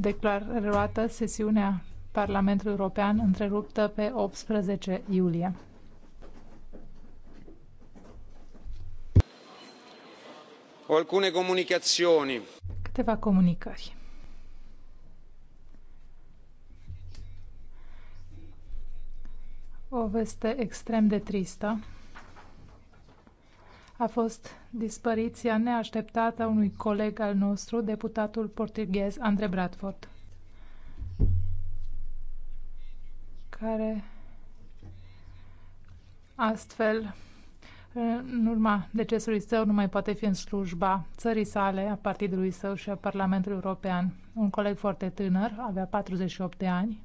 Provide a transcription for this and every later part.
declarată sesiunea Parlamentului European întreruptă pe 18 iulie. Câteva comunicări. O veste extrem de tristă a fost dispariția neașteptată a unui coleg al nostru, deputatul portughez Andre Bradford, care astfel, în urma decesului său, nu mai poate fi în slujba țării sale, a partidului său și a Parlamentului European. Un coleg foarte tânăr, avea 48 de ani,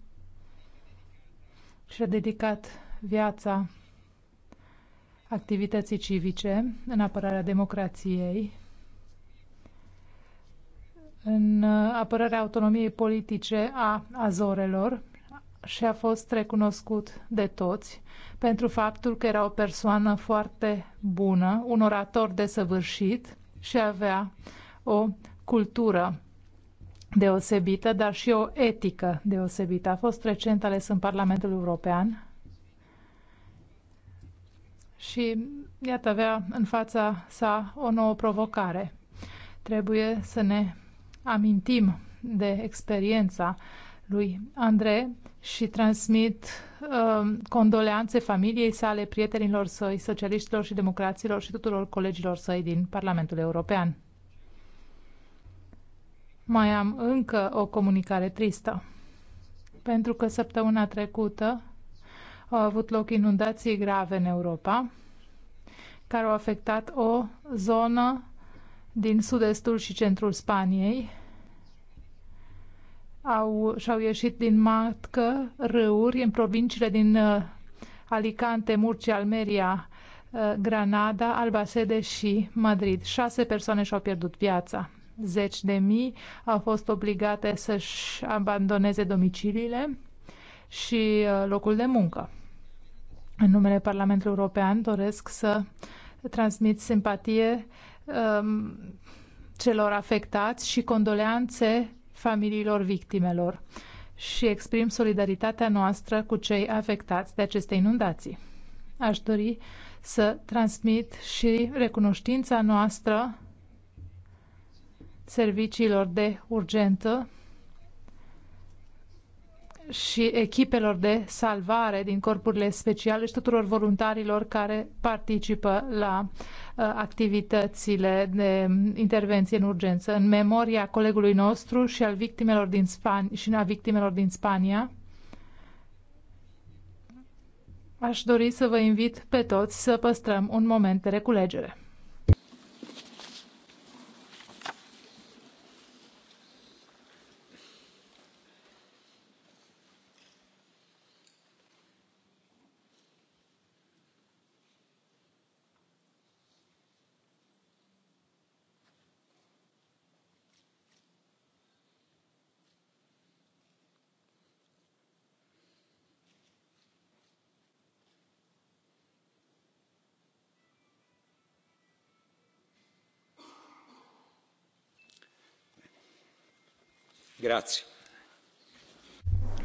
și-a dedicat viața activității civice în apărarea democrației, în apărarea autonomiei politice a Azorelor și a fost recunoscut de toți pentru faptul că era o persoană foarte bună, un orator desăvârșit și avea o cultură deosebită, dar și o etică deosebită. A fost recent ales în Parlamentul European și iată avea în fața sa o nouă provocare. Trebuie să ne amintim de experiența lui Andrei și transmit uh, condoleanțe familiei sale, prietenilor săi, socialiștilor și democraților și tuturor colegilor săi din Parlamentul European. Mai am încă o comunicare tristă, pentru că săptămâna trecută au avut loc inundații grave în Europa, care au afectat o zonă din sud-estul și centrul Spaniei. Au, și-au ieșit din matcă râuri în provinciile din uh, Alicante, Murcia, Almeria, uh, Granada, Albacete și Madrid. Șase persoane și-au pierdut viața. Zeci de mii au fost obligate să-și abandoneze domiciliile și uh, locul de muncă în numele Parlamentului European doresc să transmit simpatie um, celor afectați și condoleanțe familiilor victimelor și exprim solidaritatea noastră cu cei afectați de aceste inundații. Aș dori să transmit și recunoștința noastră serviciilor de urgentă și echipelor de salvare din corpurile speciale și tuturor voluntarilor care participă la uh, activitățile de intervenție în urgență. În memoria colegului nostru și al victimelor din Spania și a victimelor din Spania, aș dori să vă invit pe toți să păstrăm un moment de reculegere.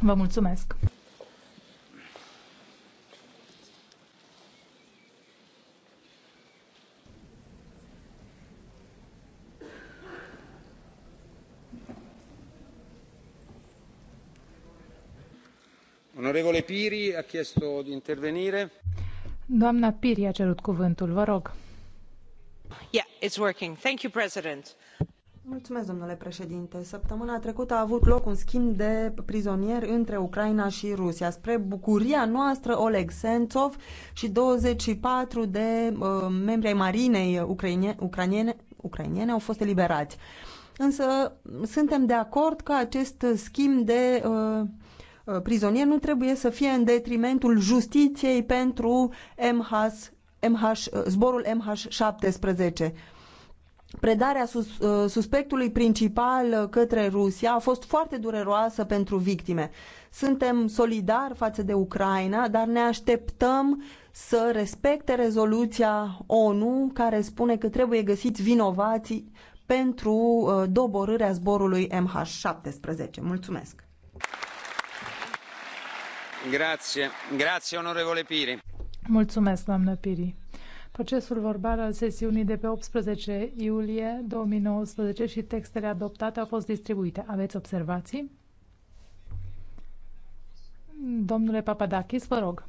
Vă mulțumesc. Onorevole Piri a intervenire. Doamna Piri a cerut cuvântul, vă rog. Yeah, it's working. Thank you, President. Mulțumesc, domnule președinte. Săptămâna trecută a avut loc un schimb de prizonieri între Ucraina și Rusia. Spre bucuria noastră, Oleg Sentsov și 24 de uh, membri ai marinei ucraine, ucrainiene, ucrainiene au fost eliberați. Însă suntem de acord că acest schimb de uh, uh prizonieri nu trebuie să fie în detrimentul justiției pentru MH, MH, zborul MH17 predarea sus, uh, suspectului principal uh, către Rusia a fost foarte dureroasă pentru victime. Suntem solidari față de Ucraina, dar ne așteptăm să respecte rezoluția ONU care spune că trebuie găsiți vinovații pentru uh, doborârea zborului MH17. Mulțumesc! Grazie, grazie onorevole Piri. Mulțumesc, doamnă Piri. Procesul verbal al sesiunii de pe 18 iulie 2019 și textele adoptate au fost distribuite. Aveți observații? Domnule Papadakis, vă rog.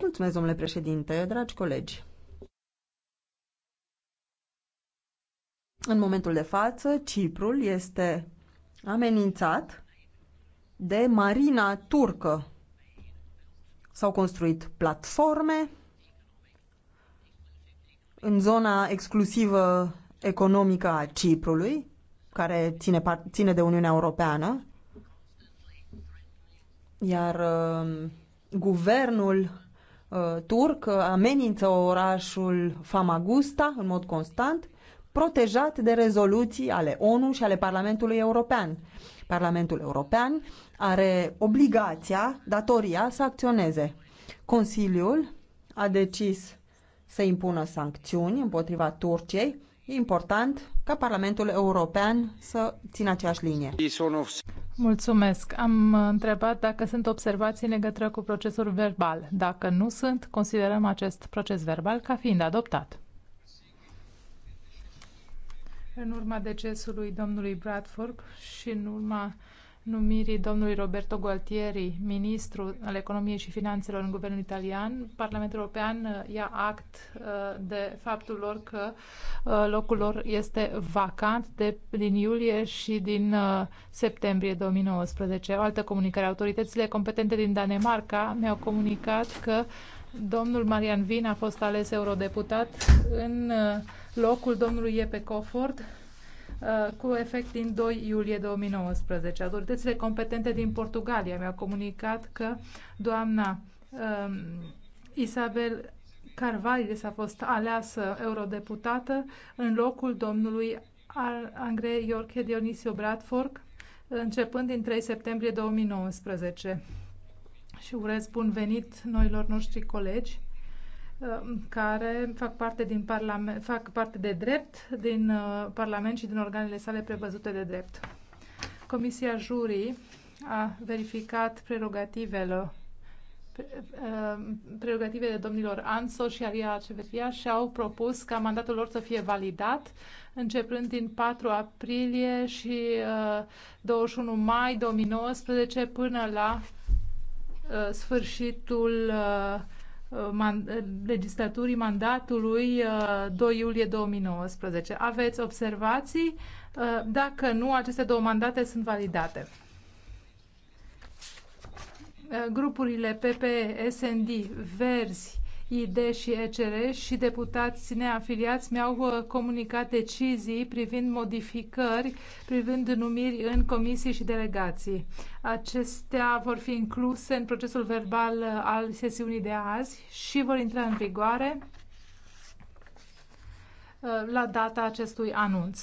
Mulțumesc, domnule președinte, dragi colegi. În momentul de față, Ciprul este amenințat de marina turcă. S-au construit platforme în zona exclusivă economică a Ciprului, care ține, ține de Uniunea Europeană, iar uh, guvernul uh, turc amenință orașul Famagusta în mod constant, protejat de rezoluții ale ONU și ale Parlamentului European. Parlamentul European are obligația, datoria să acționeze. Consiliul a decis să impună sancțiuni împotriva Turciei. E important ca Parlamentul European să țină aceeași linie. Mulțumesc. Am întrebat dacă sunt observații în legătură cu procesul verbal. Dacă nu sunt, considerăm acest proces verbal ca fiind adoptat. În urma decesului domnului Bradford și în urma numirii domnului Roberto Gualtieri, ministru al economiei și finanțelor în guvernul italian, Parlamentul European uh, ia act uh, de faptul lor că uh, locul lor este vacant de, din iulie și din septembrie 2019. O altă comunicare. Autoritățile competente din Danemarca mi-au comunicat că domnul Marian Vin a fost ales eurodeputat în locul domnului Iepe Cofort uh, cu efect din 2 iulie 2019. Autoritățile competente din Portugalia mi-au comunicat că doamna um, Isabel Carvalhes a fost aleasă eurodeputată în locul domnului Andrei Iorche Dionisio Bradford, începând din 3 septembrie 2019. Și urez bun venit noilor noștri colegi Uh, care fac parte, din parlament, fac parte de drept din uh, Parlament și din organele sale prevăzute de drept. Comisia Jurii a verificat prerogativele uh, prerogativele domnilor Anso și Aria Ceveria și au propus ca mandatul lor să fie validat începând din 4 aprilie și 21 mai 2019 până la sfârșitul Uh, man, uh, legislaturii mandatului 2 uh, iulie 2019. Aveți observații? Dacă nu, aceste două mandate sunt validate. Grupurile PPE, SND, Verzi ID și ECR și deputați neafiliați mi-au uh, comunicat decizii privind modificări, privind numiri în comisii și delegații. Acestea vor fi incluse în procesul verbal uh, al sesiunii de azi și vor intra în vigoare uh, la data acestui anunț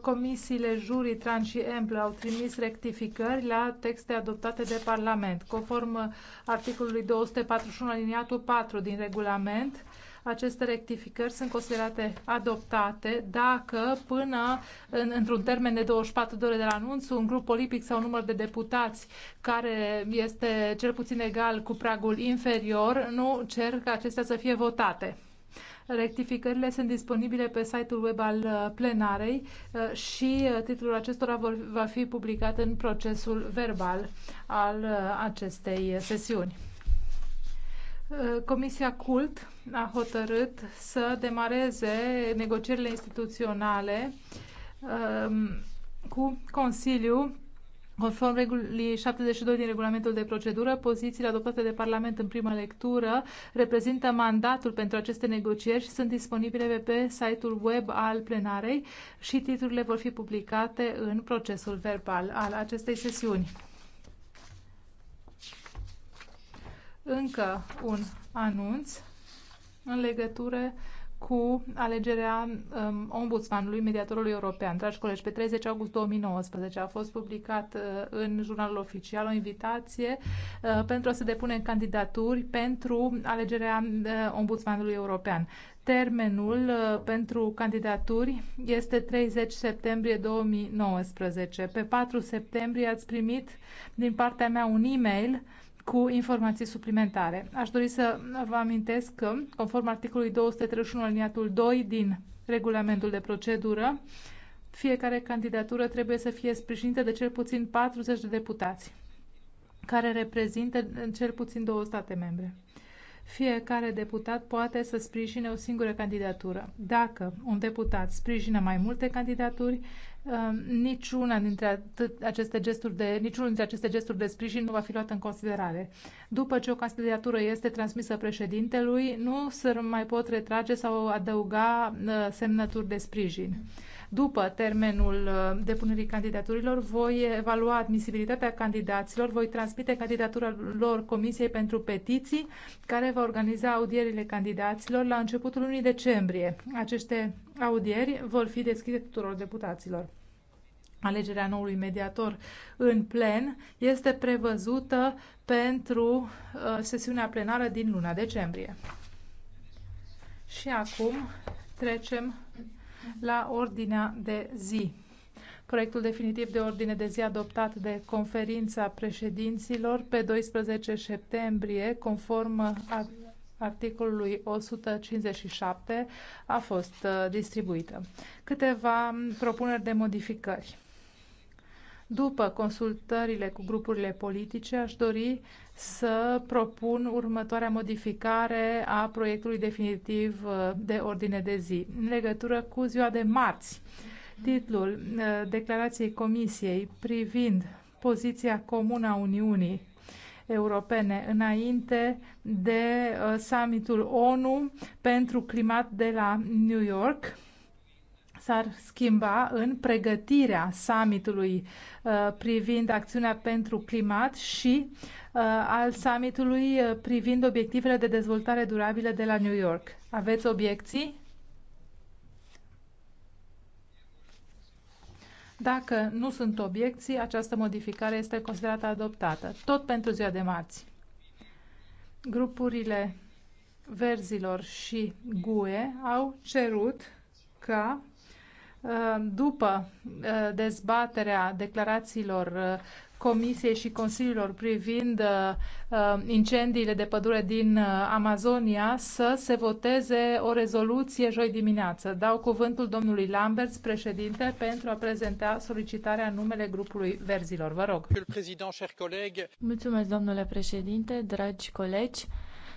comisiile juri, tran și emplu au trimis rectificări la texte adoptate de Parlament. Conform articolului 241 aliniatul 4 din regulament, aceste rectificări sunt considerate adoptate dacă până în, într-un termen de 24 de ore de la anunț, un grup politic sau număr de deputați care este cel puțin egal cu pragul inferior nu cer ca acestea să fie votate. Rectificările sunt disponibile pe site-ul web al uh, plenarei uh, și uh, titlul acestora vor, va fi publicat în procesul verbal al acestei sesiuni. Comisia CULT a hotărât să demareze negocierile instituționale um, cu Consiliul Conform regulii 72 din regulamentul de procedură, pozițiile adoptate de Parlament în prima lectură reprezintă mandatul pentru aceste negocieri și sunt disponibile pe site-ul web al plenarei și titlurile vor fi publicate în procesul verbal al acestei sesiuni. Încă un anunț în legătură cu alegerea um, ombudsmanului, mediatorului european. Dragi colegi, pe 30 august 2019 a fost publicat uh, în jurnalul oficial o invitație uh, pentru a se depune candidaturi pentru alegerea uh, ombudsmanului european. Termenul uh, pentru candidaturi este 30 septembrie 2019. Pe 4 septembrie ați primit din partea mea un e-mail uh, cu informații suplimentare. Aș dori să vă amintesc că, conform articolului 231 aliniatul 2 din regulamentul de procedură, fiecare candidatură trebuie să fie sprijinită de cel puțin 40 de deputați, care reprezintă cel puțin două state membre. Fiecare deputat poate să sprijine o singură candidatură. Dacă un deputat sprijină mai multe candidaturi, Ehm, niciuna dintre atât, aceste gesturi de, niciunul dintre aceste gesturi de sprijin nu va fi luat în considerare. După ce o candidatură este transmisă președintelui, nu se mai pot retrage sau adăuga ă, semnături de sprijin. După termenul ă, depunerii candidaturilor, voi evalua admisibilitatea candidaților, voi transmite candidatura lor Comisiei pentru Petiții, care va organiza audierile candidaților la începutul lunii decembrie. Aceste audieri vor fi deschise tuturor deputaților alegerea noului mediator în plen este prevăzută pentru uh, sesiunea plenară din luna decembrie. Și acum trecem la ordinea de zi. Proiectul definitiv de ordine de zi adoptat de conferința președinților pe 12 septembrie, conform articolului 157, a fost uh, distribuită. Câteva propuneri de modificări. După consultările cu grupurile politice, aș dori să propun următoarea modificare a proiectului definitiv uh, de ordine de zi, în legătură cu ziua de marți. Titlul uh, declarației Comisiei privind poziția comună a Uniunii europene înainte de uh, summitul ONU pentru climat de la New York s-ar schimba în pregătirea summitului uh, privind acțiunea pentru climat și uh, al summitului uh, privind obiectivele de dezvoltare durabilă de la New York. Aveți obiecții? Dacă nu sunt obiecții, această modificare este considerată adoptată. Tot pentru ziua de marți. Grupurile verzilor și GUE au cerut ca Uh, după uh, dezbaterea declarațiilor uh, Comisiei și Consiliilor privind incendiile de pădure din Amazonia să se voteze o rezoluție joi dimineață. Dau cuvântul domnului Lamberts, președinte, pentru a prezenta solicitarea în numele grupului Verzilor. Vă rog. Mulțumesc, domnule președinte, dragi colegi.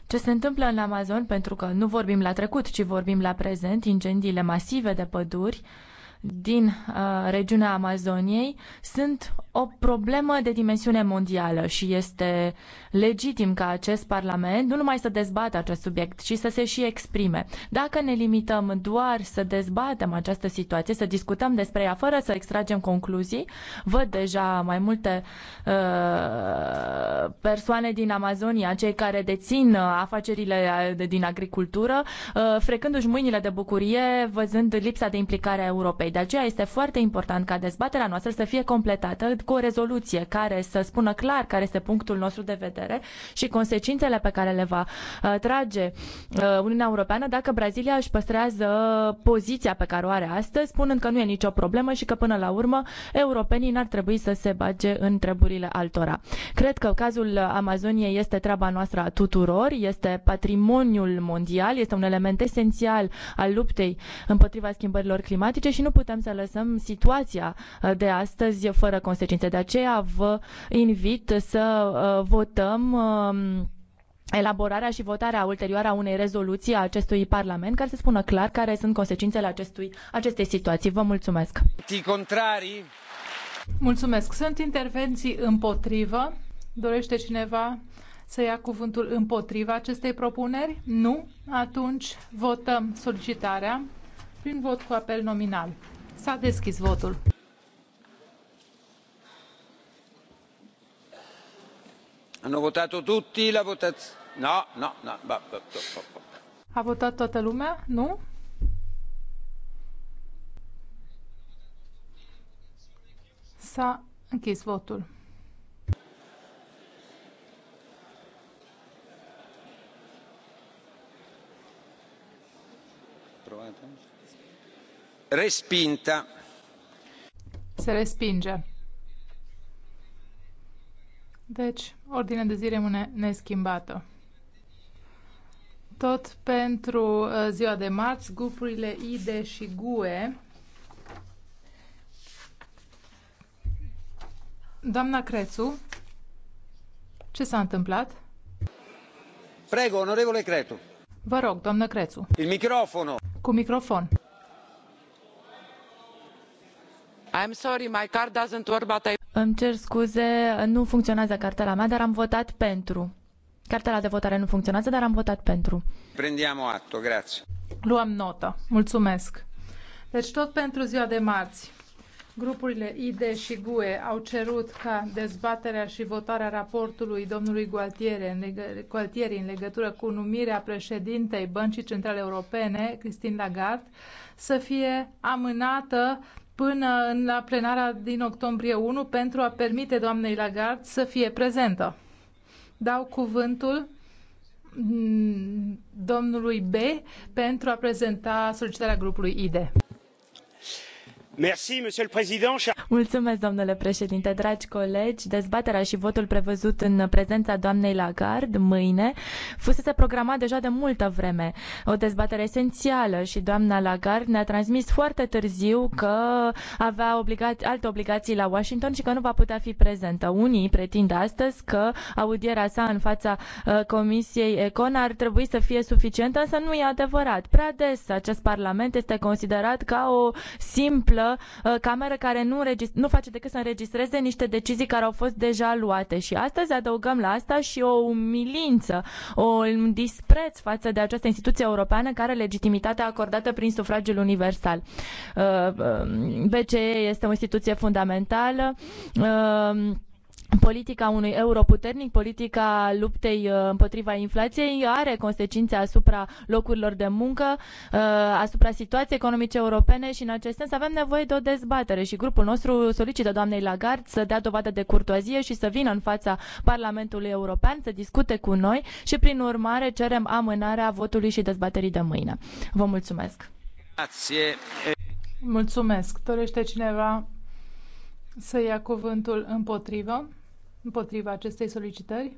Ce se întâmplă în Amazon, pentru că nu vorbim la trecut, ci vorbim la prezent, incendiile masive de păduri, din uh, regiunea Amazoniei sunt o problemă de dimensiune mondială și este legitim ca acest Parlament nu numai să dezbată acest subiect, ci să se și exprime. Dacă ne limităm doar să dezbatem această situație, să discutăm despre ea fără să extragem concluzii, văd deja mai multe uh, persoane din Amazonia, cei care dețin uh, afacerile uh, din agricultură, uh, frecându-și mâinile de bucurie, văzând lipsa de implicare a Europei. De aceea este foarte important ca dezbaterea noastră să fie completată cu o rezoluție care să spună clar care este punctul nostru de vedere și consecințele pe care le va uh, trage uh, Uniunea Europeană dacă Brazilia își păstrează poziția pe care o are astăzi, spunând că nu e nicio problemă și că până la urmă europenii n-ar trebui să se bage în treburile altora. Cred că cazul Amazoniei este treaba noastră a tuturor, este patrimoniul mondial, este un element esențial al luptei împotriva schimbărilor climatice și nu putem putem să lăsăm situația uh, de astăzi fără consecințe. De aceea vă invit să uh, votăm um, elaborarea și votarea ulterioară a unei rezoluții a acestui Parlament care să spună clar care sunt consecințele acestui, acestei situații. Vă mulțumesc! Contrarii. Mulțumesc! Sunt intervenții împotrivă. Dorește cineva să ia cuvântul împotriva acestei propuneri? Nu? Atunci votăm solicitarea prin vot cu apel nominal. S-a deschis votul. Hanno votato tutti la votazione. No, no, no. Ba, ba, ba, ba. A votat toată lumea? Nu? S-a închis votul. respinta. Se respinge. Deci, ordinea de zi rămâne neschimbată. Tot pentru uh, ziua de marți, grupurile ID și GUE. Doamna Crețu, ce s-a întâmplat? Prego, onorevole Crețu. Vă rog, doamna Crețu. Il microfono. Cu microfon. Îmi cer scuze, nu funcționează cartela mea, dar am votat pentru. Cartela de votare nu funcționează, dar am votat pentru. Prendiamo atto, grazie. Luăm notă. Mulțumesc. Deci tot pentru ziua de marți. Grupurile ID și GUE au cerut ca dezbaterea și votarea raportului domnului Gualtieri în, legă, Gualtieri în legătură cu numirea președintei Băncii Centrale Europene, Christine Lagarde, să fie amânată până la plenara din octombrie 1 pentru a permite doamnei Lagarde să fie prezentă. Dau cuvântul mm, domnului B pentru a prezenta solicitarea grupului ID. Mulțumesc, domnule președinte, dragi colegi. Dezbaterea și votul prevăzut în prezența doamnei Lagarde mâine fusese programat deja de multă vreme. O dezbatere esențială și doamna Lagarde ne-a transmis foarte târziu că avea alte obligații la Washington și că nu va putea fi prezentă. Unii pretind astăzi că audierea sa în fața uh, Comisiei Econ ar trebui să fie suficientă, însă nu e adevărat. Prea des acest parlament este considerat ca o simplă eventuală uh, cameră care nu, nu face decât să înregistreze niște decizii care au fost deja luate. Și astăzi adăugăm la asta și o umilință, un dispreț față de această instituție europeană care legitimitatea acordată prin sufragiul universal. Uh, um, BCE este o instituție fundamentală. Uh, politica unui euro puternic, politica luptei uh, împotriva inflației are consecințe asupra locurilor de muncă, uh, asupra situației economice europene și în acest sens avem nevoie de o dezbatere și grupul nostru solicită doamnei Lagarde să dea dovadă de curtoazie și să vină în fața Parlamentului European să discute cu noi și prin urmare cerem amânarea votului și dezbaterii de mâine. Vă mulțumesc! Grazie. Mulțumesc! Dorește cineva să ia cuvântul împotrivă? împotriva acestei solicitări?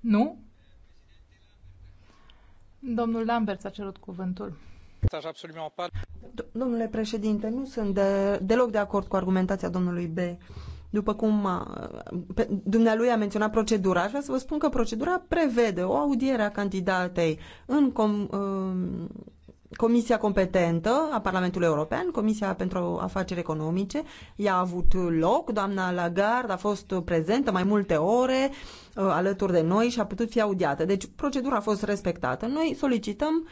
Nu? Domnul Lambert a cerut cuvântul. Domnule președinte, nu sunt de, deloc de acord cu argumentația domnului B. După cum uh, dumnealui a menționat procedura, aș vrea să vă spun că procedura prevede o audiere a candidatei în, com, uh, Comisia competentă a Parlamentului European, Comisia pentru Afaceri Economice, i-a avut loc, doamna Lagarde a fost prezentă mai multe ore uh, alături de noi și a putut fi audiată. Deci procedura a fost respectată. Noi solicităm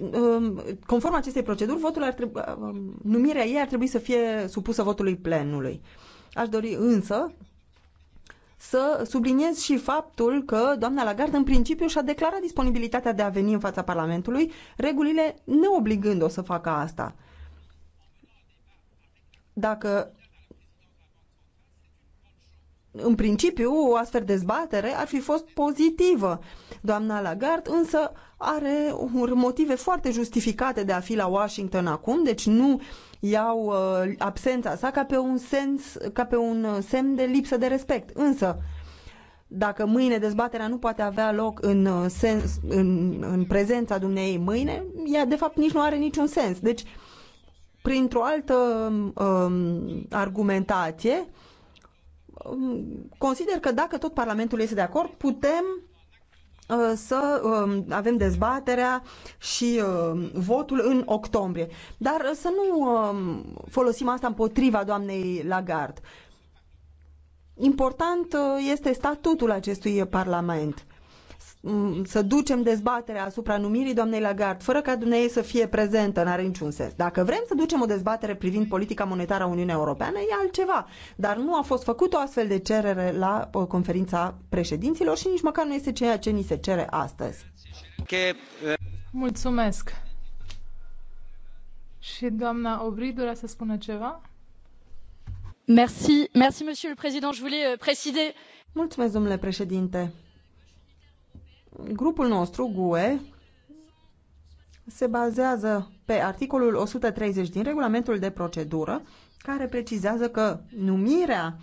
uh, um, conform acestei proceduri, votul ar trebui, uh, numirea ei ar trebui să fie supusă votului plenului. Aș dori însă să subliniez și faptul că doamna Lagarde în principiu și-a declarat disponibilitatea de a veni în fața Parlamentului, regulile neobligând-o să facă asta. Dacă în principiu, o astfel dezbatere ar fi fost pozitivă. Doamna Lagarde însă are motive foarte justificate de a fi la Washington acum, deci nu iau uh, absența sa ca pe, un sens, ca pe un uh, semn de lipsă de respect. Însă, dacă mâine dezbaterea nu poate avea loc în, uh, sens, în, în prezența dumneei mâine, ea de fapt nici nu are niciun sens. Deci, printr-o altă um, argumentație, um, consider că dacă tot Parlamentul este de acord, putem Uh, să um, avem dezbaterea și uh, votul în octombrie. Dar uh, să nu um, folosim asta împotriva doamnei Lagarde. Important este statutul acestui parlament să ducem dezbaterea asupra numirii doamnei Lagarde, fără ca dumneavoastră să fie prezentă, n-are niciun sens. Dacă vrem să ducem o dezbatere privind politica monetară a Uniunii Europeană, e altceva. Dar nu a fost făcut o astfel de cerere la uh, conferința președinților și nici măcar nu este ceea ce ni se cere astăzi. Uh, Mulțumesc. Și doamna Obri dorea să spună ceva? Merci, merci, monsieur le président. Je voulais uh, préciser. Mulțumesc, domnule președinte. Grupul nostru, GUE, se bazează pe articolul 130 din regulamentul de procedură, care precizează că numirea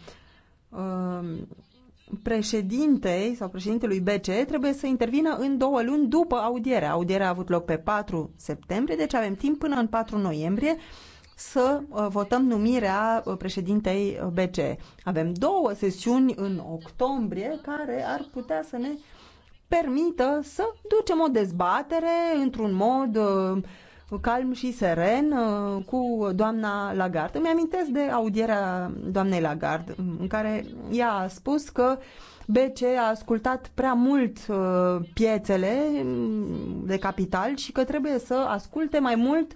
uh, președintei sau președintelui BCE trebuie să intervină în două luni după audiere. Audierea a avut loc pe 4 septembrie, deci avem timp până în 4 noiembrie să uh, votăm numirea uh, președintei uh, BCE. Avem două sesiuni în octombrie care ar putea să ne uh, permită să ducem o dezbatere într-un mod uh, calm și seren uh, cu doamna Lagarde. Îmi amintesc de audierea doamnei Lagarde, în care ea a spus că BC a ascultat prea mult uh, piețele mm, de capital și că trebuie să asculte mai mult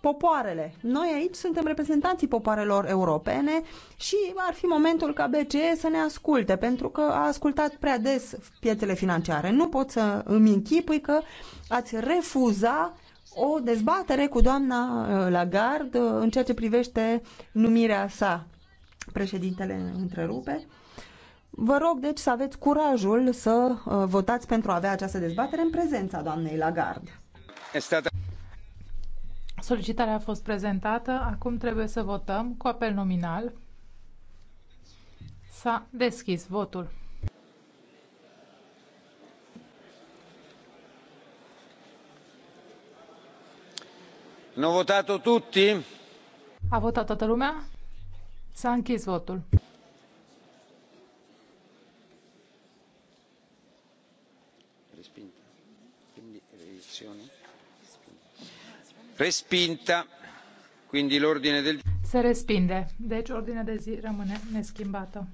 popoarele. Noi aici suntem reprezentanții popoarelor europene și ar fi momentul ca BCE să ne asculte, pentru că a ascultat prea des piețele financiare. Nu pot să îmi închipui că ați refuza o dezbatere cu doamna uh, Lagarde uh, în ceea ce privește numirea sa. Președintele întrerupe. Vă rog, deci, să aveți curajul să uh, votați pentru a avea această dezbatere în prezența doamnei Lagarde. Este Solicitarea a fost prezentată. Acum trebuie să votăm cu apel nominal. S-a deschis votul. Hanno votat tutti? A votat toată lumea? S-a închis votul. respinta quindi l'ordine del se respinge deci ordinea de zi rămâne neschimbată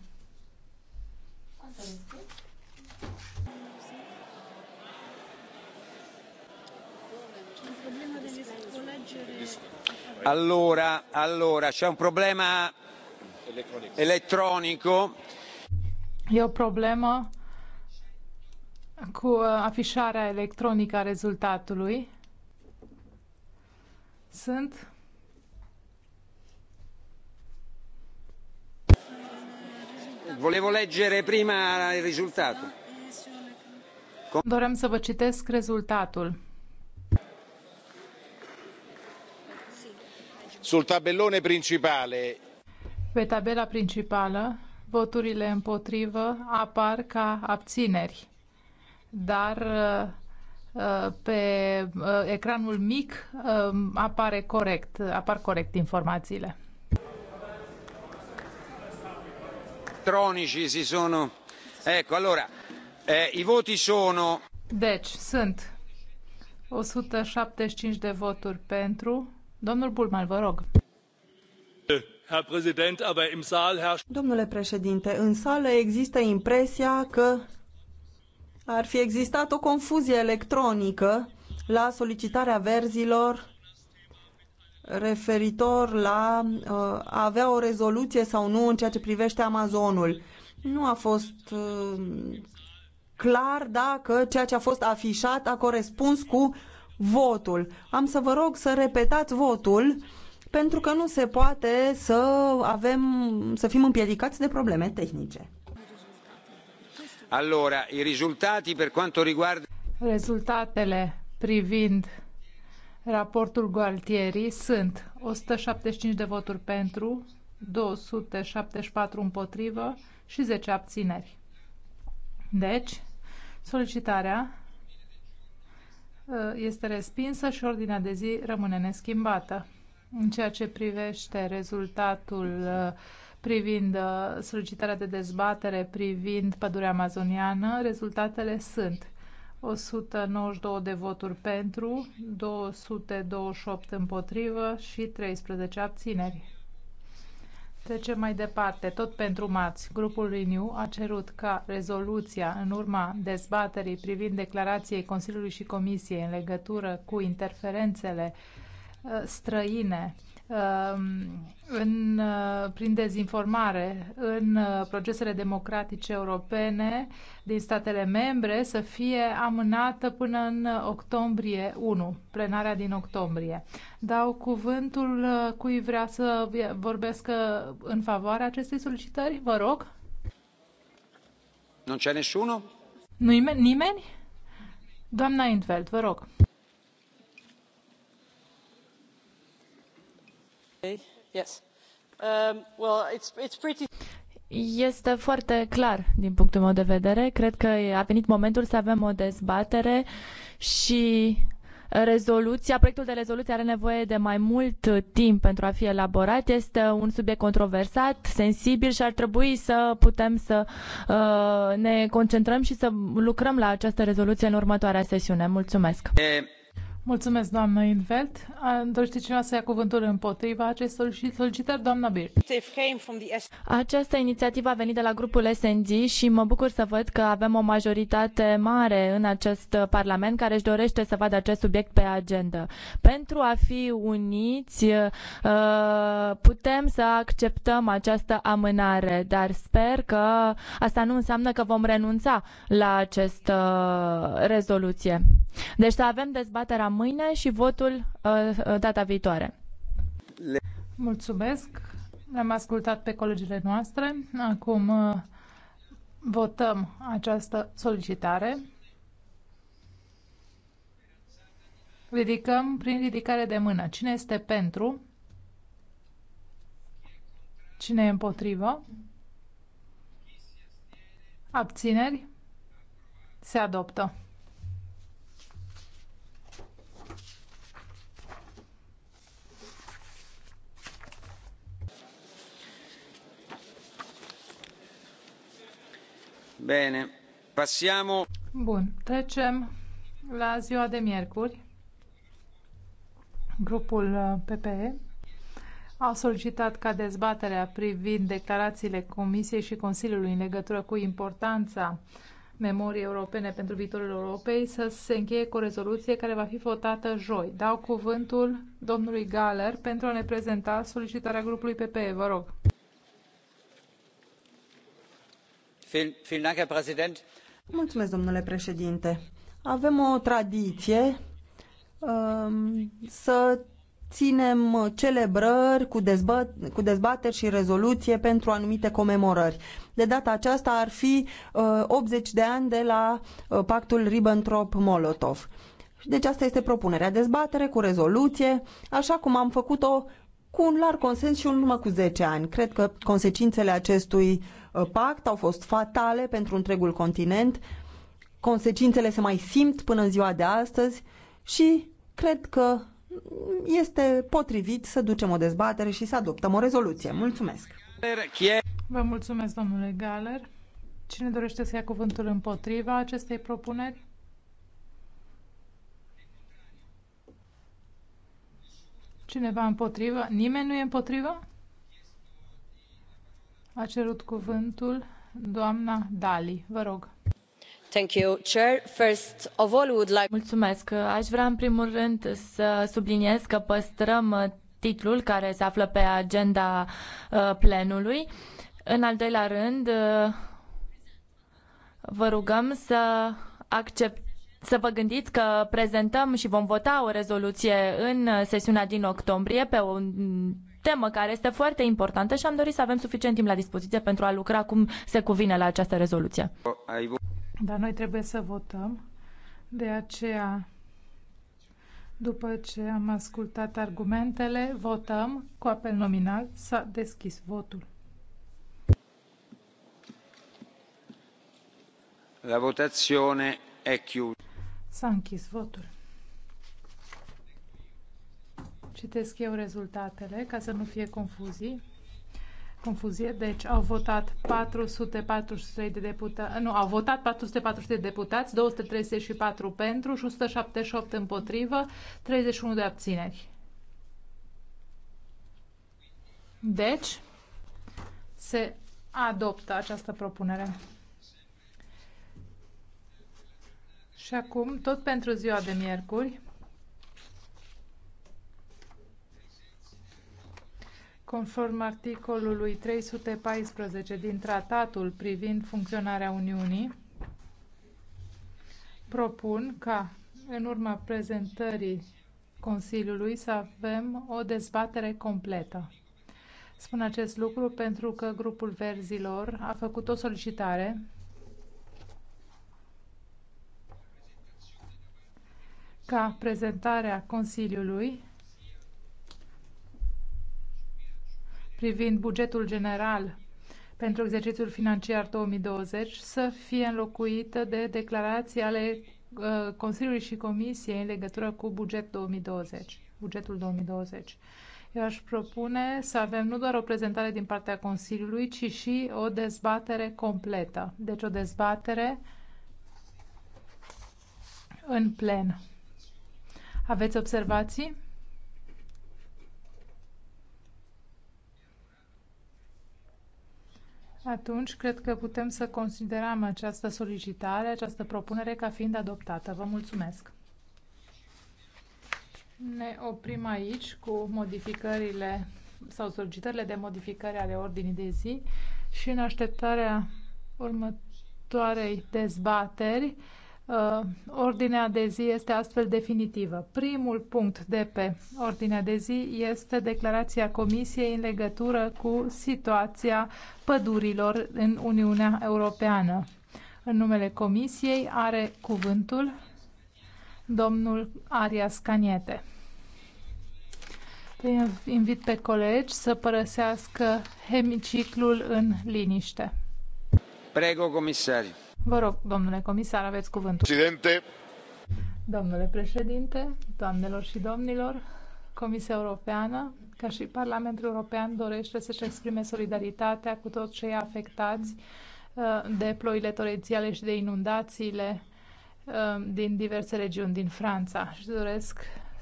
allora allora c'è un problema elettronico e o problemă cu uh, afișarea electronică a rezultatului sunt Volevo leggere prima il risultato. Doream să vă citesc rezultatul. Sul tabellone principale. Pe tabela principală, voturile împotrivă apar ca abțineri, dar uh, Uh, pe uh, ecranul mic um, apare corect, apar corect informațiile. Tronici, si sono. Ecco, allora, eh, i voti sono. Deci, sunt 175 de voturi pentru. Domnul Bulman, vă rog. Domnule președinte, în sală există impresia că ar fi existat o confuzie electronică la solicitarea verzilor referitor la uh, a avea o rezoluție sau nu în ceea ce privește Amazonul. Nu a fost uh, clar dacă ceea ce a fost afișat a corespuns cu votul. Am să vă rog să repetați votul pentru că nu se poate să avem să fim împiedicați de probleme tehnice. Allora, i risultati per quanto riguarda... Rezultatele privind raportul Gualtieri sunt 175 de voturi pentru, 274 împotrivă și 10 abțineri. Deci, solicitarea uh, este respinsă și ordinea de zi rămâne neschimbată. În ceea ce privește rezultatul uh, privind uh, solicitarea de dezbatere privind pădurea amazoniană, rezultatele sunt 192 de voturi pentru, 228 împotrivă și 13 abțineri. Trecem mai departe. Tot pentru marți, grupul Renew a cerut ca rezoluția în urma dezbaterii privind declarației Consiliului și Comisiei în legătură cu interferențele uh, străine Um, în, uh, prin dezinformare în uh, procesele democratice europene din statele membre să fie amânată până în octombrie 1, plenarea din octombrie. Dau cuvântul uh, cui vrea să vorbesc în favoarea acestei solicitări, vă rog. Nu c'è nessuno? nimeni? Doamna Intveld, vă rog. Um, este foarte clar din punctul meu de vedere. Cred că a venit momentul să avem o dezbatere și rezoluția, proiectul de rezoluție are nevoie de mai mult timp pentru a fi elaborat. Este un subiect controversat, sensibil și ar trebui să putem să uh, ne concentrăm și să lucrăm la această rezoluție în următoarea sesiune. Mulțumesc! Mulțumesc, doamnă Invelt. Dorește cineva să ia cuvântul împotriva acestor solicitări, doamna Bir. Această inițiativă a venit de la grupul SND și mă bucur să văd că avem o majoritate mare în acest Parlament care își dorește să vadă acest subiect pe agenda. Pentru a fi uniți, uh, putem să acceptăm această amânare, dar sper că asta nu înseamnă că vom renunța la această uh, rezoluție. Deci să avem dezbaterea mâine și votul uh, uh, data viitoare. Mulțumesc. L-am ascultat pe colegile noastre. Acum uh, votăm această solicitare. Ridicăm prin ridicare de mână. Cine este pentru? Cine e împotrivă? Abțineri? Se adoptă. Bine. Bun. Trecem la ziua de miercuri. Grupul uh, PPE a solicitat ca dezbaterea privind declarațiile Comisiei și Consiliului în legătură cu importanța memoriei europene pentru viitorul Europei să se încheie cu o rezoluție care va fi votată joi. Dau cuvântul domnului Galer pentru a ne prezenta solicitarea grupului PPE. Vă rog. domnule președinte. Avem o tradiție um, să ținem celebrări cu, dezbateri și rezoluție pentru anumite comemorări. De data aceasta ar fi 80 uh, de ani de la uh, pactul Ribbentrop-Molotov. Deci asta este propunerea. Dezbatere cu rezoluție, așa cum am făcut-o cu un larg consens și în urmă cu 10 ani. Cred că consecințele acestui uh, pact au fost fatale pentru întregul continent. Consecințele se mai simt până în ziua de astăzi și cred că este potrivit să ducem o dezbatere și să adoptăm o rezoluție. Mulțumesc! Vă mulțumesc, domnule Galer. Cine dorește să ia cuvântul împotriva acestei propuneri? Cineva împotrivă? Nimeni nu e împotrivă? A cerut cuvântul doamna Dali. Vă rog. Thank you, Chair. First of all, would like... Mulțumesc. Aș vrea în primul rând să subliniez că păstrăm uh, titlul care se află pe agenda uh, plenului. În al doilea rând, uh, vă rugăm să acceptăm să vă gândiți că prezentăm și vom vota o rezoluție în sesiunea din octombrie pe o temă care este foarte importantă și am dorit să avem suficient timp la dispoziție pentru a lucra cum se cuvine la această rezoluție. Dar noi trebuie să votăm, de aceea, după ce am ascultat argumentele, votăm cu apel nominal. S-a deschis votul. La votazione è chiusa. S-a închis votul. Citesc eu rezultatele ca să nu fie confuzii. Confuzie. Deci au votat 443 de deputați, nu, au votat 443 de deputați, 234 pentru și 178 împotrivă, 31 de abțineri. Deci, se adoptă această propunere. Și acum, tot pentru ziua de miercuri, conform articolului 314 din tratatul privind funcționarea Uniunii, propun ca, în urma prezentării Consiliului, să avem o dezbatere completă. Spun acest lucru pentru că grupul verzilor a făcut o solicitare ca prezentarea Consiliului privind bugetul general pentru exercițiul financiar 2020 să fie înlocuită de declarații ale uh, Consiliului și Comisiei în legătură cu buget 2020, bugetul 2020. Eu aș propune să avem nu doar o prezentare din partea Consiliului, ci și o dezbatere completă. Deci o dezbatere în plen. Aveți observații? Atunci, cred că putem să considerăm această solicitare, această propunere ca fiind adoptată. Vă mulțumesc! Ne oprim aici cu modificările sau solicitările de modificare ale ordinii de zi și în așteptarea următoarei dezbateri Uh, ordinea de zi este astfel definitivă. Primul punct de pe ordinea de zi este declarația Comisiei în legătură cu situația pădurilor în Uniunea Europeană. În numele Comisiei are cuvântul domnul Arias Caniete. Te invit pe colegi să părăsească hemiciclul în liniște. Prego, comisar. domnule comisar, cuvântul. președinte, doamnelor și domnilor, Comisia Europeană, ca și Parlamentul European, dorește să își exprime solidaritatea cu toți cei afectați uh, de ploile torențiale și de inundațiile uh, din diverse regiuni din Franța și doresc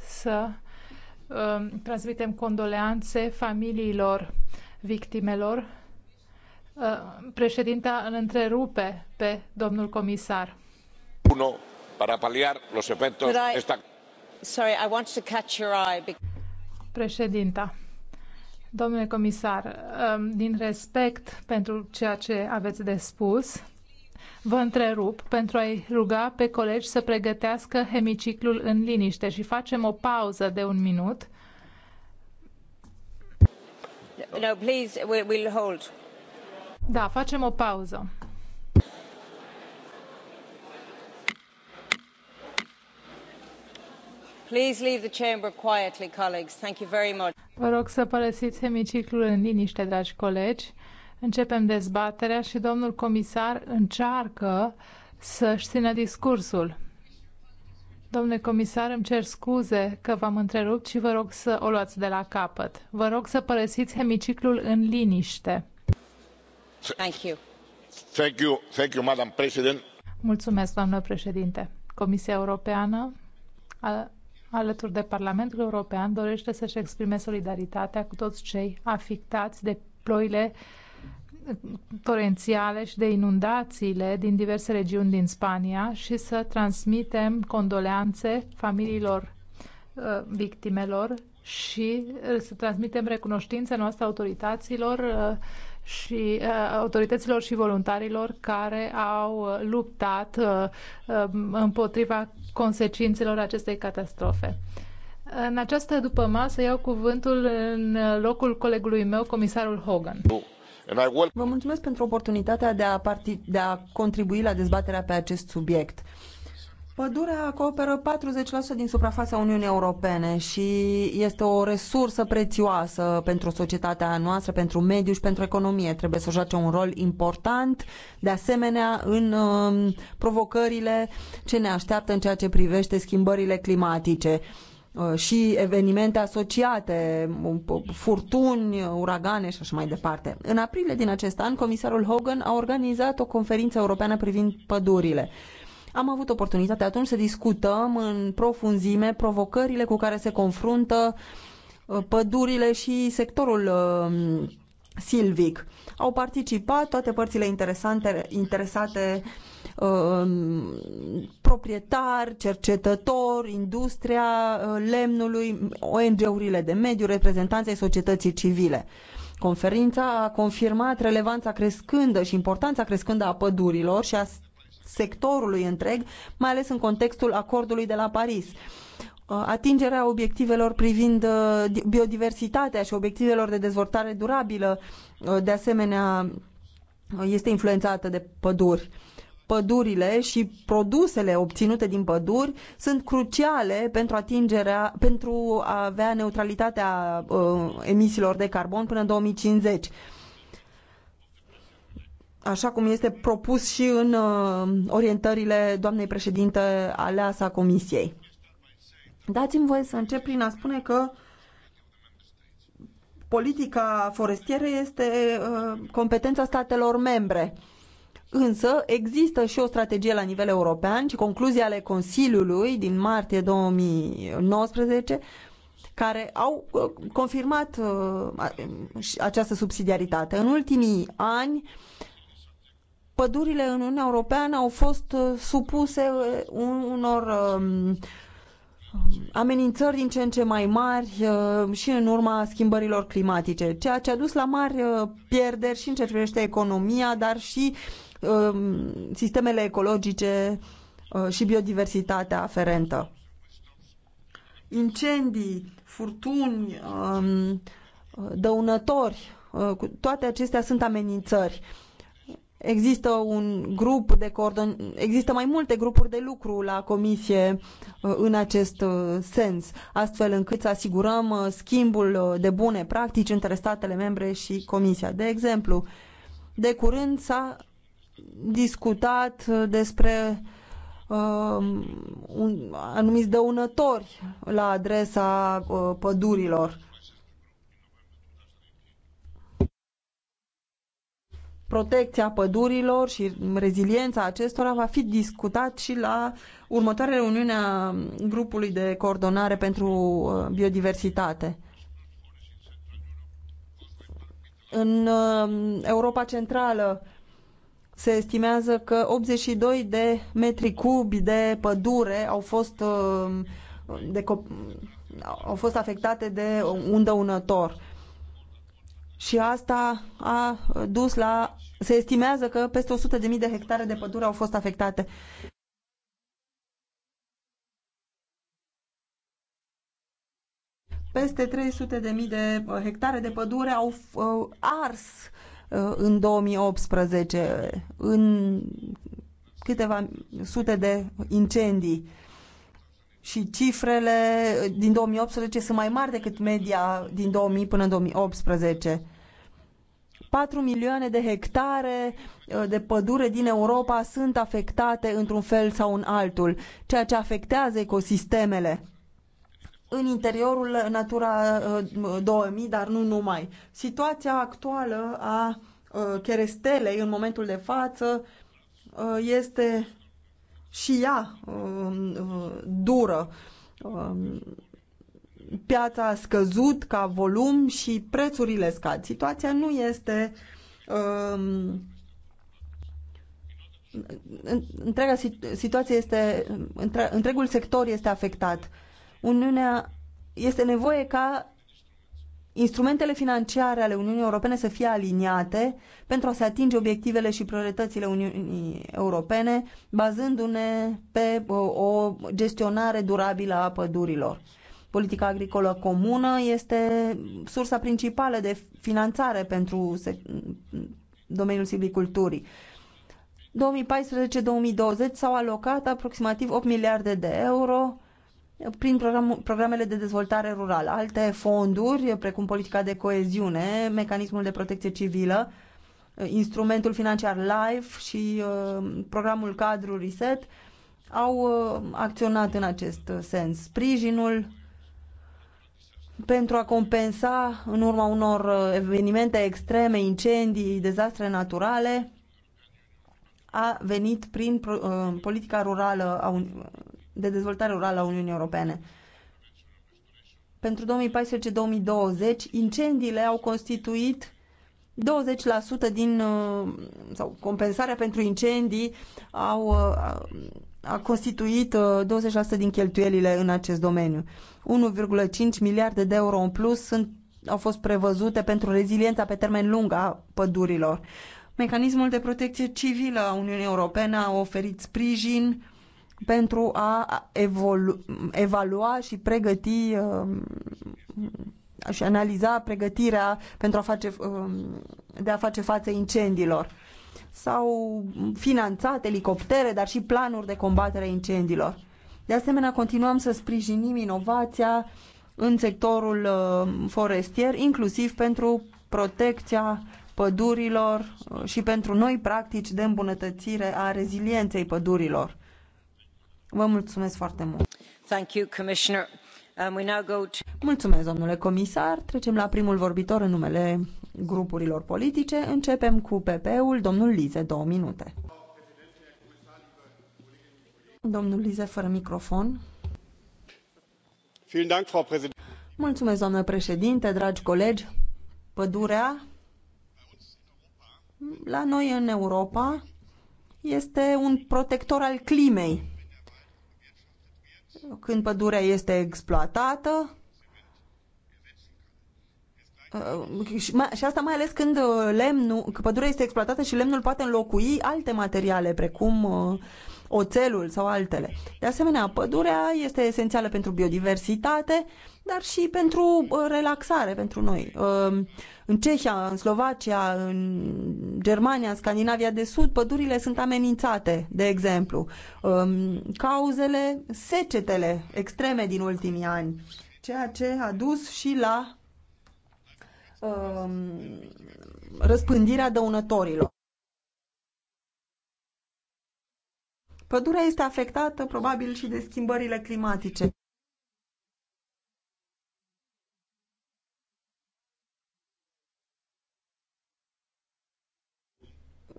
să uh, transmitem condoleanțe familiilor victimelor Uh, președinta îl întrerupe pe domnul comisar. Uno, para paliar los efectos I... esta... Sorry, I want to catch your eye because... Președinta. Domnule comisar, um, din respect pentru ceea ce aveți de spus, vă întrerup pentru a-i ruga pe colegi să pregătească hemiciclul în liniște și facem o pauză de un minut. No, please, we'll hold. Da, facem o pauză. Please leave the chamber quietly, colleagues. Thank you very much. Vă rog să părăsiți hemiciclul în liniște, dragi colegi. Începem dezbaterea și domnul comisar încearcă să-și țină discursul. Domnule comisar, îmi cer scuze că v-am întrerupt și vă rog să o luați de la capăt. Vă rog să părăsiți hemiciclul în liniște. Mulțumesc, doamnă președinte. Comisia Europeană, alături de Parlamentul European, dorește să își exprime solidaritatea cu toți cei afectați de ploile torențiale și de inundațiile din diverse regiuni din Spania și să transmitem condoleanțe familiilor ă, victimelor și să transmitem recunoștința noastră autorităților ă, și uh, autorităților și voluntarilor care au uh, luptat uh, um, împotriva consecințelor acestei catastrofe. În această după masă iau cuvântul în locul colegului meu, comisarul Hogan. Vă mulțumesc pentru oportunitatea de a, parti- de a contribui la dezbaterea pe acest subiect. Pădurea acoperă 40% din suprafața Uniunii Europene și este o resursă prețioasă pentru societatea noastră, pentru mediu și pentru economie. Trebuie să joace un rol important, de asemenea, în um, provocările ce ne așteaptă în ceea ce privește schimbările climatice uh, și evenimente asociate, um, furtuni, uragane și așa mai departe. În aprilie din acest an, comisarul Hogan a organizat o conferință europeană privind pădurile. Am avut oportunitatea atunci să discutăm în profunzime provocările cu care se confruntă uh, pădurile și sectorul uh, silvic. Au participat toate părțile interesante, interesate uh, proprietari, cercetători, industria lemnului, ONG-urile de mediu, reprezentanții societății civile. Conferința a confirmat relevanța crescândă și importanța crescândă a pădurilor și a sectorului întreg, mai ales în contextul acordului de la Paris uh, atingerea obiectivelor privind uh, biodiversitatea și obiectivelor de dezvoltare durabilă, uh, de asemenea, este influențată de păduri. Pădurile și produsele obținute din păduri sunt cruciale pentru atingerea, pentru a avea neutralitatea emisiilor de carbon până în 2050 așa cum este propus și în uh, orientările doamnei președinte aleasa Comisiei. Dați-mi voie să încep prin a spune că politica forestieră este uh, competența statelor membre. Însă există și o strategie la nivel european și concluzii ale Consiliului din martie 2019 care au uh, confirmat această subsidiaritate. În ultimii ani Pădurile în Uniunea Europeană au fost uh, supuse uh, unor um, um, amenințări din ce în ce mai mari uh, și în urma schimbărilor climatice, ceea ce a dus la mari pierderi și în ce privește economia, dar și um, sistemele ecologice și biodiversitatea aferentă. Incendii, furtuni, dăunători, toate acestea sunt amenințări Există un grup de coordon... există mai multe grupuri de lucru la comisie uh, în acest uh, sens, astfel încât să asigurăm uh, schimbul de bune practici între statele membre și comisia. De exemplu, de curând s-a discutat despre uh, un, anumiți dăunători la adresa uh, pădurilor protecția pădurilor și reziliența acestora va fi discutat și la următoarea reuniune a grupului de coordonare pentru uh, biodiversitate. În uh, Europa Centrală se estimează că 82 de metri cubi de pădure au fost, uh, de, au fost afectate de un dăunător și asta a dus la se estimează că peste 100.000 de hectare de pădure au fost afectate. Peste 300.000 de uh, hectare de pădure au uh, ars uh, în 2018 în câteva sute de incendii și cifrele din 2018 sunt mai mari decât media din 2000 până în 2018. 4 milioane de hectare uh, de pădure din Europa sunt afectate într-un fel sau în altul, ceea ce afectează ecosistemele în interiorul Natura 2000, uh, dar nu numai. Situația actuală a uh, cherestelei în momentul de față este și ea dură um, piața a scăzut ca volum și prețurile scad. Situația nu este um, întreaga situație este între, întregul sector este afectat. Uniunea este nevoie ca instrumentele financiare ale Uniunii Europene să fie aliniate pentru a se atinge obiectivele și prioritățile Uniunii Europene, bazându-ne pe uh, o gestionare durabilă a pădurilor. Politica agricolă comună este sursa principală de finanțare pentru domeniul silviculturii. 2014-2020 s-au alocat aproximativ 8 miliarde de euro prin program, programele de dezvoltare rurală, alte fonduri, precum politica de coeziune, mecanismul de protecție civilă, instrumentul financiar LIFE și uh, programul cadru RESET au uh, acționat în acest uh, sens. Sprijinul pentru a compensa în urma unor uh, evenimente extreme, incendii, dezastre naturale, a venit prin uh, politica rurală de dezvoltare rurală a Uniunii Europene. Pentru 2014-2020, incendiile au constituit 20% din uh, sau compensarea pentru incendii au a constituit 26 uh, din cheltuielile în acest domeniu. 1,5 miliarde de euro în plus sunt, au fost prevăzute pentru reziliența pe termen lung a pădurilor. Mecanismul de protecție civilă a Uniunii Europene a oferit sprijin pentru a evalua și pregăti uh, și analiza pregătirea pentru a face, uh, de a face față incendiilor S-au finanțat elicoptere, dar și planuri de combatere a incendiilor. De asemenea, continuăm să sprijinim inovația în sectorul uh, forestier, inclusiv pentru protecția pădurilor uh, și pentru noi practici de îmbunătățire a rezilienței pădurilor. Vă mulțumesc foarte mult. Thank you, Commissioner. Um, we now go to... Mulțumesc, domnule comisar. Trecem la primul vorbitor în numele grupurilor politice. Începem cu PP-ul, domnul Lize, două minute. Domnul Lize, fără microfon. Mulțumesc, doamnă președinte, dragi colegi. Pădurea la noi în Europa este un protector al climei. Când pădurea este exploatată, Uh, și, și asta mai ales când uh, lemnul, că pădurea este exploatată și lemnul poate înlocui alte materiale, precum uh, oțelul sau altele. De asemenea, pădurea este esențială pentru biodiversitate, dar și pentru relaxare pentru noi. În Cehia, în Slovacia, în Germania, în Scandinavia de Sud, pădurile sunt amenințate, de exemplu. Um, cauzele, secetele extreme din ultimii ani, ceea ce a dus și la Um, răspândirea dăunătorilor. Pădurea este afectată probabil și de schimbările climatice.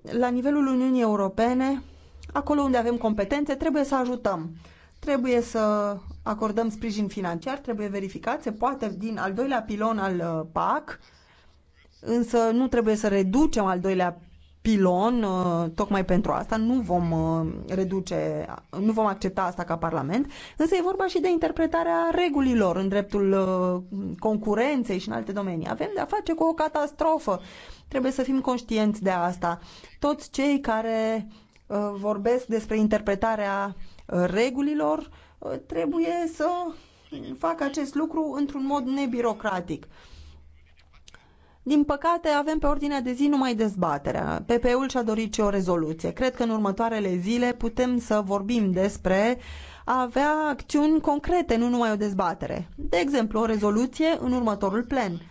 La nivelul Uniunii Europene, acolo unde avem competențe, trebuie să ajutăm. Trebuie să acordăm sprijin financiar, trebuie verificat, se poate din al doilea pilon al uh, PAC, însă nu trebuie să reducem al doilea pilon, uh, tocmai pentru asta, nu vom uh, reduce, nu vom accepta asta ca Parlament, însă e vorba și de interpretarea regulilor în dreptul concurenței și în alte domenii. Avem de-a face cu o catastrofă. Trebuie să fim conștienți de asta. Toți cei care vorbesc despre interpretarea regulilor, uh, trebuie să facă acest lucru într-un mod nebirocratic. Din păcate, avem pe ordinea de zi numai dezbaterea. pp ul și-a dorit și o rezoluție. Cred că în următoarele zile putem să vorbim despre a avea acțiuni concrete, nu numai o dezbatere. De exemplu, o rezoluție în următorul plen.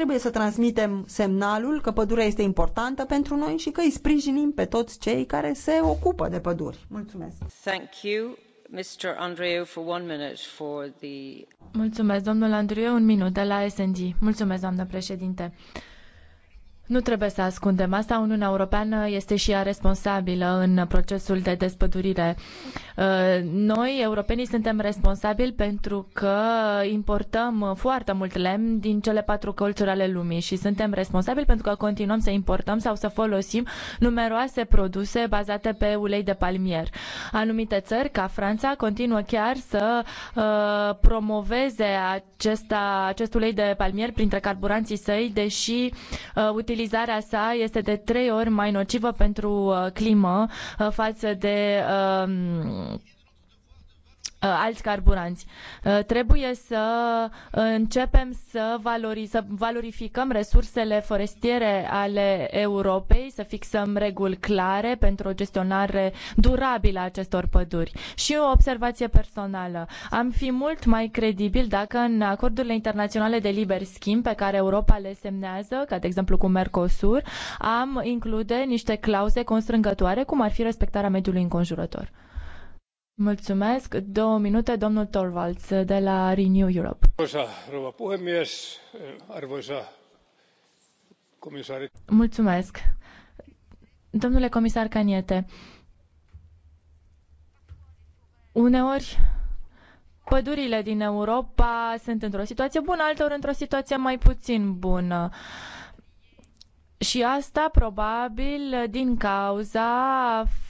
Trebuie să transmitem semnalul că pădurea este importantă pentru noi și că îi sprijinim pe toți cei care se ocupă de păduri. Mulțumesc! Thank you. Mr. Andreu, for one minute for the... Mulțumesc, domnul Andreu, un minut de la SNG. Mulțumesc, doamnă președinte. Nu trebuie să ascundem asta. Uniunea Europeană este și ea responsabilă în procesul de despădurire Uh, noi, europenii, suntem responsabili pentru că importăm foarte mult lemn din cele patru colțuri ale lumii și suntem responsabili pentru că continuăm să importăm sau să folosim numeroase produse bazate pe ulei de palmier. Anumite țări, ca Franța, continuă chiar să uh, promoveze acesta, acest ulei de palmier printre carburanții săi, deși uh, utilizarea sa este de trei ori mai nocivă pentru uh, climă uh, față de uh, Uh, alți carburanți. Uh, trebuie să începem să, valori, să valorificăm resursele forestiere ale Europei, să fixăm reguli clare pentru o gestionare durabilă a acestor păduri. Și o observație personală. Am fi mult mai credibil dacă în acordurile internaționale de liber schimb pe care Europa le semnează, ca de exemplu cu Mercosur, am include niște clauze constrângătoare, cum ar fi respectarea mediului înconjurător. Mulțumesc. Două minute, domnul Torvalds de la Renew Europe. Arvoisa rouva puhemies, arvoisa comisari. Mulțumesc. Domnule comisar Caniete, uneori pădurile din Europa sunt într-o situație bună, alteori într-o situație mai puțin bună. Și asta probabil din cauza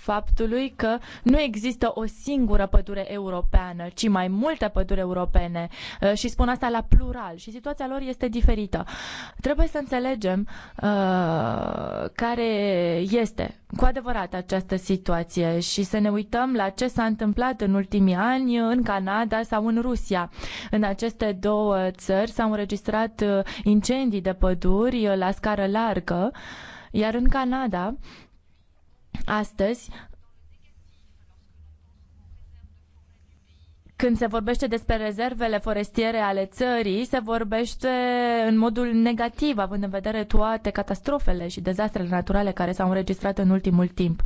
faptului că nu există o singură pădure europeană, ci mai multe păduri europene uh, și spun asta la plural și situația lor este diferită. Trebuie să înțelegem uh, care este cu adevărat această situație și să ne uităm la ce s-a întâmplat în ultimii ani în Canada sau în Rusia. În aceste două țări s-au înregistrat uh, incendii de păduri uh, la scară largă, iar în Canada astăzi când se vorbește despre rezervele forestiere ale țării, se vorbește în modul negativ, având în vedere toate catastrofele și dezastrele naturale care s-au înregistrat în ultimul timp.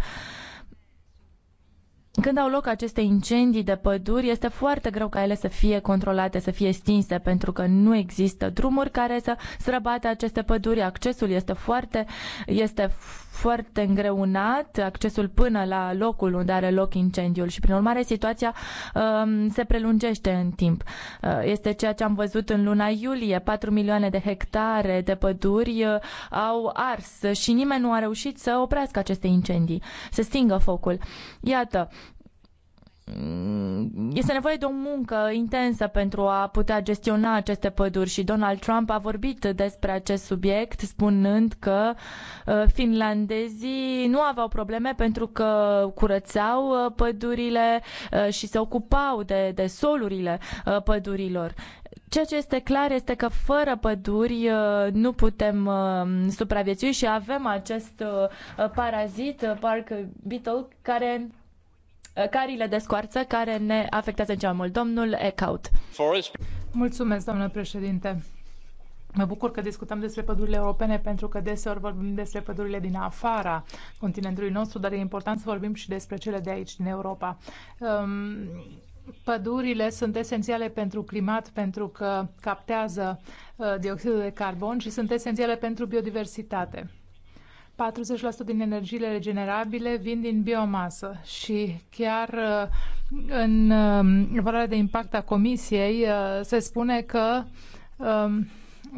Când au loc aceste incendii de păduri, este foarte greu ca ele să fie controlate, să fie stinse, pentru că nu există drumuri care să străbate aceste păduri. Accesul este foarte, este foarte îngreunat accesul până la locul unde are loc incendiul și, prin urmare, situația um, se prelungește în timp. Uh, este ceea ce am văzut în luna iulie. 4 milioane de hectare de păduri uh, au ars și nimeni nu a reușit să oprească aceste incendii, să stingă focul. Iată, Mm, este nevoie de o muncă intensă pentru a putea gestiona aceste păduri și Donald Trump a vorbit despre acest subiect spunând că uh, finlandezii nu aveau probleme pentru că curățau uh, pădurile uh, și se ocupau de, de solurile pădurilor. Ceea ce este clar este că fără păduri nu putem supraviețui și avem acest parazit, park beetle, care Eh, carile de scoarță care ne afectează cel mai mult. Domnul Ecaut. Mulțumesc, domnule președinte. Mă bucur că discutăm despre pădurile europene pentru că deseori vorbim despre pădurile din afara continentului nostru, dar e important să vorbim și despre cele de aici, din Europa. Um, Pădurile sunt esențiale pentru climat pentru că captează uh, dioxidul de carbon și sunt esențiale pentru biodiversitate. 40% din energiile regenerabile vin din biomasă și chiar uh, în uh, evaluarea de impact a Comisiei uh, se spune că um,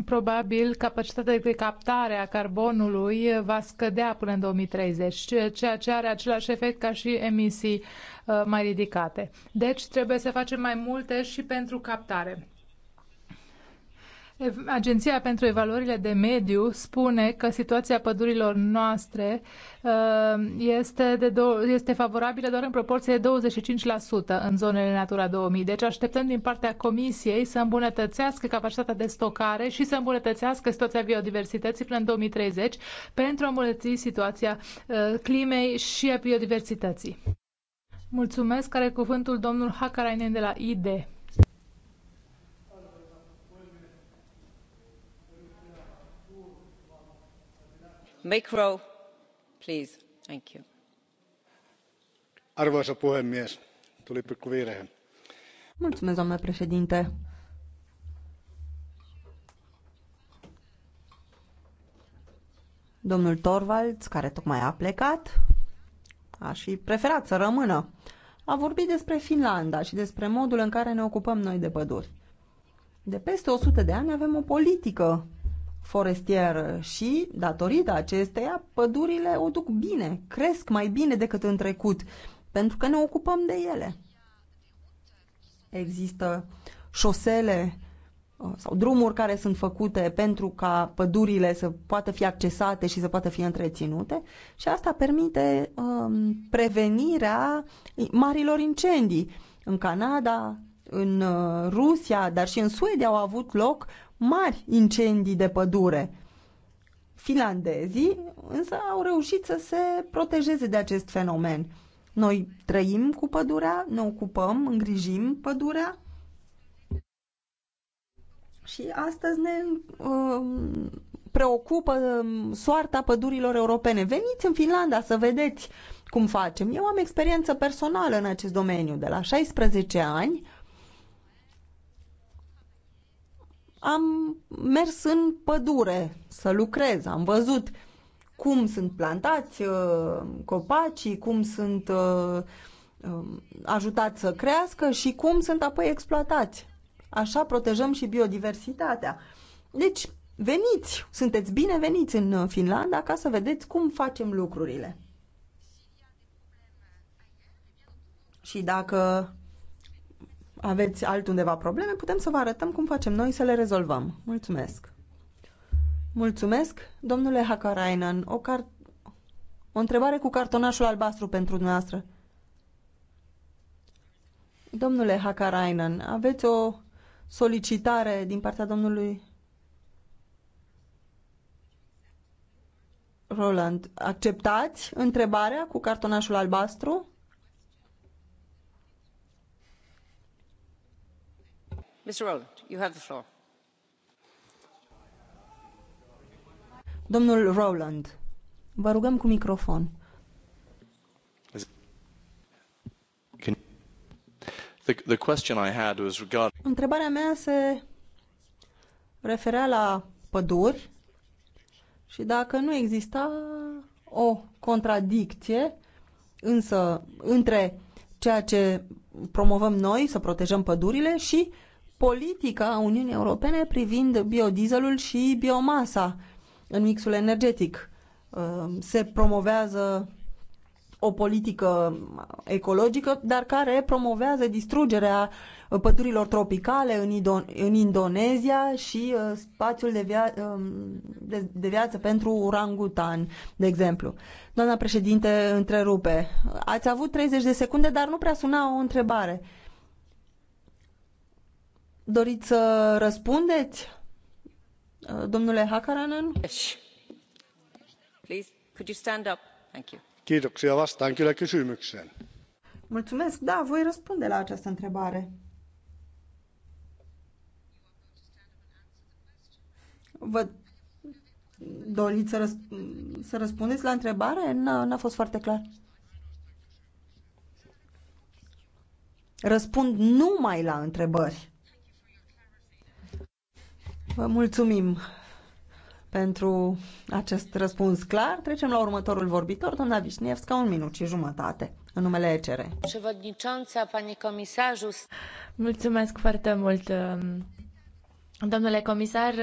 probabil capacitatea de captare a carbonului va scădea până în 2030, ceea ce are același efect ca și emisii mai ridicate. Deci trebuie să facem mai multe și pentru captare. Agenția pentru Evaluările de Mediu spune că situația pădurilor noastre uh, este, de do- este favorabilă doar în proporție de 25% în zonele Natura 2000. Deci așteptăm din partea Comisiei să îmbunătățească capacitatea de stocare și să îmbunătățească situația biodiversității până în 2030 pentru a îmbunătăți situația uh, climei și a biodiversității. Mulțumesc. care cuvântul domnul Hakarainen de la ID. arvoisa puhemies tuli pikku virhe. mulțumesc doamnă președintă domnul torvalds care tocmai a plecat aș fi preferat să rămână a vorbit despre Finlanda și despre modul în care ne ocupăm noi de păduri. De peste 100 de ani avem o politică forestieră și, datorită acesteia, pădurile o duc bine, cresc mai bine decât în trecut, pentru că ne ocupăm de ele. Există șosele uh, sau drumuri care sunt făcute pentru ca pădurile să poată fi accesate și să poată fi întreținute și asta permite um, prevenirea marilor incendii. În Canada, în uh, Rusia, dar și în Suedia au avut loc mari incendii de pădure. Finlandezii însă au reușit să se protejeze de acest fenomen. Noi trăim cu pădurea, ne ocupăm, îngrijim pădurea și astăzi ne uh, preocupă um, soarta pădurilor europene. Veniți în Finlanda să vedeți cum facem. Eu am experiență personală în acest domeniu. De la 16 ani am mers în pădure să lucrez, am văzut cum sunt plantați uh, copacii, cum sunt uh, um, ajutați să crească și cum sunt apoi exploatați. Așa protejăm și biodiversitatea. Deci, veniți, sunteți bineveniți în uh, Finlanda ca să vedeți cum facem lucrurile. Și dacă aveți altundeva probleme, putem să vă arătăm cum facem noi să le rezolvăm. Mulțumesc! Mulțumesc, domnule Hakarainen. O, car... o întrebare cu cartonașul albastru pentru dumneavoastră. Domnule Hakarainen, aveți o solicitare din partea domnului Roland. Acceptați întrebarea cu cartonașul albastru? Domnul Rowland, vă rugăm cu microfon. Întrebarea mea se referea la păduri și dacă nu exista o contradicție însă între ceea ce promovăm noi, să protejăm pădurile și politică a Uniunii Europene privind biodieselul și biomasa în mixul energetic. Uh, se promovează o politică ecologică, dar care promovează distrugerea pădurilor tropicale în, Ido- în Indonezia și uh, spațiul de, via- um, de, de viață pentru orangutan, de exemplu. Doamna președinte, întrerupe. Ați avut 30 de secunde, dar nu prea suna o întrebare. Uh, Doriți să răspundeți, uh, domnule Hakaranen? Please, could you stand up? Thank you. Kiitoksia, vastaan kyllä kysymykseen. Mulțumesc, da, voi răspunde la această întrebare. Vă doriți să, răsp- să răspundeți la întrebare? N-a fost foarte clar. Răspund numai la întrebări. Vă mulțumim pentru acest răspuns clar. Trecem la următorul vorbitor, doamna Vișnievska, un minut și jumătate, în numele ECR. Mulțumesc foarte mult, um, Domnule comisar,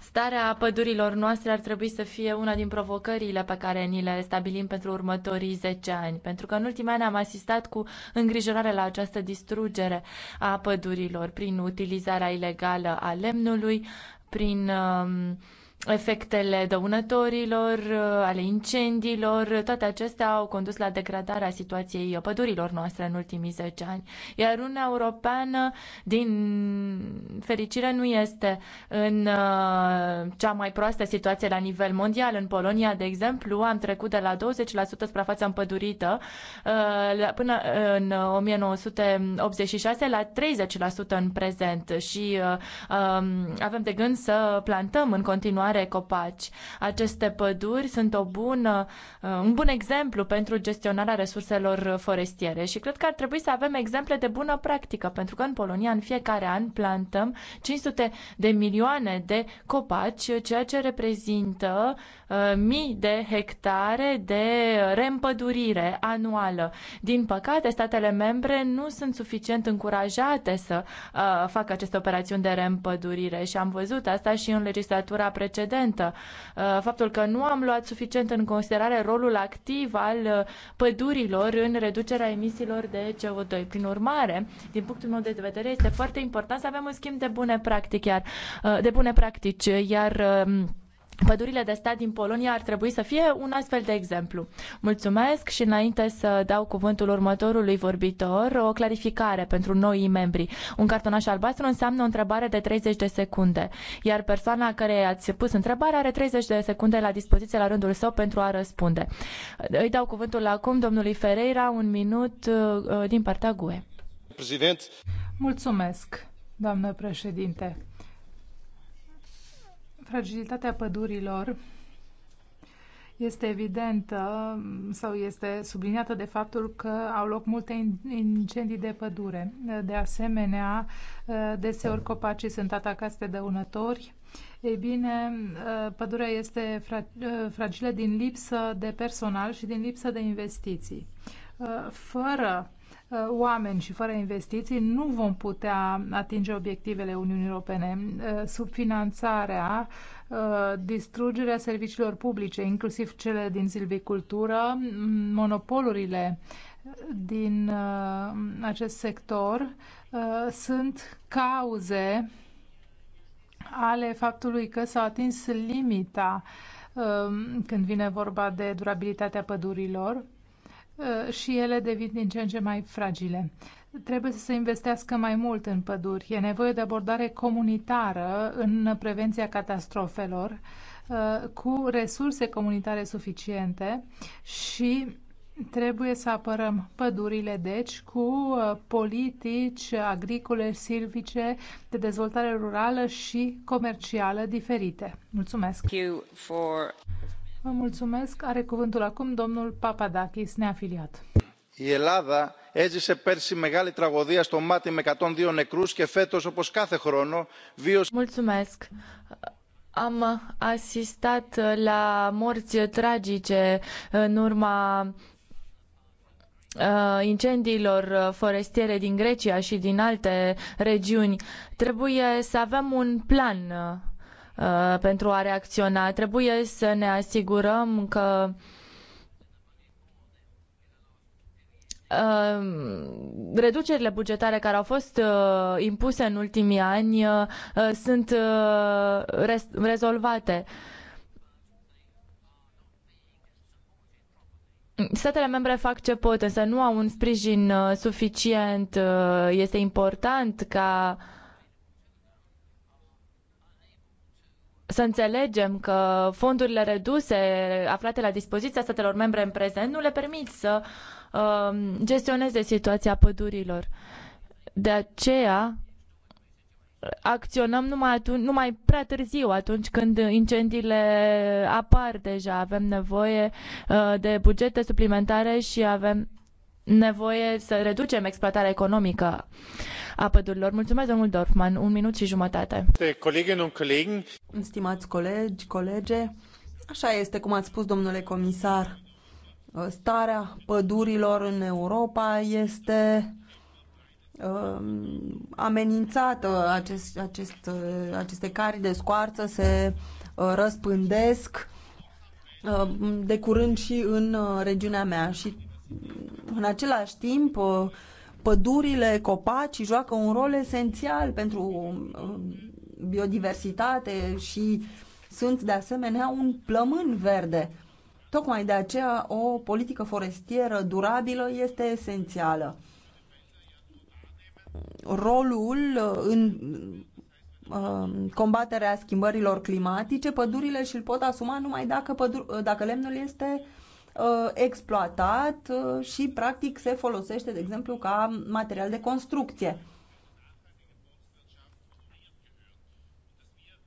starea pădurilor noastre ar trebui să fie una din provocările pe care ni le stabilim pentru următorii 10 ani, pentru că în ultimii ani am asistat cu îngrijorare la această distrugere a pădurilor prin utilizarea ilegală a lemnului, prin um, efectele dăunătorilor, uh, ale incendiilor, toate acestea au condus la degradarea situației pădurilor noastre în ultimii 10 ani. Iar Uniunea Europeană, din fericire, nu este în uh, cea mai proastă situație la nivel mondial. În Polonia, de exemplu, am trecut de la 20% suprafața împădurită uh, până în 1986 la 30% în prezent și um, avem de gând să plantăm în continuare mare copaci. Aceste păduri sunt o bună, uh, un bun exemplu pentru gestionarea resurselor forestiere și cred că ar trebui să avem exemple de bună practică, pentru că în Polonia în fiecare an plantăm 500 de milioane de copaci, ceea ce reprezintă uh, mii de hectare de reîmpădurire anuală. Din păcate, statele membre nu sunt suficient încurajate să uh, facă aceste operațiuni de reîmpădurire și am văzut asta și în legislatura precedentă precedentă. Uh, faptul că nu am luat suficient în considerare rolul activ al uh, pădurilor în reducerea emisiilor de CO2. Prin urmare, din punctul meu de vedere, este foarte important să avem un schimb de bune practici, iar uh, de bune practici, iar um, Pădurile de stat din Polonia ar trebui să fie un astfel de exemplu. Mulțumesc și înainte să dau cuvântul următorului vorbitor, o clarificare pentru noi membri. Un cartonaș albastru înseamnă o întrebare de 30 de secunde, iar persoana care ați pus întrebarea are 30 de secunde la dispoziție la rândul său pentru a răspunde. Îi dau cuvântul acum domnului Ferreira, un minut uh, uh, din partea GUE. Mulțumesc, doamnă președinte. Fragilitatea pădurilor este evidentă sau este subliniată de faptul că au loc multe incendii de pădure. De asemenea, deseori copacii sunt atacați de dăunători. Ei bine, pădurea este fragilă din lipsă de personal și din lipsă de investiții. Fără Uh, oameni și fără investiții nu vom putea atinge obiectivele Uniunii Europene. Uh, subfinanțarea, uh, distrugerea serviciilor publice, inclusiv cele din silvicultură, monopolurile din acest sector sunt cauze ale faptului că s-a atins limita când vine vorba de durabilitatea pădurilor Uh, și ele devin din ce în ce mai fragile. Trebuie să se investească mai mult în păduri. E nevoie de abordare comunitară în prevenția catastrofelor uh, cu resurse comunitare suficiente și trebuie să apărăm pădurile, deci, cu uh, politici agricole, silvice, de dezvoltare rurală și comercială diferite. Mulțumesc! Vă mulțumesc. Are cuvântul acum domnul Papadakis, neafiliat. Η Ελλάδα έζησε πέρσι μεγάλη τραγωδία στο Μάτι με 102 νεκρούς και φέτος όπως κάθε χρόνο βίωσε... Mulțumesc. Am asistat la morți tragice în urma uh, incendiilor forestiere din Grecia și din alte regiuni. Trebuie să avem un plan uh, Uh, pentru a reacționa. Trebuie să ne asigurăm că uh, reducerile bugetare care au fost uh, impuse în ultimii ani sunt rezolvate. Statele membre fac ce pot, însă nu au un sprijin suficient. Este important ca uh, să înțelegem că fondurile reduse aflate la dispoziția statelor membre în prezent nu le permit să uh, gestioneze situația pădurilor. De aceea acționăm numai, atunci, numai prea târziu, atunci când incendiile apar deja. Avem nevoie uh, de bugete suplimentare și avem nevoie să reducem exploatarea economică. Uh, a pădurilor. Mulțumesc, domnul Dorfman. Un minut și jumătate. Stimați colegi, colege, așa este, cum ați spus, domnule comisar, starea pădurilor în Europa este um, amenințată. Acest, acest, aceste cari de scoarță se uh, răspândesc uh, de curând și în uh, regiunea mea și în același timp pădurile, copacii joacă un rol esențial pentru um, um, biodiversitate și sunt de asemenea un plămân verde. Tocmai de aceea o politică forestieră durabilă este esențială. Rolul uh, în uh, combaterea schimbărilor climatice, pădurile și-l pot asuma numai dacă, pădur- dacă lemnul este uh, Uh, exploatat uh, și practic se folosește, de exemplu, ca material de construcție.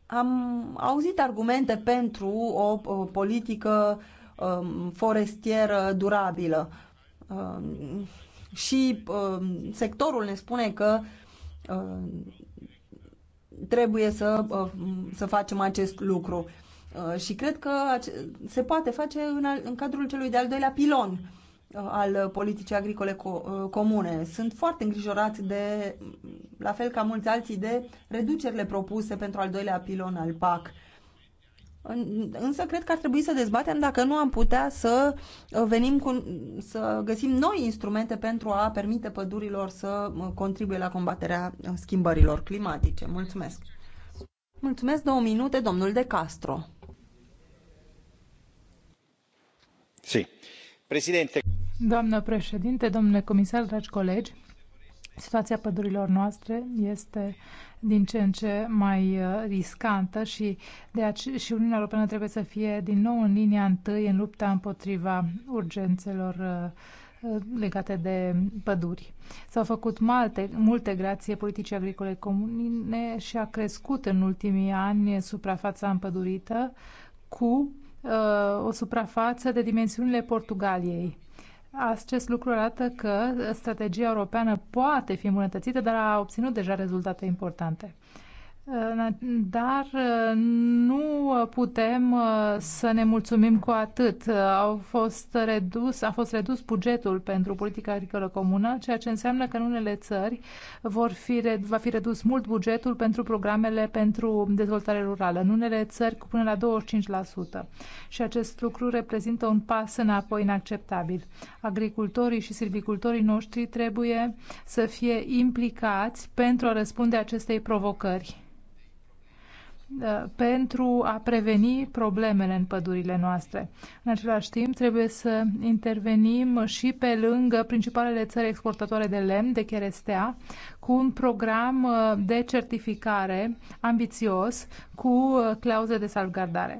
Am auzit argumente pentru o politică um, forestieră durabilă. Um, și um, sectorul ne spune că trebuie să, uh, să facem acest lucru. Uh, și cred că se poate face în, cadrul celui de-al doilea pilon uh, al politicii agricole uh, comune. Sunt foarte îngrijorat de, la fel ca mulți alții, de reducerile propuse pentru al doilea pilon al PAC. Însă cred că ar trebui să dezbatem dacă nu am putea să venim cu, să găsim noi instrumente pentru a permite pădurilor să contribuie la combaterea schimbărilor climatice. Mulțumesc! Mulțumesc două minute, domnul De Castro. doamnă președintă domnule comisar dragi colegi situația pădurilor noastre este din ce în ce mai uh, riscantă și, de ace- și Uniunea Europeană trebuie să fie din nou în linia întâi în lupta împotriva urgențelor uh, uh, legate de păduri. S-au făcut multe, multe grație politicii agricole comune și a crescut în ultimii ani suprafața împădurită cu Uh, o suprafață de dimensiunile Portugaliei. Acest lucru arată că strategia europeană poate fi îmbunătățită, dar a obținut deja rezultate importante. Dar nu putem uh, să ne mulțumim cu atât. Au fost redus, a fost redus bugetul pentru politica agricolă comună, ceea ce înseamnă că în unele țări vor fi, va fi redus mult bugetul pentru programele pentru dezvoltare rurală, în unele țări cu până la 25%. Și acest lucru reprezintă un pas înapoi inacceptabil. Agricultorii și silvicultorii noștri trebuie să fie implicați pentru a răspunde acestei provocări Uh, pentru a preveni problemele în pădurile noastre. În același timp, trebuie să intervenim și pe lângă principalele țări exportatoare de lemn, de cherestea, cu un program uh, de certificare ambițios cu uh, clauze de salvgardare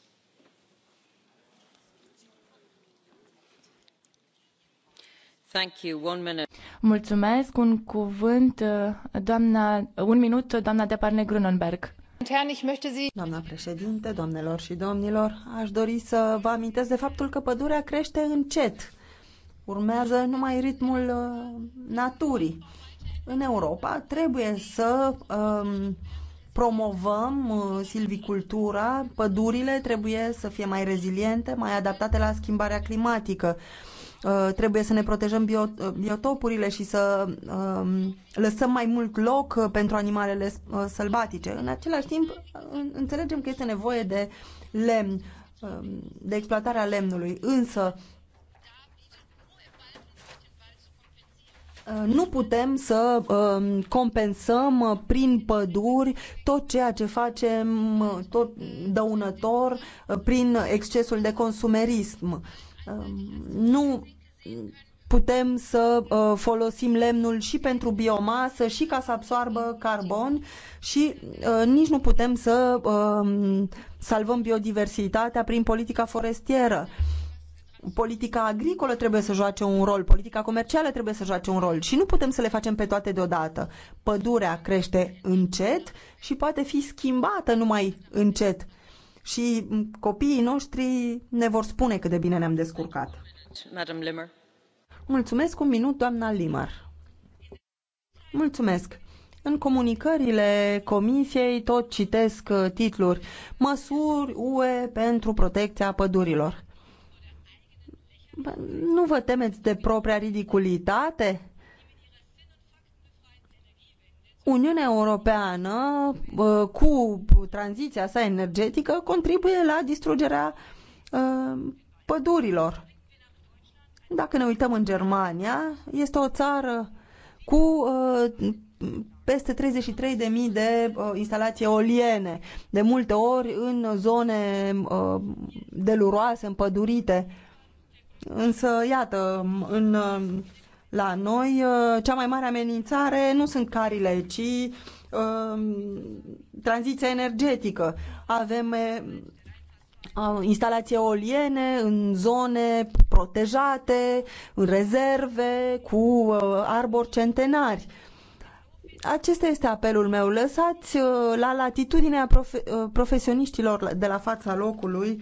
Mulțumesc. Un cuvânt, doamna, un minut, doamna președinte, doamnelor și domnilor, aș dori să vă amintesc de faptul că pădurea crește încet. Urmează numai ritmul uh, naturii. În Europa trebuie să um, promovăm uh, silvicultura, pădurile trebuie să fie mai reziliente, mai adaptate la schimbarea climatică. Uh, trebuie să ne protejăm uh, biotopurile și să um, lăsăm mai mult loc uh, pentru animalele sălbatice. În același timp, înțelegem că este nevoie de lemn, um, de exploatarea lemnului, însă nu putem să um, compensăm prin păduri tot ceea ce facem tot dăunător prin excesul de consumerism nu putem să uh, folosim lemnul și pentru biomasă și ca să absoarbă carbon și uh, nici nu putem să um, salvăm biodiversitatea prin politica forestieră politica agricolă trebuie să joace un rol, politica comercială trebuie să joace un rol și nu putem să le facem pe toate deodată. Pădurea crește încet și poate fi schimbată numai încet și copiii noștri ne vor spune cât de bine ne-am descurcat. Mulțumesc un minut, doamna Limar. Mulțumesc. În comunicările comisiei tot citesc uh, titluri Măsuri UE pentru protecția pădurilor. Nu vă temeți de propria ridiculitate? Uniunea Europeană, cu tranziția sa energetică, contribuie la distrugerea ă, pădurilor. Dacă ne uităm în Germania, este o țară cu ă, peste 33.000 de ă, instalații eoliene, de multe ori în zone deluroase, împădurite. Însă, iată, în la noi, uh, cea mai mare amenințare nu sunt carile, ci uh, tranziția energetică. Avem uh, instalații eoliene în zone protejate, în rezerve, cu uh, arbori centenari. Acesta este apelul meu. Lăsați uh, la latitudinea profe- uh, profesioniștilor de la fața locului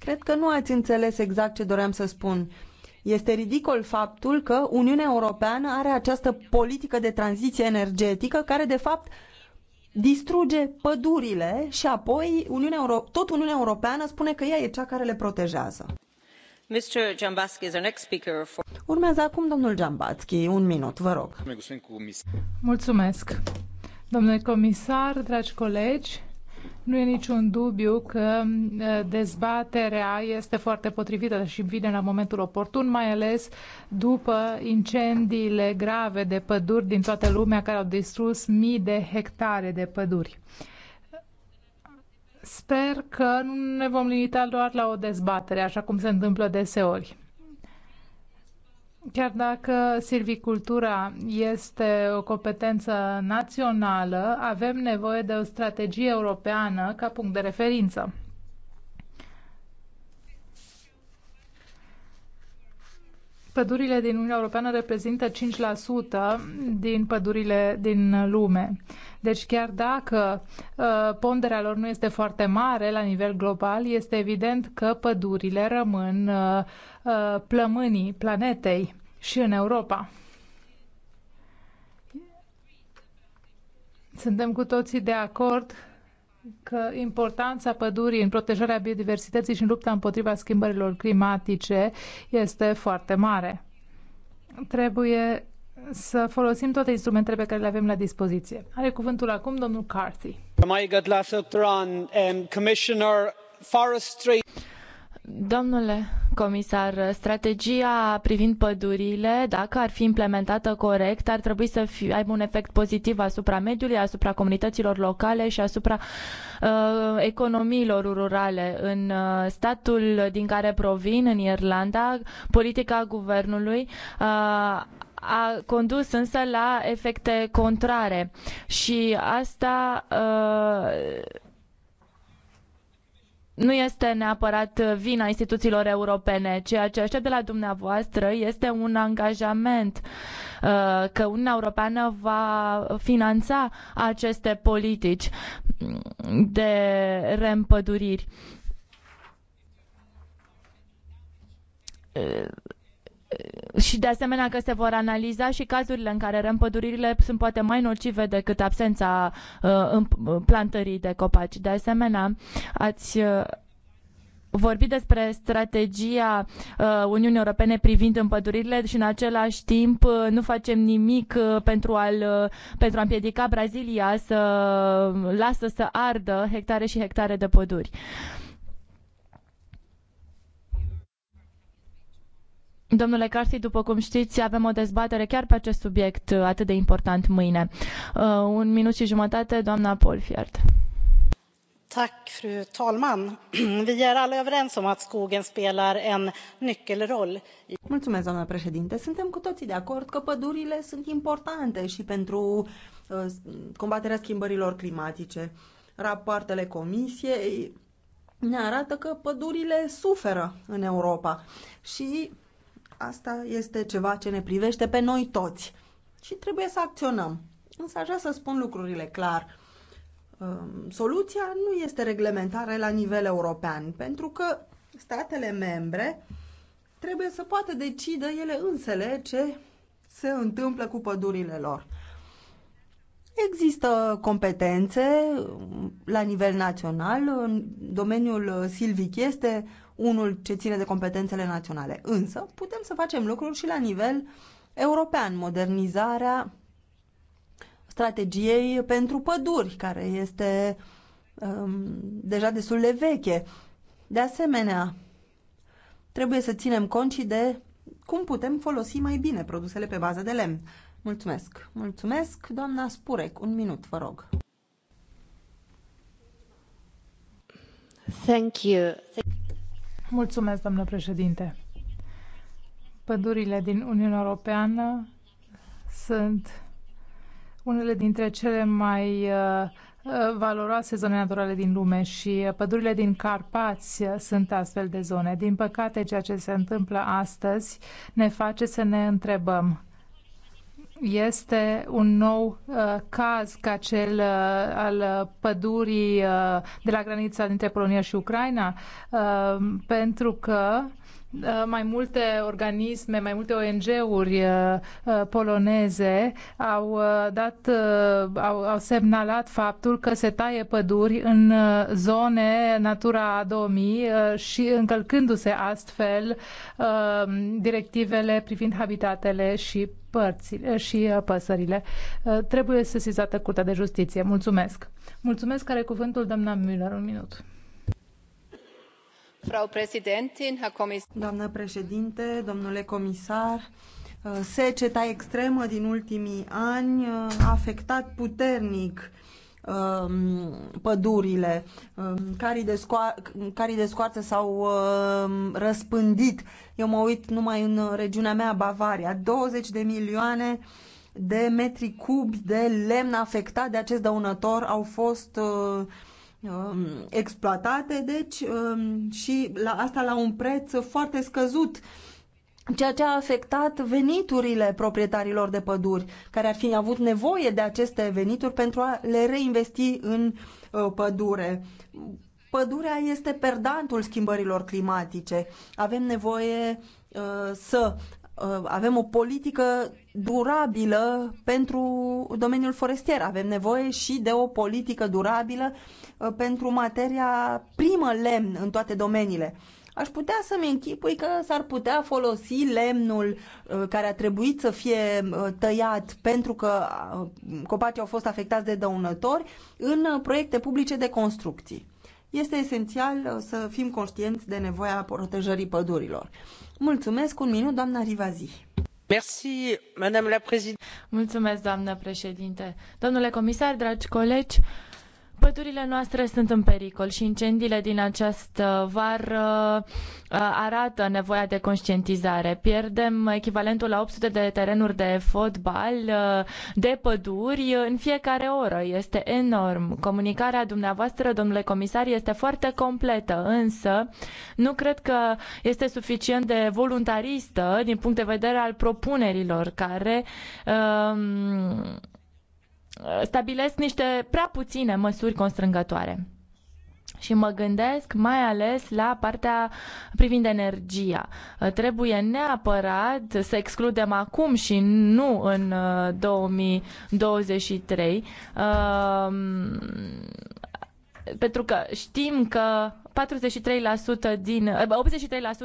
Cred că nu ați înțeles exact ce doream să spun. Este ridicol faptul că Uniunea Europeană are această politică de tranziție energetică care, de fapt, distruge pădurile și apoi Uniunea Euro- tot Uniunea Europeană spune că ea e cea care le protejează. Mr. is our next speaker for... Urmează acum domnul Giambatski. Un minut, vă rog. Mulțumesc. Domnule comisar, dragi colegi, nu e niciun dubiu că ă, dezbaterea este foarte potrivită și vine la momentul oportun, mai ales după incendiile grave de păduri din toată lumea care au distrus mii de hectare de păduri. Sper că nu ne vom limita doar la o dezbatere, așa cum se întâmplă deseori. Chiar dacă silvicultura este o competență națională, avem nevoie de o strategie europeană ca punct de referință. Pădurile din Uniunea Europeană reprezintă 5% din pădurile din lume. Deci chiar dacă uh, ponderea lor nu este foarte mare la nivel global, este evident că pădurile rămân uh, Uh, plămânii planetei și în Europa. Suntem cu toții de acord că importanța pădurii în protejarea biodiversității și în lupta împotriva schimbărilor climatice este foarte mare. Trebuie să folosim toate instrumentele pe care le avem la dispoziție. Are cuvântul acum domnul Carthy. Domnule comisar, strategia privind pădurile, dacă ar fi implementată corect, ar trebui să fie, aibă un efect pozitiv asupra mediului, asupra comunităților locale și asupra uh, economiilor rurale. În uh, statul din care provin, în Irlanda, politica guvernului uh, a condus însă la efecte contrare și asta uh, nu este neapărat vina instituțiilor europene. Ceea ce aștept de la dumneavoastră este un angajament uh, că Uniunea Europeană va finanța aceste politici de reîmpăduriri uh, și de asemenea că se vor analiza și cazurile în care reîmpăduririle sunt poate mai nocive decât absența uh, uh, plantării de copaci. De asemenea, ați uh, vorbit despre strategia Uniunii Europene privind împăduririle și în același timp nu facem nimic pentru, a uh, pentru a împiedica Brazilia să lasă să ardă hectare și hectare de păduri. Uh, Domnule Carsi, după cum știți, avem o dezbatere chiar pe acest subiect uh, atât de important mâine. Uh, un minut și jumătate, doamna Polfiard. Tack, fru talman. Vi är alla överens om att skogen spelar en nyckelroll. Mulțumesc, doamna președinte. Suntem cu toții de acord că pădurile sunt importante și pentru uh, combaterea schimbărilor climatice. Rapoartele comisiei ne arată că pădurile suferă în Europa și asta este ceva ce ne privește pe noi toți și trebuie să acționăm. Însă aș vrea să spun lucrurile clar. Um, soluția nu este reglementare la nivel european, pentru că statele membre trebuie să poată decide ele însele ce se întâmplă cu pădurile lor. Există competențe la nivel național. În domeniul silvic este unul ce ține de competențele naționale. Însă putem să facem lucruri și la nivel european, modernizarea strategiei pentru păduri, care este um, deja destul de veche. De asemenea, trebuie să ținem cont și de cum putem folosi mai bine produsele pe bază de lemn. Mulțumesc! Mulțumesc, doamna Spurec. Un minut, vă rog. Thank you. Mulțumesc, domnule președinte. Pădurile din Uniunea Europeană sunt unele dintre cele mai uh, uh, valoroase zone naturale din lume și uh, pădurile din Carpați sunt astfel de zone. Din păcate, ceea ce se întâmplă astăzi ne face să ne întrebăm este un nou uh, caz ca cel uh, al pădurii uh, de la granița dintre Polonia și Ucraina, uh, pentru că Uh, mai multe organisme, mai multe ONG-uri uh, uh, poloneze au dat au, au semnalat faptul că se taie păduri în zone Natura 2000 și încălcându-se astfel directivele privind habitatele și părțile și păsările. Trebuie să sesizată Curtea de Justiție. Mulțumesc. Mulțumesc care cuvântul doamna Müller, un minut. Doamnă președinte, domnule comisar, uh, seceta extremă din ultimii ani uh, a afectat puternic um, pădurile. Um, de, carii de scoarță s-au um, răspândit. Eu mă uit numai în uh, regiunea mea, Bavaria. 20 de milioane de metri cubi de lemn afectat de acest dăunător au fost uh, Um, exploatate, deci um, și la asta la un preț foarte scăzut ceea ce a afectat veniturile proprietarilor de păduri, care ar fi avut nevoie de aceste venituri pentru a le reinvesti în uh, pădure. Pădurea este perdantul schimbărilor climatice. Avem nevoie uh, să Uh, avem o politică durabilă pentru domeniul forestier. Avem nevoie și de o politică durabilă uh, pentru materia primă lemn în toate domeniile. Aș putea să-mi închipui că s-ar putea folosi lemnul uh, care a trebuit să fie tăiat pentru că copacii au fost afectați de dăunători în proiecte publice de construcții. Este esențial să fim conștienți de nevoia protejării pădurilor. Mulțumesc un minut, doamna Rivazi. Mulțumesc, doamnă președinte. Domnule comisar, dragi colegi, Pădurile noastre sunt în pericol și incendiile din această vară uh, arată nevoia de conștientizare. Pierdem echivalentul la 800 de terenuri de fotbal, uh, de păduri, uh, în fiecare oră. Este enorm. Comunicarea dumneavoastră, domnule comisar, este foarte completă, însă nu cred că este suficient de voluntaristă din punct de vedere al propunerilor care um, Uh, stabilesc niște prea puține măsuri constrângătoare. Și mă gândesc mai ales la partea privind energia. Uh, trebuie neapărat să excludem acum și nu în 2023 uh, pentru că știm că 43% din, 83%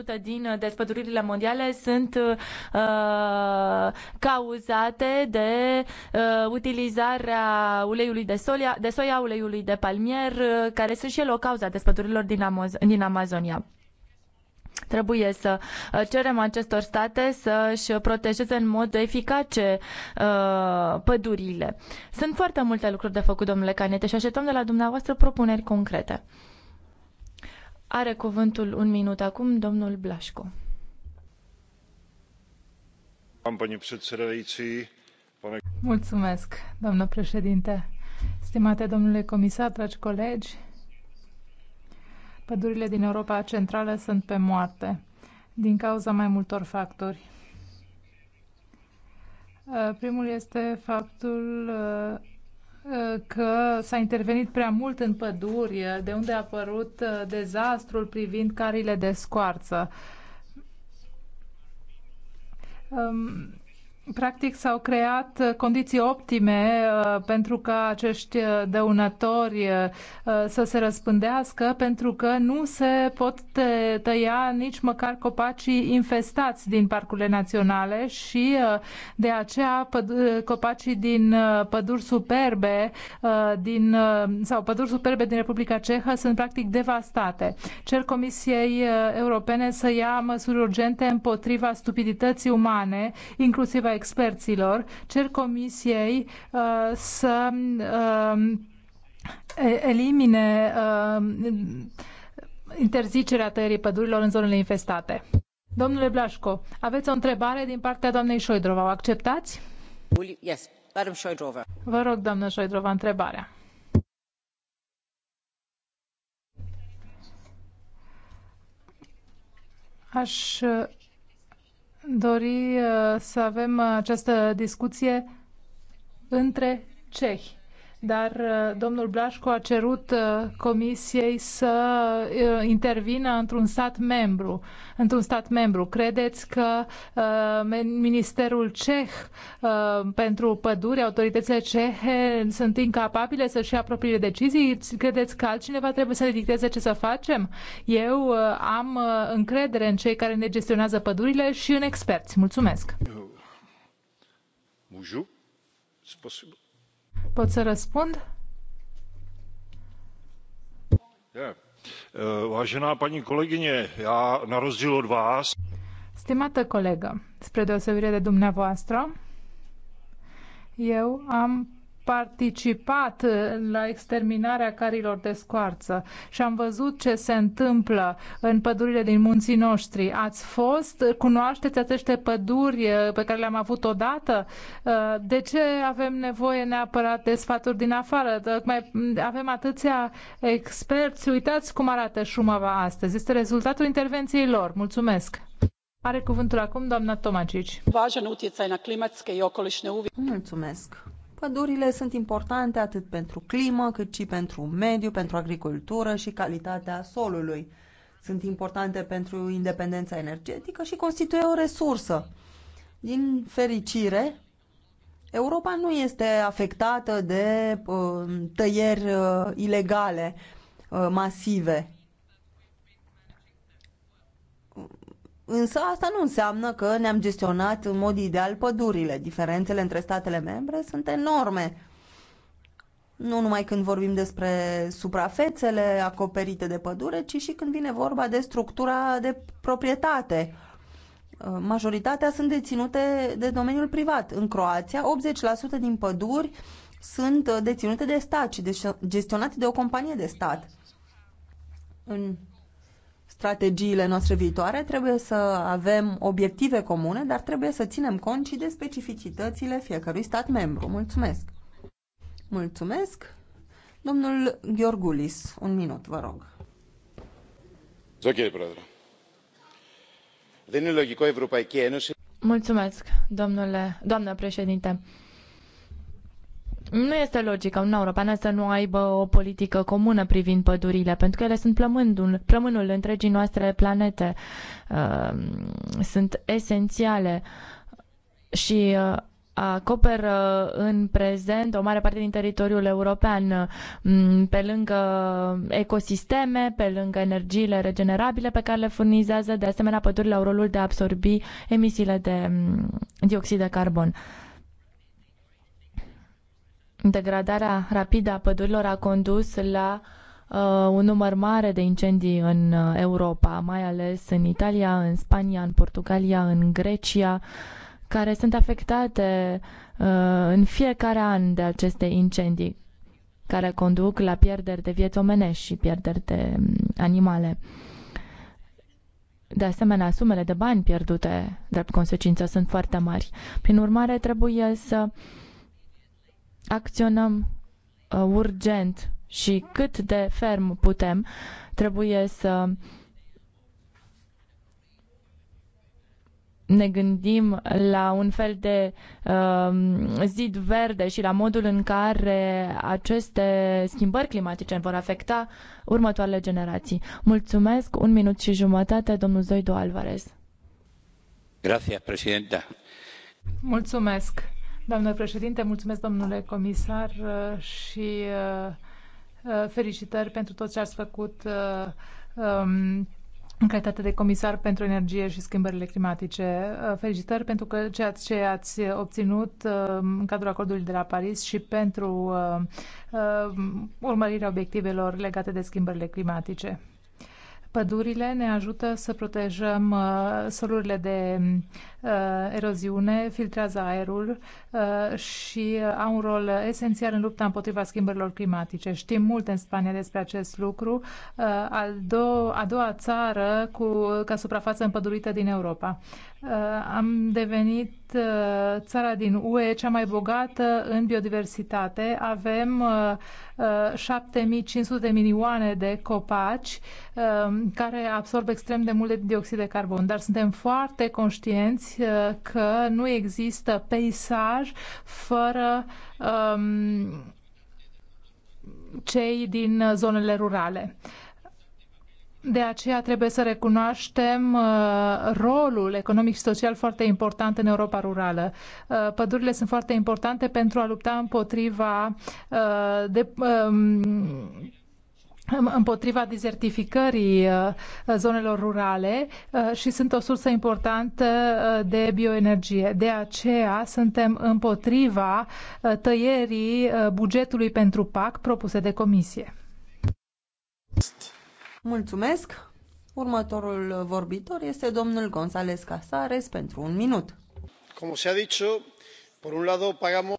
eh, din despăduririle mondiale sunt uh, cauzate de uh, utilizarea uleiului de, soia, de soia, uleiului de palmier, uh, care sunt și ele o cauza despădurilor din, Amoz- din Amazonia. Trebuie să uh, cerem acestor state să-și protejeze în mod eficace uh, pădurile. Sunt foarte multe lucruri de făcut, domnule Canete, și așteptăm de la dumneavoastră propuneri concrete. Are cuvântul un minut acum domnul Blașcu. Mulțumesc, doamnă președinte. Stimate domnule comisar, dragi colegi, Pădurile din Europa Centrală sunt pe moarte din cauza mai multor factori. Uh, primul este faptul uh, uh, că s-a intervenit prea mult în păduri, de unde a apărut dezastrul privind carile de scoarță. Um, Practic s-au creat uh, condiții optime uh, pentru ca acești uh, dăunători să se răspândească, pentru că nu se pot tăia nici măcar copacii infestați din parcurile naționale și de aceea copacii din păduri superbe din, sau păduri superbe din Republica Cehă sunt practic devastate. Cer Comisiei Europene să ia măsuri urgente împotriva stupidității umane, inclusiv a experților. Cer comisiei uh, să uh, elimine uh, interzicerea tăierii pădurilor în zonele infestate. Domnule Blașco, aveți o întrebare din partea doamnei Șoidrova. O acceptați? Yes, Madam Șoidrova. Vă rog, doamnă Șoidrova, întrebarea. Aș dori uh, să avem uh, această discuție între cehi dar uh, domnul Blașcu a cerut uh, comisiei să uh, intervină într-un stat membru. Într-un stat membru. Credeți că Ministerul Ceh pentru păduri, autoritățile cehe sunt incapabile să-și ia propriile decizii? Credeți că altcineva trebuie să ne dicteze ce să facem? Eu am încredere în cei care ne gestionează pădurile și în experți. Mulțumesc! Pot să răspund? Yeah. Uh, vážená paní kolegyně, já na rozdíl od vás... Stimată colegă, spre deosebire de dumneavoastră, eu am participat la exterminarea carilor de scoarță și am văzut ce se întâmplă în pădurile din munții noștri. Ați fost? Cunoașteți aceste păduri eh, pe care le-am avut odată? Eh, de ce avem nevoie neapărat de sfaturi din afară? Mai avem atâția experți. Uitați cum arată Șumava astăzi. Este rezultatul intervenției lor. Mulțumesc! Are cuvântul acum doamna Tomacici. Mulțumesc. Pădurile sunt importante atât pentru climă, cât și pentru mediu, pentru agricultură și calitatea solului. Sunt importante pentru independența energetică și constituie o resursă. Din fericire, Europa nu este afectată de uh, tăieri uh, ilegale uh, masive. Însă asta nu înseamnă că ne-am gestionat în mod ideal pădurile. Diferențele între statele membre sunt enorme. Nu numai când vorbim despre suprafețele acoperite de pădure, ci și când vine vorba de structura de proprietate. Majoritatea sunt deținute de domeniul privat. În Croația, 80% din păduri sunt deținute de stat și gestionate de o companie de stat. În strategiile noastre viitoare, trebuie să avem obiective comune, dar trebuie să ținem cont și de specificitățile fiecărui stat membru. Mulțumesc! Mulțumesc! Domnul Gheorgulis, un minut, vă rog. Mulțumesc, domnule, doamnă președinte nu este logică Uniunea Europeană să nu aibă o politică comună privind pădurile, pentru că ele sunt plămândul, plămânul întregii noastre planete. Ehm, sunt esențiale și uh, acoperă în prezent o mare parte din teritoriul european, mm, pe lângă ecosisteme, pe lângă energiile regenerabile pe care le furnizează, de asemenea pădurile au rolul de a absorbi emisiile de mm, dioxid de carbon. Degradarea rapidă a pădurilor a condus la uh, un număr mare de incendii în uh, Europa, mai ales în Italia, în Spania, în Portugalia, în Grecia, care sunt afectate uh, în fiecare an de aceste incendii care conduc la pierderi de vieți omenești și pierderi de mm, animale. De asemenea, sumele de bani pierdute drept consecință sunt foarte mari. Prin urmare, trebuie să uh, acționăm uh, urgent și cât de ferm putem, trebuie să ne gândim la un fel de uh, zid verde și la modul în care aceste schimbări climatice vor afecta următoarele generații. Mulțumesc, un minut și jumătate, domnul Zoido Alvarez. Grazie, Mulțumesc. Doamnă președinte, mulțumesc domnule comisar uh, și uh, uh, felicitări pentru tot ce ați făcut um, în calitate de comisar pentru energie și schimbările climatice. Felicitări pentru că ceea ce ați obținut în cadrul acordului de la Paris și pentru urmărirea obiectivelor legate de schimbările climatice. Pădurile ne ajută să protejăm uh, solurile de uh, eroziune, filtrează aerul uh, și uh, au un rol esențial în lupta împotriva schimbărilor climatice. Știm mult în Spania despre acest lucru, uh, al do- a doua țară cu, ca suprafață împădurită din Europa. Uh, am devenit uh, țara din UE cea mai bogată în biodiversitate. Avem 7500 uh, de milioane de copaci care absorb extrem de mult de dioxid de carbon, dar suntem foarte conștienți că nu există peisaj fără um, cei din zonele rurale. De aceea trebuie să recunoaștem uh, rolul economic și social foarte important în Europa rurală. Uh, pădurile sunt foarte importante pentru a lupta împotriva uh, de, um, împotriva dezertificării zonelor rurale și sunt o sursă importantă de bioenergie. De aceea suntem împotriva tăierii bugetului pentru PAC propuse de comisie. Mulțumesc! Următorul vorbitor este domnul González Casares pentru un minut. Cum se a dicho, por un lado pagamos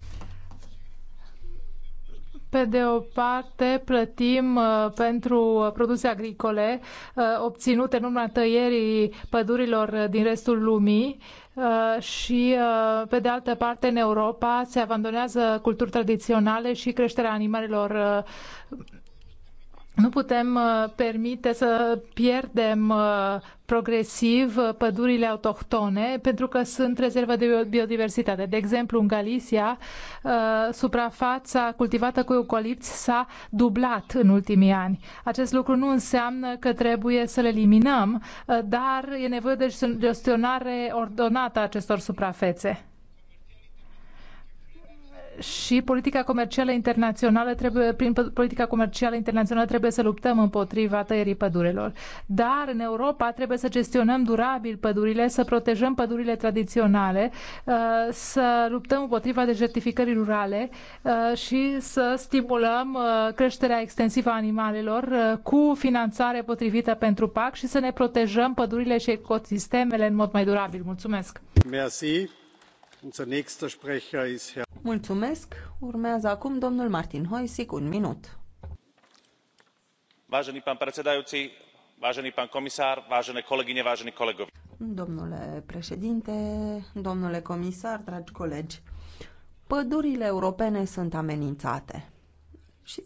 pe de o parte plătim uh, pentru produse agricole uh, obținute în urma tăierii pădurilor uh, din restul lumii uh, și uh, pe de altă parte în Europa se abandonează culturi tradiționale și creșterea animalelor uh, nu putem uh, permite să pierdem uh, progresiv uh, pădurile autohtone pentru că sunt rezervă de biodiversitate. De exemplu, în Galicia, suprafața cultivată cu eucalipți s-a dublat în ultimii ani. Acest lucru nu înseamnă că trebuie să le eliminăm, dar e nevoie de gestionare ordonată a acestor suprafețe și politica comercială internațională trebuie, prin politica comercială internațională trebuie să luptăm împotriva tăierii pădurilor. Dar în Europa trebuie să gestionăm durabil pădurile, să protejăm pădurile tradiționale, uh, să luptăm împotriva dejertificării rurale uh, și să stimulăm uh, creșterea extensivă a animalelor cu finanțare potrivită pentru PAC și să ne protejăm pădurile și ecosistemele în mod mai durabil. Mulțumesc! Merci. Unser nächster Sprecher ist Herr Mulțumesc. Urmează acum domnul Martin Hoisic, un minut. Vážený pán predsedajúci, vážený pán komisár, vážené kolegyne, vážení kolegovi. Domnule președinte, domnule comisar, dragi colegi, pădurile europene sunt amenințate. Și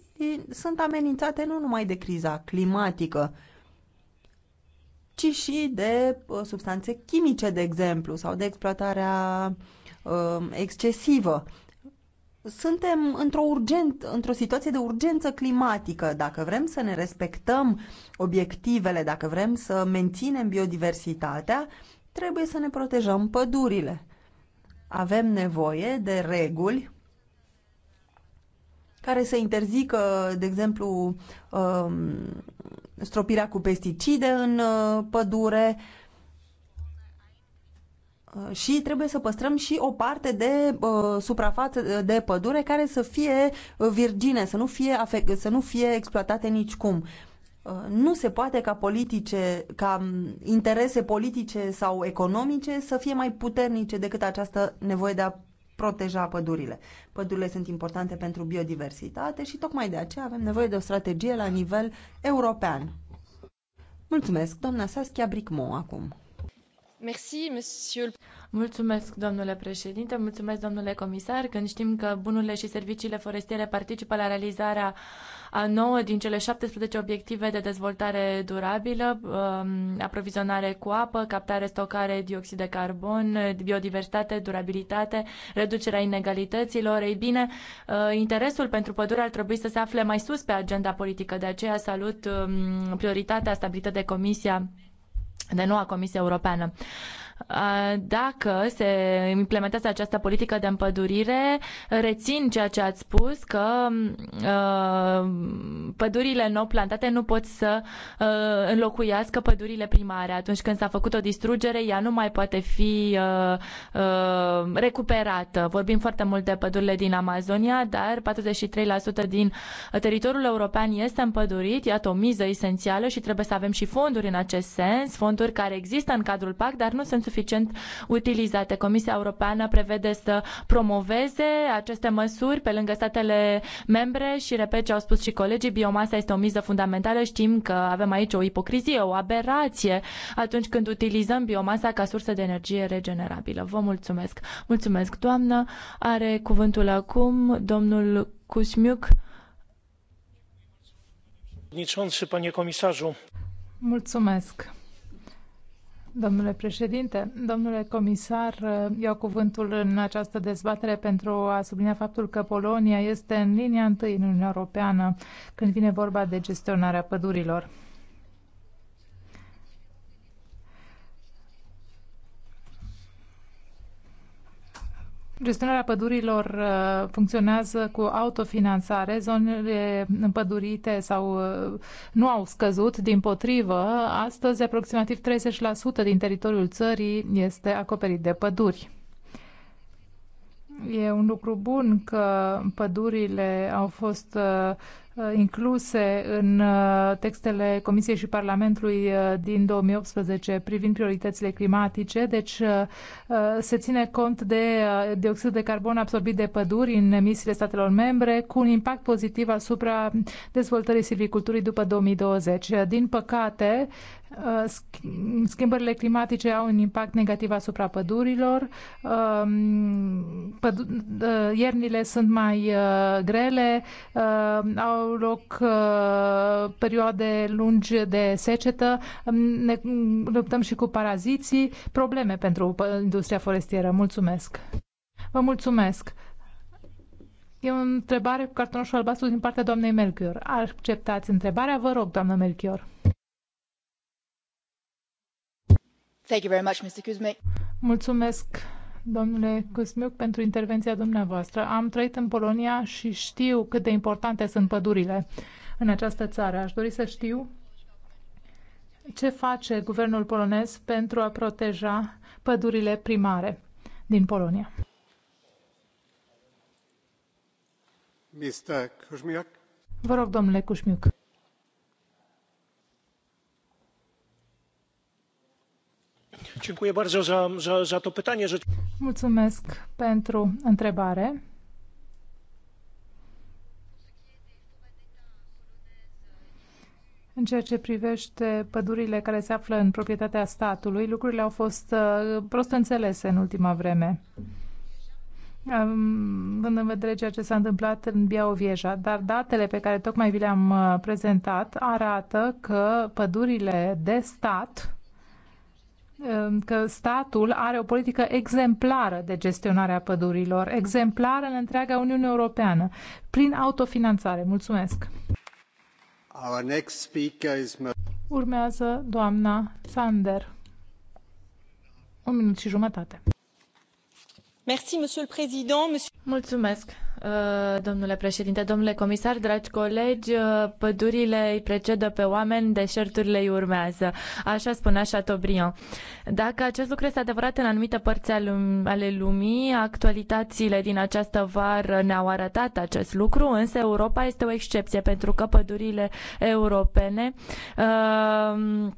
sunt amenințate nu numai de criza climatică, ci și de uh, substanțe chimice, de exemplu, sau de exploatarea uh, excesivă suntem într-o, urgent, într-o situație de urgență climatică. Dacă vrem să ne respectăm obiectivele, dacă vrem să menținem biodiversitatea, trebuie să ne protejăm pădurile. Avem nevoie de reguli care să interzică, de exemplu, um, stropirea cu pesticide în uh, pădure, Uh, și trebuie să păstrăm și o parte de uh, suprafață uh, de pădure care să fie uh, virgine, să nu fie, afect, să nu fie exploatate nicicum. Uh, nu se poate ca, politice, ca um, interese politice sau economice să fie mai puternice decât această nevoie de a proteja pădurile. Pădurile sunt importante pentru biodiversitate și tocmai de aceea avem nevoie de o strategie la nivel european. Mulțumesc, doamna Saskia Bricmo, acum. Mulțumesc, domnule președinte, mulțumesc, domnule comisar. Când știm că bunurile și serviciile forestiere participă la realizarea a nouă din cele șaptesprezece obiective de dezvoltare durabilă, um, aprovizionare cu apă, captare, stocare, dioxid de carbon, biodiversitate, durabilitate, reducerea inegalităților, ei bine, uh, interesul pentru pădure ar trebui să se afle mai sus pe agenda politică. De aceea salut um, prioritatea stabilită de Comisia de noua Comisie Europeană dacă se implementează această politică de împădurire, rețin ceea ce ați spus, că pădurile nou plantate nu pot să înlocuiască pădurile primare. Atunci când s-a făcut o distrugere, ea nu mai poate fi recuperată. Vorbim foarte mult de pădurile din Amazonia, dar 43% din teritoriul european este împădurit. Iată o miză esențială și trebuie să avem și fonduri în acest sens, fonduri care există în cadrul PAC, dar nu sunt suficient utilizate. Comisia Europeană prevede să promoveze aceste măsuri pe lângă statele membre și, repet ce au spus și colegii, biomasa este o miză fundamentală. Știm că avem aici o ipocrizie, o aberație atunci când utilizăm biomasa ca sursă de energie regenerabilă. Vă mulțumesc! Mulțumesc, doamnă! Are cuvântul acum domnul Cușmiuc. Mulțumesc! Domnule președinte, domnule comisar, iau cuvântul în această dezbatere pentru a sublinia faptul că Polonia este în linia întâi în Uniunea Europeană când vine vorba de gestionarea pădurilor. Gestionarea pădurilor uh, funcționează cu autofinanțare. Zonele împădurite sau uh, nu au scăzut, din potrivă. Astăzi, aproximativ 30% din teritoriul țării este acoperit de păduri. E un lucru bun că pădurile au fost uh, Uh, incluse în uh, textele Comisiei și Parlamentului uh, din 2018 privind prioritățile climatice, deci se ține cont de dioxid de carbon absorbit de păduri în emisiile statelor membre, cu un impact pozitiv asupra dezvoltării silviculturii după 2020. Din păcate, Schimbările climatice au un impact negativ asupra pădurilor. Um, iernile sunt mai grele, au loc uh, perioade lungi de secetă, um, ne luptăm și cu paraziții, probleme pentru uh, industria forestieră. Mulțumesc! Vă mulțumesc! E o întrebare cu cartonoșul albastru din partea doamnei Melchior. Acceptați întrebarea? Vă rog, doamnă Melchior. Thank you very much, Mr. Kuzmic. Mulțumesc domnule Cosmiuc, pentru intervenția dumneavoastră. Am trăit în Polonia și știu cât de importante sunt pădurile în această țară. Aș dori să știu ce face guvernul polonez pentru a proteja pădurile primare din Polonia. Vă rog, domnule Cușmiuc. Mulțumesc pentru întrebare. În ceea ce privește pădurile care se află în proprietatea statului, lucrurile au fost uh, prost înțelese în ultima vreme. Având în vedere ceea ce s-a întâmplat în Biaovieja, dar datele pe care tocmai vi le-am uh, prezentat arată că pădurile de stat Um, că statul are o politică exemplară de gestionare a pădurilor, exemplară în întreaga Uniune Europeană, prin autofinanțare. Mulțumesc! Our next speaker is... Urmează doamna Sander. Un minut și jumătate. Merci, monsieur le président. Monsieur... Mulțumesc, Uh, domnule președinte, domnule comisar, dragi colegi, uh, pădurile îi precedă pe oameni, deșerturile îi urmează. Așa spunea Chateaubriand. Dacă acest lucru este adevărat în anumite părți ale lumii, actualitățile din această vară ne-au arătat acest lucru, însă Europa este o excepție pentru că pădurile europene uh,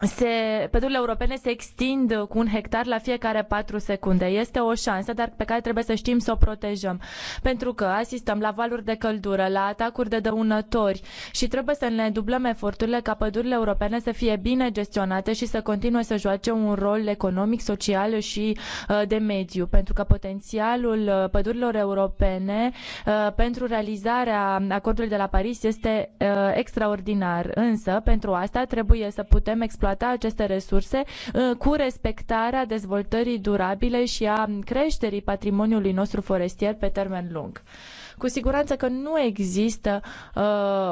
se, pădurile europene se extind cu un hectar la fiecare patru secunde. Este o șansă, dar pe care trebuie să știm să o protejăm. Pentru că asistăm la valuri de căldură, la atacuri de dăunători și trebuie să ne dublăm eforturile ca pădurile europene să fie bine gestionate și să continue să joace un rol economic, social și uh, de mediu. Pentru că potențialul uh, pădurilor europene uh, pentru realizarea acordului de la Paris este extraordinar. Însă, pentru asta trebuie să putem explora exploata aceste resurse uh, cu respectarea dezvoltării durabile și a creșterii patrimoniului nostru forestier pe termen lung. Cu siguranță că nu există uh,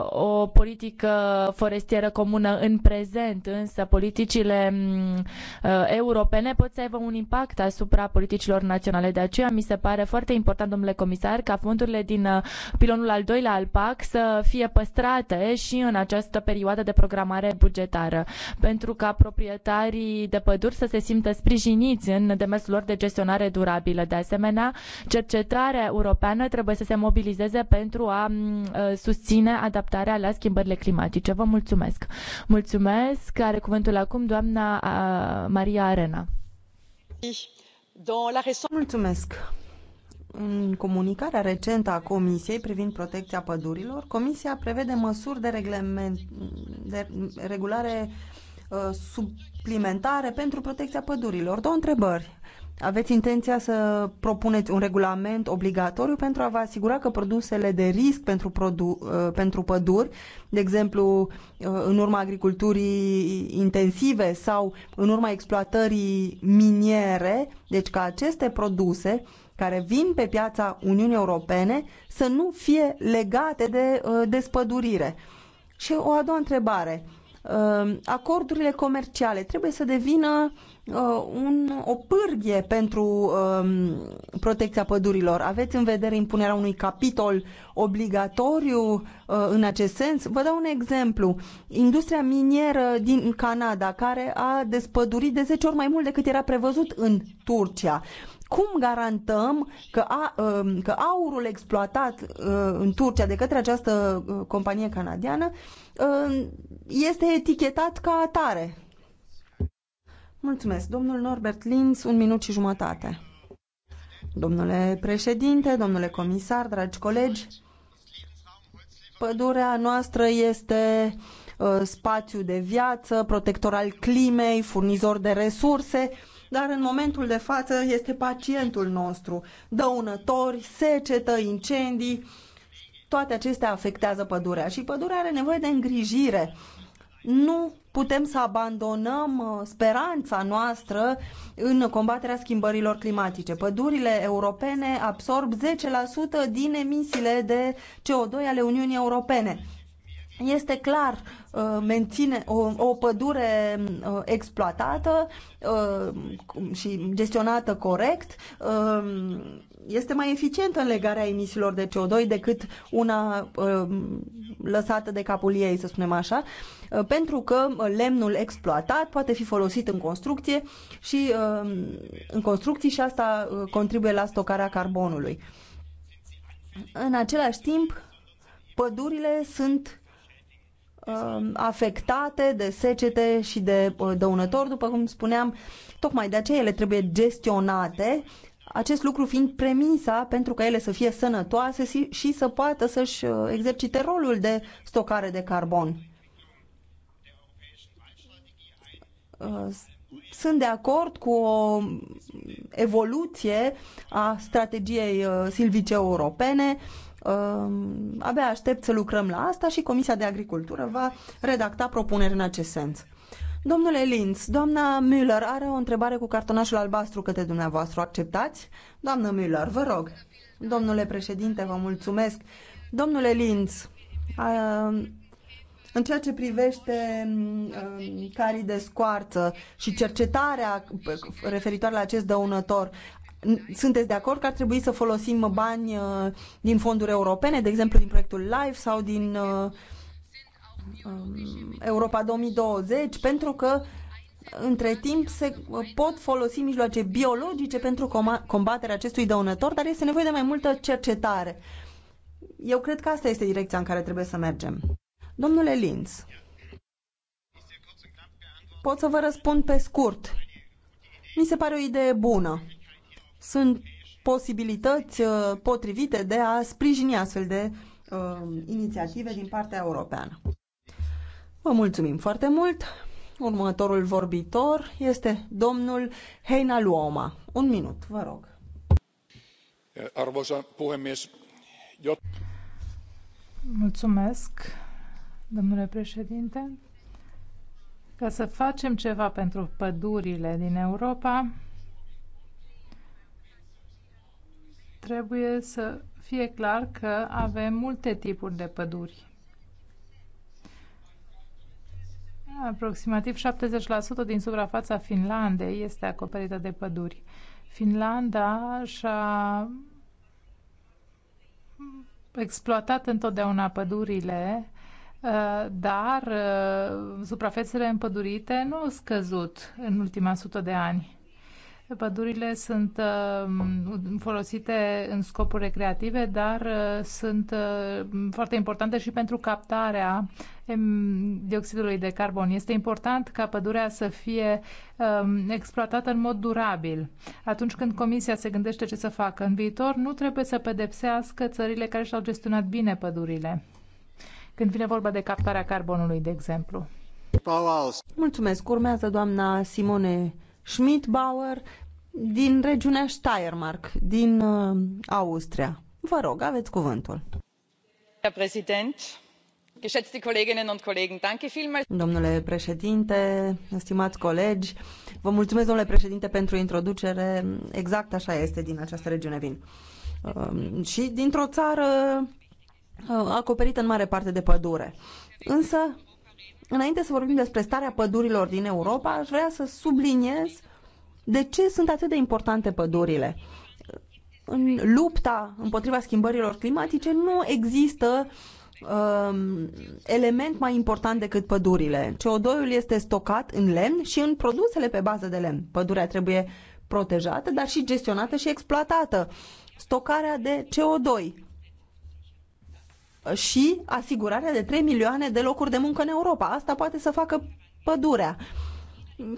o politică forestieră comună în prezent, însă politicile mm, uh, europene pot să aibă un impact asupra politicilor naționale. De aceea mi se pare foarte important, domnule comisar, ca fondurile din uh, pilonul al doilea al PAC să fie păstrate și în această perioadă de programare bugetară, pentru ca proprietarii de păduri să se simtă sprijiniți în demersul lor de gestionare durabilă. De asemenea, cercetarea europeană trebuie să se mobilizeze pentru a ă, susține adaptarea la schimbările climatice. Vă mulțumesc! Mulțumesc! Are cuvântul acum doamna Maria Arena. Mulțumesc! În comunicarea recentă a Comisiei privind protecția pădurilor, Comisia prevede măsuri de, reglement, de regulare uh, suplimentare pentru protecția pădurilor. Două întrebări aveți intenția să propuneți un regulament obligatoriu pentru a vă asigura că produsele de risc pentru, produ- uh, pentru păduri, de exemplu uh, în urma agriculturii intensive sau în urma exploatării miniere, deci că aceste produse care vin pe piața Uniunii Europene să nu fie legate de uh, despădurire. Și o a doua întrebare. Acordurile comerciale trebuie să devină Uh, un, o pârghie pentru uh, protecția pădurilor. Aveți în vedere impunerea unui capitol obligatoriu uh, în acest sens? Vă dau un exemplu. Industria minieră din Canada, care a despădurit de 10 ori mai mult decât era prevăzut în Turcia. Cum garantăm că, a, um, că aurul exploatat uh, în Turcia de către această uh, companie canadiană este etichetat ca atare? Mulțumesc. Domnul Norbert Linz, un minut și jumătate. Domnule președinte, domnule comisar, dragi colegi, pădurea noastră este uh, spațiu de viață, protector al climei, furnizor de resurse, dar în momentul de față este pacientul nostru. Dăunători, secetă, incendii, toate acestea afectează pădurea și pădurea are nevoie de îngrijire nu putem să abandonăm uh, speranța noastră în combaterea schimbărilor climatice. Pădurile europene absorb 10% din emisiile de CO2 ale Uniunii Europene. Este clar, uh, menține o, o pădure uh, exploatată și gestionată corect este mai eficientă în legarea emisiilor de CO2 decât una uh, lăsată de capul ei, să spunem așa, uh, pentru că uh, lemnul exploatat poate fi folosit în construcție și în construcții și asta contribuie la stocarea carbonului. În același timp, pădurile sunt afectate de secete și de dăunători, după cum spuneam, tocmai de aceea ele trebuie gestionate acest lucru fiind premisa pentru că ele să fie sănătoase și să poată să-și uh, exercite rolul de stocare de carbon. Uh, sunt de acord cu o evoluție a strategiei uh, silvice europene. Abia aștept să lucrăm la asta și Comisia de Agricultură va redacta propuneri în acest sens. Domnule Linz, doamna Müller are o întrebare cu cartonașul albastru către dumneavoastră. Acceptați? Doamnă Müller, vă rog. Domnule președinte, vă mulțumesc. Domnule Linz, uh, în ceea ce privește uh, carii de scoarță și cercetarea referitoare la acest dăunător, sunteți de acord că ar trebui să folosim bani uh, din fonduri europene, de exemplu din proiectul LIFE sau din A, Um, Europa 2020 pentru că între timp se uh, pot folosi mijloace biologice pentru combaterea acestui dăunător, dar este nevoie de mai multă cercetare. Eu cred că asta este direcția în care trebuie să mergem. Domnule Linz, pot să vă răspund pe scurt. Mi se pare o idee bună. Sunt posibilități uh, potrivite de a sprijini astfel de uh, inițiative din partea europeană. Vă mulțumim foarte mult. Următorul vorbitor este domnul Heina Luoma. Un minut, vă rog. Arvoisa puhemies. Mulțumesc, domnule președinte. Ca să facem ceva pentru pădurile din Europa, trebuie să fie clar că avem multe tipuri de păduri. Aproximativ 70% din suprafața Finlandei este acoperită de păduri. Finlanda și-a exploatat întotdeauna pădurile, uh, dar uh, suprafețele împădurite nu au scăzut în ultima sută de ani. Pădurile sunt uh, folosite în scopuri recreative, dar sunt foarte importante și pentru captarea dioxidului de carbon. Este important ca pădurea să fie um, exploatată în mod durabil. Atunci când Comisia se gândește ce să facă în viitor, nu trebuie să pedepsească țările care și-au gestionat bine pădurile. Când vine vorba de captarea carbonului, de exemplu. Mulțumesc. Urmează doamna Simone Schmidt-Bauer din regiunea Steiermark, din uh, Austria. Vă rog, aveți cuvântul. Președinte, Domnule președinte, stimați colegi, vă mulțumesc, domnule președinte, pentru introducere. Exact așa este din această regiune vin. Um, și dintr-o țară uh, acoperită în mare parte de pădure. Însă, înainte să vorbim despre starea pădurilor din Europa, aș vrea să subliniez de ce sunt atât de importante pădurile în lupta împotriva schimbărilor climatice nu există Um, element mai important decât pădurile. CO2-ul este stocat în lemn și în produsele pe bază de lemn. Pădurea trebuie protejată, dar și gestionată și exploatată. Stocarea de CO2 și asigurarea de 3 milioane de locuri de muncă în Europa. Asta poate să facă pădurea.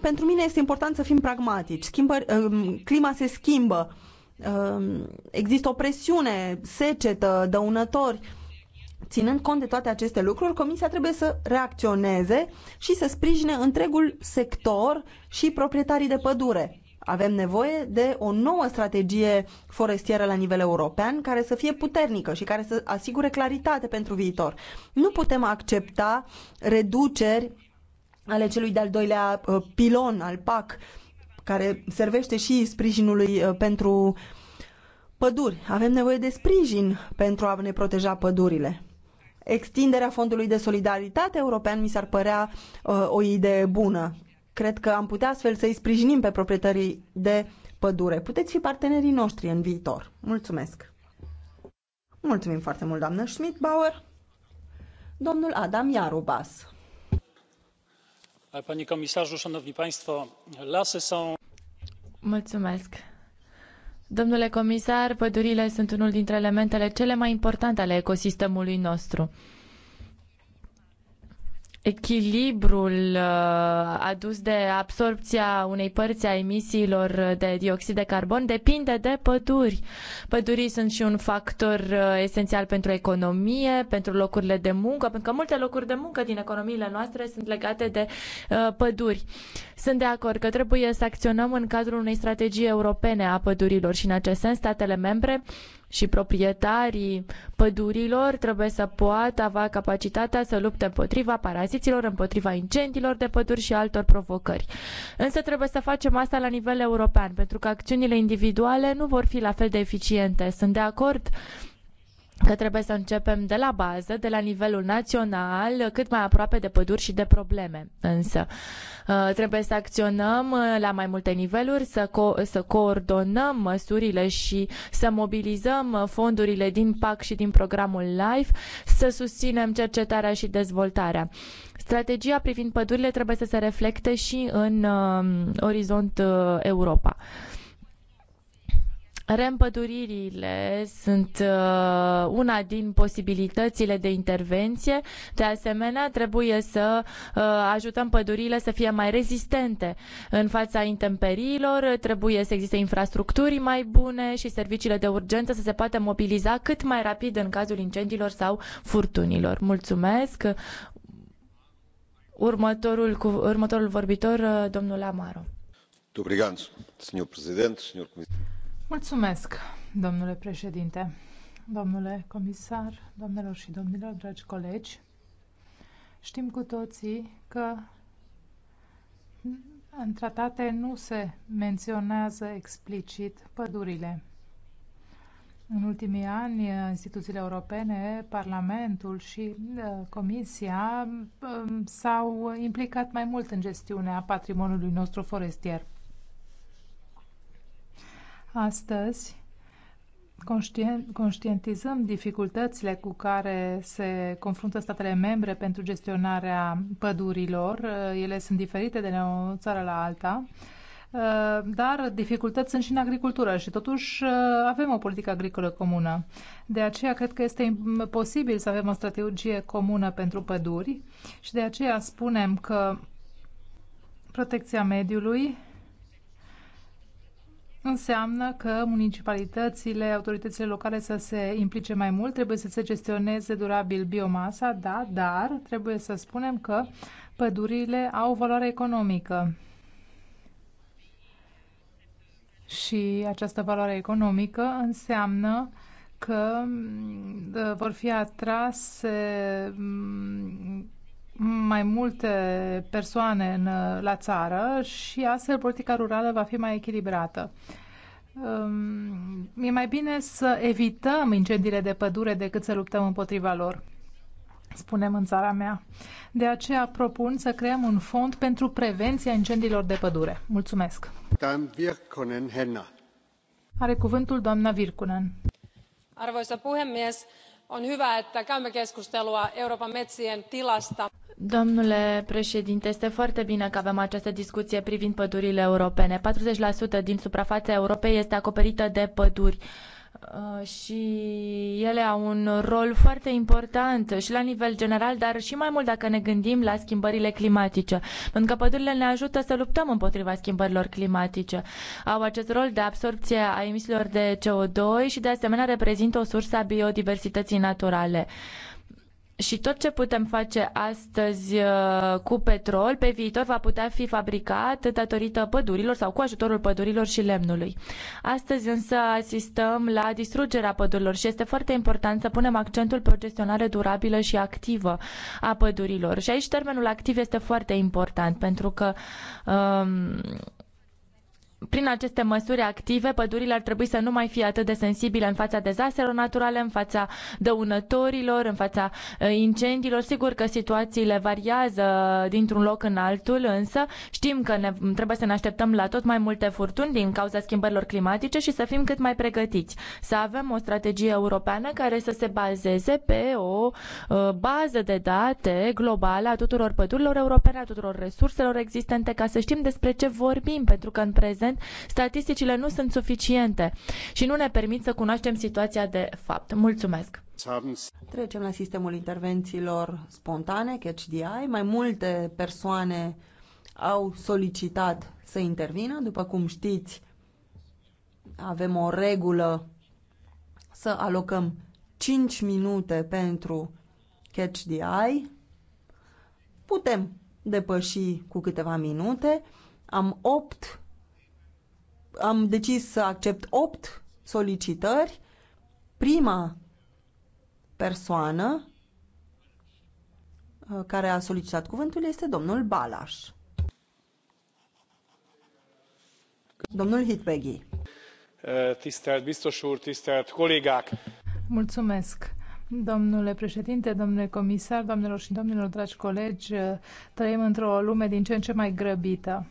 Pentru mine este important să fim pragmatici. Schimbă, um, clima se schimbă. Um, există o presiune, secetă, dăunători Ținând cont de toate aceste lucruri, Comisia trebuie să reacționeze și să sprijine întregul sector și proprietarii de pădure. Avem nevoie de o nouă strategie forestieră la nivel european care să fie puternică și care să asigure claritate pentru viitor. Nu putem accepta reduceri ale celui de-al doilea uh, pilon al PAC, care servește și sprijinului uh, pentru păduri. Avem nevoie de sprijin pentru a ne proteja pădurile extinderea Fondului de Solidaritate European mi s-ar părea uh, o idee bună. Cred că am putea astfel să-i sprijinim pe proprietarii de pădure. Puteți fi partenerii noștri în viitor. Mulțumesc! Mulțumim foarte mult, doamnă Schmidt-Bauer. Domnul Adam Jarubas. Panie comisarzu, szanowni państwo, lasy są... Mulțumesc. Domnule comisar, pădurile sunt unul dintre elementele cele mai importante ale ecosistemului nostru echilibrul uh, adus de absorpția unei părți a emisiilor de dioxid de carbon depinde de păduri. Pădurii sunt și un factor uh, esențial pentru economie, pentru locurile de muncă, pentru că multe locuri de muncă din economiile noastre sunt legate de uh, păduri. Sunt de acord că trebuie să acționăm în cadrul unei strategii europene a pădurilor și în acest sens statele membre și proprietarii pădurilor trebuie să poată avea capacitatea să lupte împotriva paraziților, împotriva incendiilor de păduri și altor provocări. Însă trebuie să facem asta la nivel european, pentru că acțiunile individuale nu vor fi la fel de eficiente. Sunt de acord că trebuie să începem de la bază, de la nivelul național, cât mai aproape de păduri și de probleme. Însă uh, trebuie să acționăm uh, la mai multe niveluri, să, co- să coordonăm măsurile și să mobilizăm uh, fondurile din PAC și din programul LIFE, să susținem cercetarea și dezvoltarea. Strategia privind pădurile trebuie să se reflecte și în uh, orizont uh, Europa. Uh, Reîmpăduririle sunt uh, una din posibilitățile de intervenție. De asemenea, trebuie să uh, ajutăm pădurile să fie mai rezistente în fața intemperiilor, trebuie să existe infrastructuri mai bune și serviciile de urgență să se poată mobiliza cât mai rapid în cazul incendiilor sau furtunilor. Mulțumesc! Următorul, cu, următorul vorbitor, uh, domnul Amaro. Obrigado, senhor presidente, senhor comissário. Mulțumesc, domnule președinte, domnule comisar, domnilor și domnilor, dragi colegi. Știm cu toții că în tratate nu se menționează explicit pădurile. În ultimii ani, instituțiile europene, Parlamentul și uh, Comisia um, s-au implicat mai mult în gestiunea patrimoniului nostru forestier. Astăzi conștientizăm dificultățile cu care se confruntă statele membre pentru gestionarea pădurilor. Ele sunt diferite de la o țară la alta dar dificultăți sunt și în agricultură și totuși avem o politică agricolă comună. De aceea cred că este posibil să avem o strategie comună pentru păduri și de aceea spunem că protecția mediului înseamnă că municipalitățile, autoritățile locale să se implice mai mult, trebuie să se gestioneze durabil biomasa, da, dar trebuie să spunem că pădurile au valoare economică. Și această valoare economică înseamnă că mm, vor fi atrase mm, mai multe persoane în, la țară și astfel politica rurală va fi mai echilibrată. Um, e mai bine să evităm incendiile de pădure decât să luptăm împotriva lor, spunem în țara mea. De aceea propun să creăm un fond pentru prevenția incendiilor de pădure. Mulțumesc! Are cuvântul doamna Virkunen. Arvoisa puhemies, Domnule președinte, este foarte bine că avem această discuție privind pădurile europene. 40% din suprafața Europei este acoperită de păduri. Uh, și ele au un rol foarte important și la nivel general, dar și mai mult dacă ne gândim la schimbările climatice. Pentru că pădurile ne ajută să luptăm împotriva schimbărilor climatice. Au acest rol de absorpție a emisiilor de CO2 și de asemenea reprezintă o sursă a biodiversității naturale. Uh, și tot ce putem face astăzi uh, cu petrol, pe viitor va putea fi fabricat datorită pădurilor sau cu ajutorul pădurilor și lemnului. Astăzi însă asistăm la distrugerea pădurilor și este foarte important să punem accentul pe o gestionare durabilă și activă a pădurilor. Și aici termenul activ este foarte important pentru că um, prin aceste măsuri active, pădurile ar trebui să nu mai fie atât de sensibile în fața dezastrelor naturale, în fața dăunătorilor, în fața ă, incendiilor. Sigur că situațiile variază dintr-un loc în altul, însă știm că ne, trebuie să ne așteptăm la tot mai multe furtuni din cauza schimbărilor climatice și să fim cât mai pregătiți. Să avem o strategie europeană care să se bazeze pe o ă, bază de date globală a tuturor pădurilor europene, a tuturor resurselor existente, ca să știm despre ce vorbim, pentru că în prezent moment, statisticile nu sunt suficiente și nu ne permit să cunoaștem situația de fapt. Mulțumesc! Trecem la sistemul intervențiilor spontane, catch the eye. Mai multe persoane au solicitat să intervină. După cum știți, avem o regulă să alocăm 5 minute pentru catch the eye. Putem depăși cu câteva minute. Am 8 am decis să accept opt solicitări. Prima persoană uh, care a solicitat cuvântul este domnul Balaș. Domnul Hitbegi. Uh, tisztelt biztos úr, tisztelt kollégák! Mulțumesc! Domnule președinte, domnule comisar, doamnelor și domnilor, dragi colegi, uh, trăim într-o lume din ce în ce mai grăbită.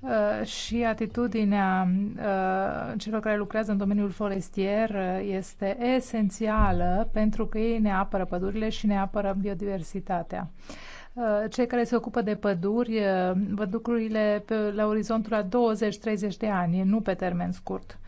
Uh, și atitudinea uh, celor care lucrează în domeniul forestier uh, este esențială pentru că ei ne apără pădurile și ne apără biodiversitatea cei care se ocupă de păduri văd lucrurile pe, la orizontul a 20-30 de ani, nu pe termen scurt.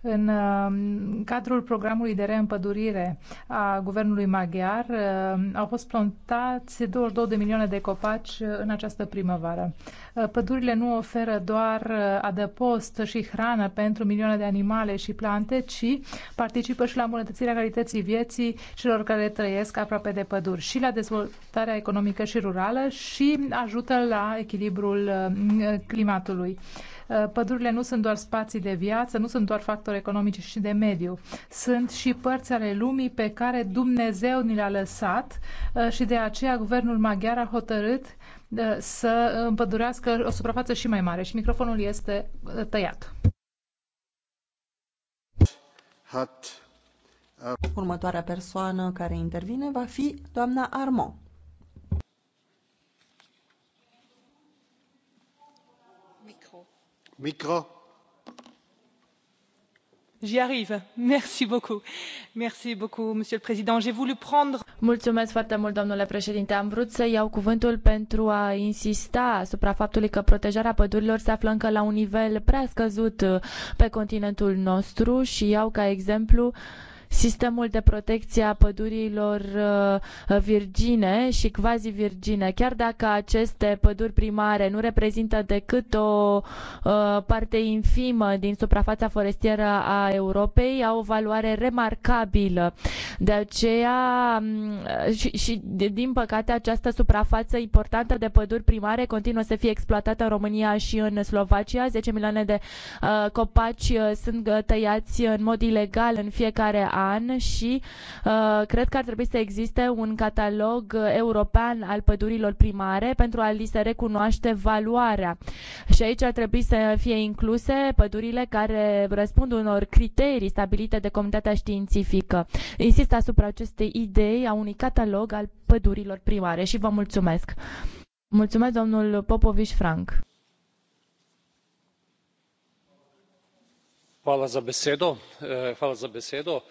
În um, cadrul programului de reîmpădurire a guvernului maghiar um, au fost plantați 22 de milioane de copaci uh, în această primăvară. Uh, pădurile nu oferă doar uh, adăpost și hrană pentru milioane de animale și plante, ci participă și la îmbunătățirea calității vieții celor care trăiesc aproape de păduri și la dezvoltarea economică și rurală și ajută la echilibrul climatului. Uh, pădurile nu sunt doar spații de viață, nu sunt doar factori economici și de mediu. Sunt și părți ale lumii pe care Dumnezeu ni le-a lăsat uh, și de aceea guvernul maghiar a hotărât uh, să împădurească o suprafață și mai mare și microfonul este tăiat. Următoarea persoană care intervine va fi doamna Armand. mulțumesc foarte mult domnule președinte am vrut să iau cuvântul pentru a insista asupra faptului că protejarea pădurilor se află încă la un nivel prea scăzut pe continentul nostru și iau ca exemplu din sistemul de protecie a pădurilor uh, virgine și quasi virgine, chiar dacă aceste păduri primare nu reprezintă decât o uh, parte infimă din suprafața forestieră a Europei, au o valoare remarcabilă. De aceea mm, și, din păcate această suprafață importantă de păduri primare continuă să fie exploatată în România și în Slovacia. Zece milioane de uh, copaci sunt tăiai în mod ilegal în fiecare an și uh, cred că ar trebui să existe un catalog uh, european al pădurilor primare pentru a li se recunoaște valoarea. Și aici ar trebui să fie incluse pădurile care răspund unor criterii stabilite de comunitatea științifică. Insist asupra acestei idei a unui catalog al pădurilor primare și vă mulțumesc. Mulțumesc, domnul Popoviș Frank. Hvala za besedo. Eh, hvala za besedo.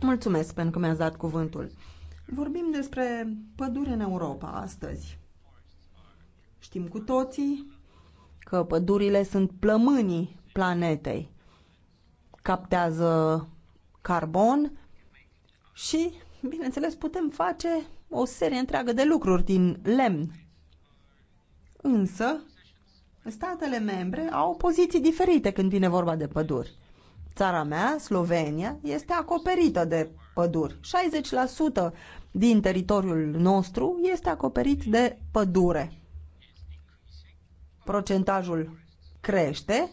Mulțumesc pentru că mi-ați dat cuvântul. Vorbim despre pădure în Europa astăzi. Știm cu toții că pădurile sunt plămânii planetei. Captează carbon și, bineînțeles, putem face o serie întreagă de lucruri din lemn. Însă, statele membre au poziții diferite când vine vorba de păduri. Țara mea, Slovenia, este acoperită de păduri. 60% din teritoriul nostru este acoperit de pădure. Procentajul crește,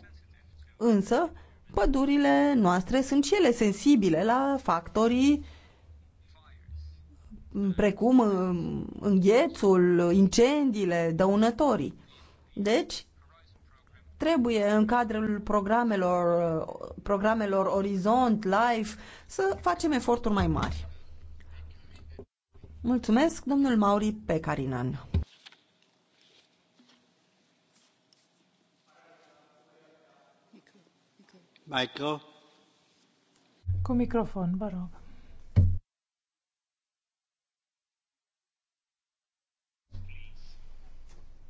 însă pădurile noastre sunt și ele sensibile la factorii precum um, înghețul, incendiile, dăunătorii. Deci, trebuie în cadrul programelor, programelor Orizont, Life, să facem eforturi mai mari. Mulțumesc, domnul Mauri Pecarinan. Micro. Cu microfon, vă rog.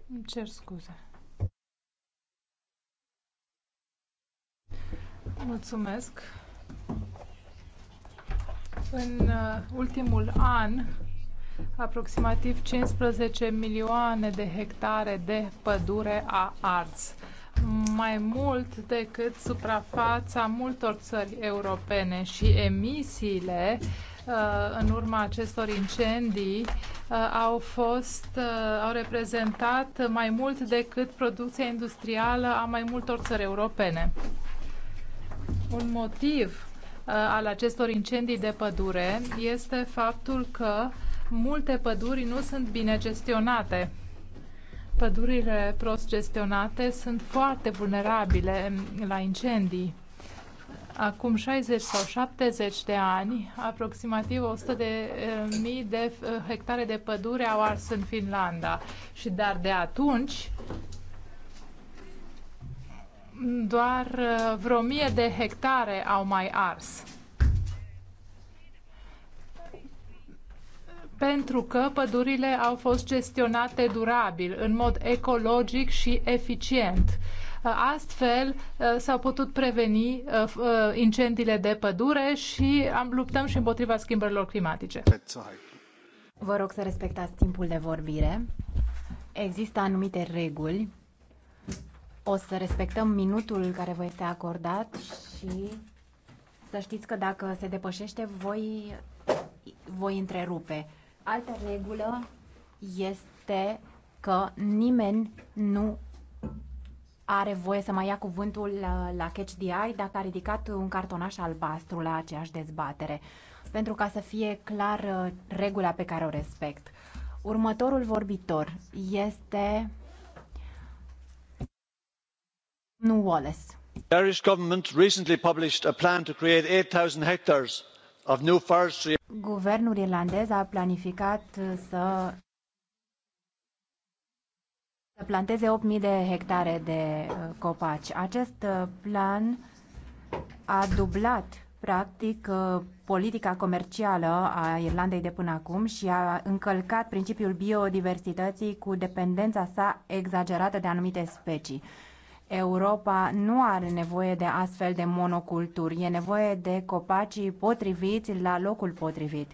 Îmi cer scuze. Mulțumesc. În uh, ultimul an, aproximativ 15 milioane de hectare de pădure a ars, mai mult decât suprafața multor țări europene și emisiile uh, în urma acestor incendii uh, au fost au reprezentat mai mult decât producția industrială a mai multor țări europene. Un motiv uh, al acestor incendii de pădure este faptul că multe păduri nu sunt bine gestionate. Pădurile prost gestionate sunt foarte vulnerabile mm, la incendii. Acum 60 sau 70 de ani, aproximativ 100 de eh, mii de eh, hectare de pădure au ars în Finlanda. Și dar de atunci doar uh, vreo mie de hectare au mai ars. Pentru că pădurile au fost gestionate durabil, în mod ecologic și eficient. Uh, astfel uh, s-au putut preveni incendiile de pădure și am luptăm și împotriva schimbărilor climatice. Vă rog să respectați timpul de vorbire. Există anumite reguli o să respectăm minutul care vă este acordat și să știți că dacă se depășește, voi, voi întrerupe. Altă regulă este că nimeni nu are voie să mai ia cuvântul la, la Catch the Eye dacă a ridicat un cartonaș albastru la aceeași dezbatere, pentru ca să fie clar uh, regula pe care o respect. Următorul vorbitor este The Irish government recently published a plan to create 8,000 hectares of new forestry. Guvernul irlandez a planificat uh, să să planteze 8.000 de hectare de uh, copaci. Acest uh, plan a dublat, practic, politica comercială a Irlandei de până acum și a încălcat principiul biodiversității cu dependența sa exagerată de anumite specii. Europa nu are nevoie de astfel de monoculturi, e nevoie de copacii potriviți la locul potrivit.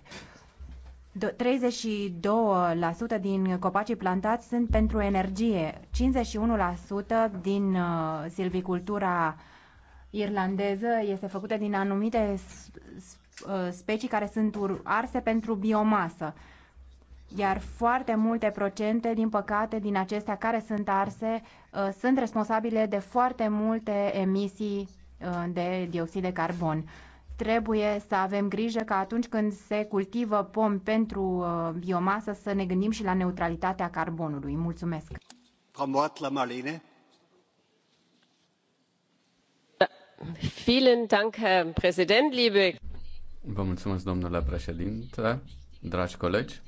32% din copacii plantați sunt pentru energie, 51% din uh, silvicultura irlandeză este făcută din anumite uh, specii care sunt arse pentru biomasă. Iar foarte multe procente, din păcate, din acestea care sunt arse, Uh, sunt responsabile de foarte multe emisii uh, de dioxid de carbon. Trebuie să avem grijă ca atunci când se cultivă pom pentru uh, biomasă să ne gândim și la neutralitatea carbonului. Mulțumesc! Vă mulțumesc, domnule președinte, dragi colegi.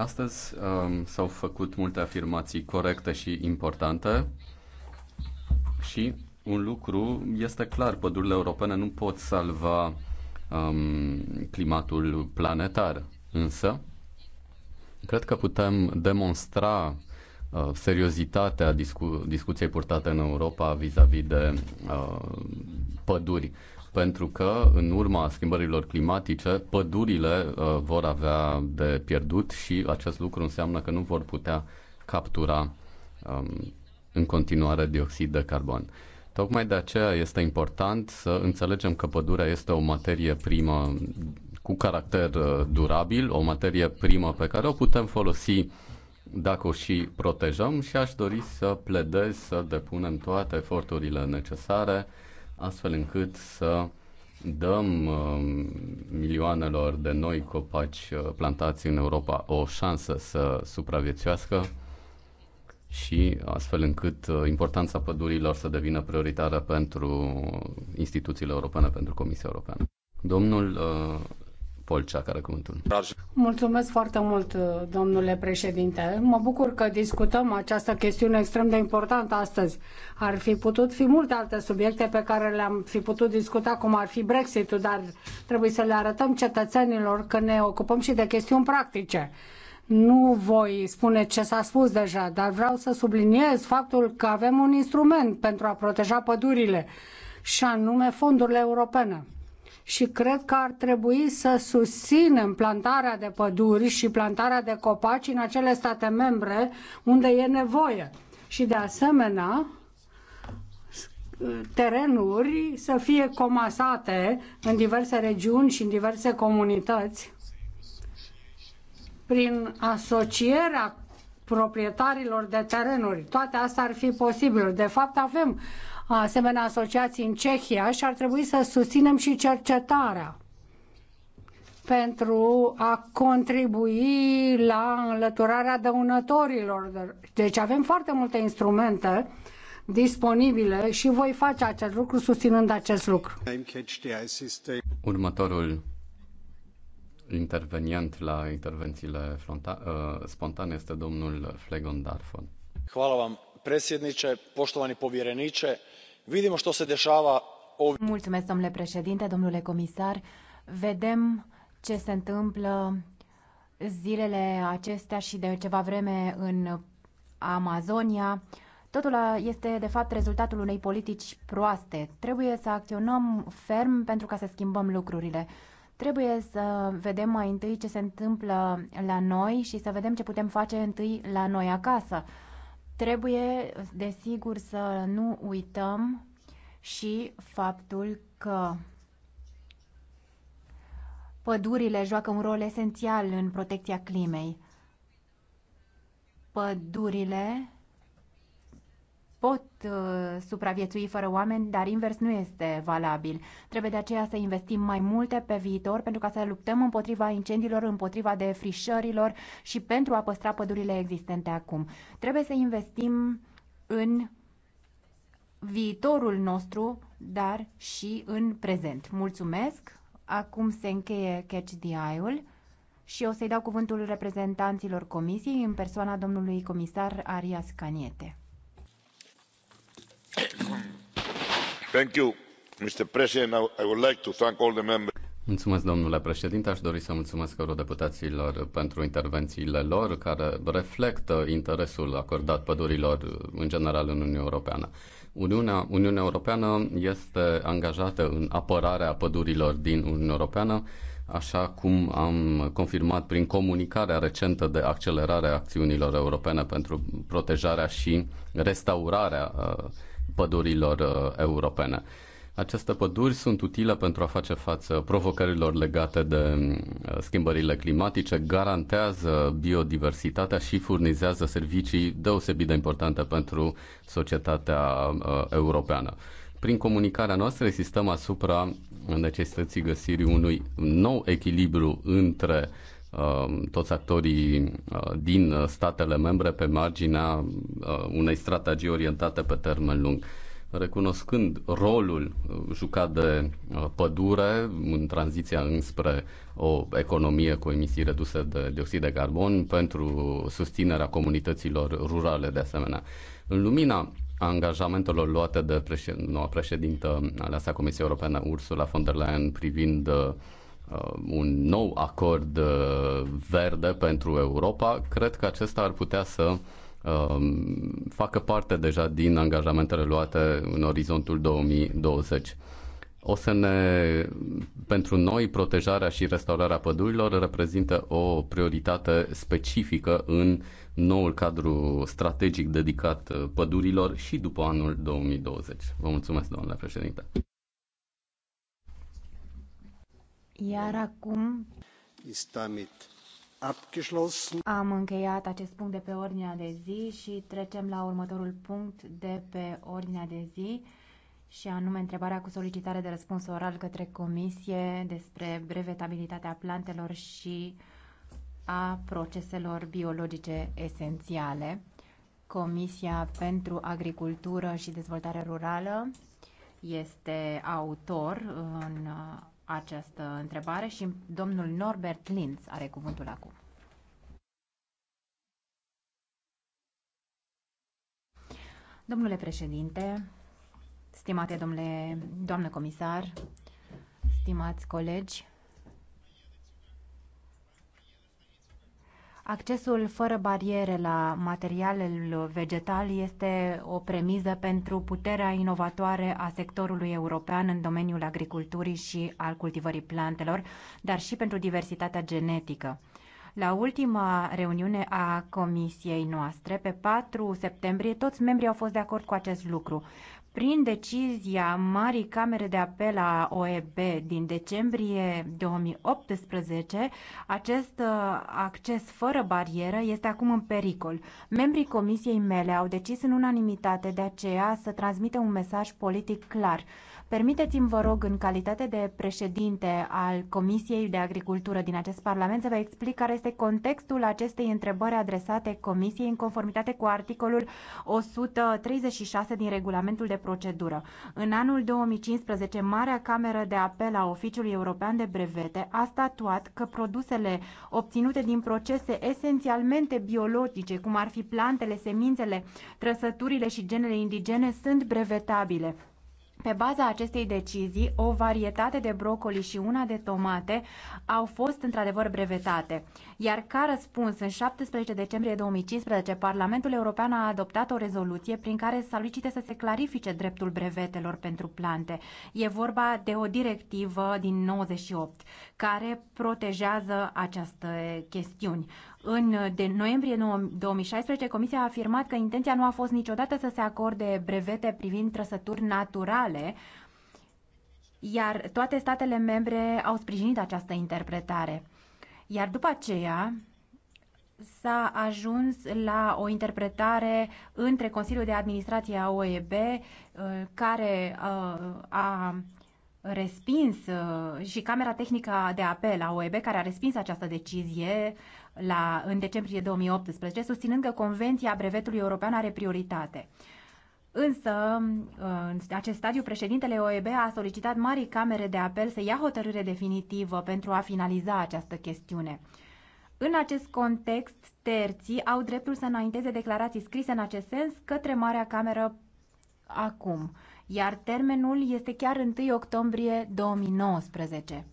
Astăzi um, s-au făcut multe afirmații corecte și importante și un lucru este clar, pădurile europene nu pot salva um, climatul planetar, însă cred că putem demonstra uh, seriozitatea discu- discuției purtate în Europa vis-a-vis -vis de uh, păduri pentru că în urma schimbărilor climatice pădurile uh, vor avea de pierdut și acest lucru înseamnă că nu vor putea captura um, în continuare dioxid de carbon. Tocmai de aceea este important să înțelegem că pădurea este o materie primă cu caracter uh, durabil, o materie primă pe care o putem folosi dacă o și protejăm și aș dori să pledez să depunem toate eforturile necesare uh, astfel încât să dăm uh, milioanelor de noi copaci uh, plantați în Europa o șansă să supraviețuiască și astfel încât uh, importanța pădurilor să devină prioritară pentru instituțiile europene, pentru Comisia Europeană. Domnul uh, Polcea, care cuvântul. Mulțumesc foarte mult, domnule președinte. Mă bucur că discutăm această chestiune extrem de importantă astăzi. Ar fi putut fi multe alte subiecte pe care le-am fi putut discuta, cum ar fi Brexit-ul, dar trebuie să le arătăm cetățenilor că ne ocupăm și de chestiuni practice. Nu voi spune ce s-a spus deja, dar vreau să subliniez faptul că avem un instrument pentru a proteja pădurile, și anume fondurile europene și cred că ar trebui să susținem plantarea de păduri și plantarea de copaci în acele state membre unde e nevoie. Și de asemenea, terenuri să fie comasate în diverse regiuni și în diverse comunități prin asocierea proprietarilor de terenuri. Toate astea ar fi posibil. De fapt, avem asemenea asociații în Cehia și ar trebui să susținem și cercetarea pentru a contribui la înlăturarea dăunătorilor. Deci avem foarte multe instrumente disponibile și voi face acest lucru susținând acest lucru. Următorul intervenient la intervențiile fronta- uh, spontane este domnul Flegon Darfon. Hvala vam predsjedniče, poštovani povjereniče Vidimo što se dešava Mulțumesc, domnule președinte, domnule comisar. Vedem ce se întâmplă zilele acestea și de ceva vreme în Amazonia. Totul este, de fapt, rezultatul unei politici proaste. Trebuie să acționăm ferm pentru ca să schimbăm lucrurile. Trebuie să vedem mai întâi ce se întâmplă la noi și să vedem ce putem face întâi la noi acasă. Trebuie, desigur, să nu uităm și faptul că pădurile joacă un rol esențial în protecția climei. Pădurile pot uh, supraviețui fără oameni, dar invers nu este valabil. Trebuie de aceea să investim mai multe pe viitor pentru ca să luptăm împotriva incendiilor, împotriva defrișărilor și pentru a păstra pădurile existente acum. Trebuie să investim în viitorul nostru, dar și în prezent. Mulțumesc! Acum se încheie Catch the Eye-ul și o să-i dau cuvântul reprezentanților comisiei în persoana domnului comisar Arias Caniete. Mulțumesc, domnule președinte. Aș dori să mulțumesc eurodeputaților pentru intervențiile lor, care reflectă interesul acordat pădurilor în general în Uniunea Europeană. Uniunea, Uniunea Europeană este angajată în apărarea pădurilor din Uniunea Europeană, așa cum am confirmat prin comunicarea recentă de accelerare a acțiunilor europene pentru protejarea și restaurarea uh, pădurilor uh, europene. Aceste păduri sunt utile pentru a face față provocărilor legate de uh, schimbările climatice, garantează biodiversitatea și furnizează servicii deosebit de importante pentru societatea uh, europeană. Prin comunicarea noastră existăm asupra necesității găsirii unui nou echilibru între uh, Um, toți actorii uh, din uh, statele membre pe marginea uh, unei strategii orientate pe termen lung. Recunoscând rolul jucat de pădure în tranziția înspre o economie cu emisii reduse de dioxid de carbon pentru susținerea comunităților rurale de asemenea. În lumina angajamentelor luate de președ- noua președintă aleasă a Comisiei Europene Ursula von der Leyen privind Uh, un nou acord uh, verde pentru Europa, cred că acesta ar putea să um, facă parte deja din angajamentele luate în orizontul 2020. O să ne, pentru noi, protejarea și restaurarea pădurilor reprezintă o prioritate specifică în noul cadru strategic dedicat uh, pădurilor și după anul 2020. Vă mulțumesc, domnule președinte. Iar acum am încheiat acest punct de pe ordinea de zi și trecem la următorul punct de pe ordinea de zi și anume întrebarea cu solicitare de răspuns oral către comisie despre brevetabilitatea plantelor și a proceselor biologice esențiale. Comisia pentru Agricultură și Dezvoltare Rurală este autor în această întrebare și domnul Norbert Linz are cuvântul acum. Domnule președinte, stimate domnule, doamnă comisar, stimați colegi, Accesul fără bariere la materialele vegetale este o premiză pentru puterea inovatoare a sectorului european în domeniul agriculturii și al cultivării plantelor, dar și pentru diversitatea genetică. La ultima reuniune a comisiei noastre, pe 4 septembrie, toți membrii au fost de acord cu acest lucru. Prin decizia Marii Camere de Apel a OEB din decembrie 2018, acest uh, acces fără barieră este acum în pericol. Membrii comisiei mele au decis în unanimitate de aceea să transmită un mesaj politic clar. Permiteți-mi, vă rog, în calitate de președinte al Comisiei de Agricultură din acest Parlament, să vă explic care este contextul acestei întrebări adresate Comisiei în conformitate cu articolul 136 din regulamentul de procedură. În anul 2015, Marea Cameră de Apel a Oficiului European de Brevete a statuat că produsele obținute din procese esențialmente biologice, cum ar fi plantele, semințele, trăsăturile și genele indigene, sunt brevetabile. Pe baza acestei decizii, o varietate de brocoli și una de tomate au fost într-adevăr brevetate. Iar ca răspuns, în 17 decembrie 2015, Parlamentul European a adoptat o rezoluție prin care solicită să se clarifice dreptul brevetelor pentru plante. E vorba de o directivă din 98 care protejează această chestiuni. În uh, de noiembrie 2016, Comisia a afirmat că intenția nu a fost niciodată să se acorde brevete privind trăsături naturale, iar toate statele membre au sprijinit această interpretare. Iar după aceea, s-a ajuns la o interpretare între Consiliul de Administrație a OEB, uh, care uh, a respins și Camera Tehnică de Apel a OEB, care a respins această decizie la, în decembrie 2018, susținând că Convenția Brevetului European are prioritate. Însă, în acest stadiu, președintele OEB a solicitat marii camere de apel să ia hotărâre definitivă pentru a finaliza această chestiune. În acest context, terții au dreptul să înainteze declarații scrise în acest sens către Marea Cameră acum, iar termenul este chiar 1 octombrie 2019.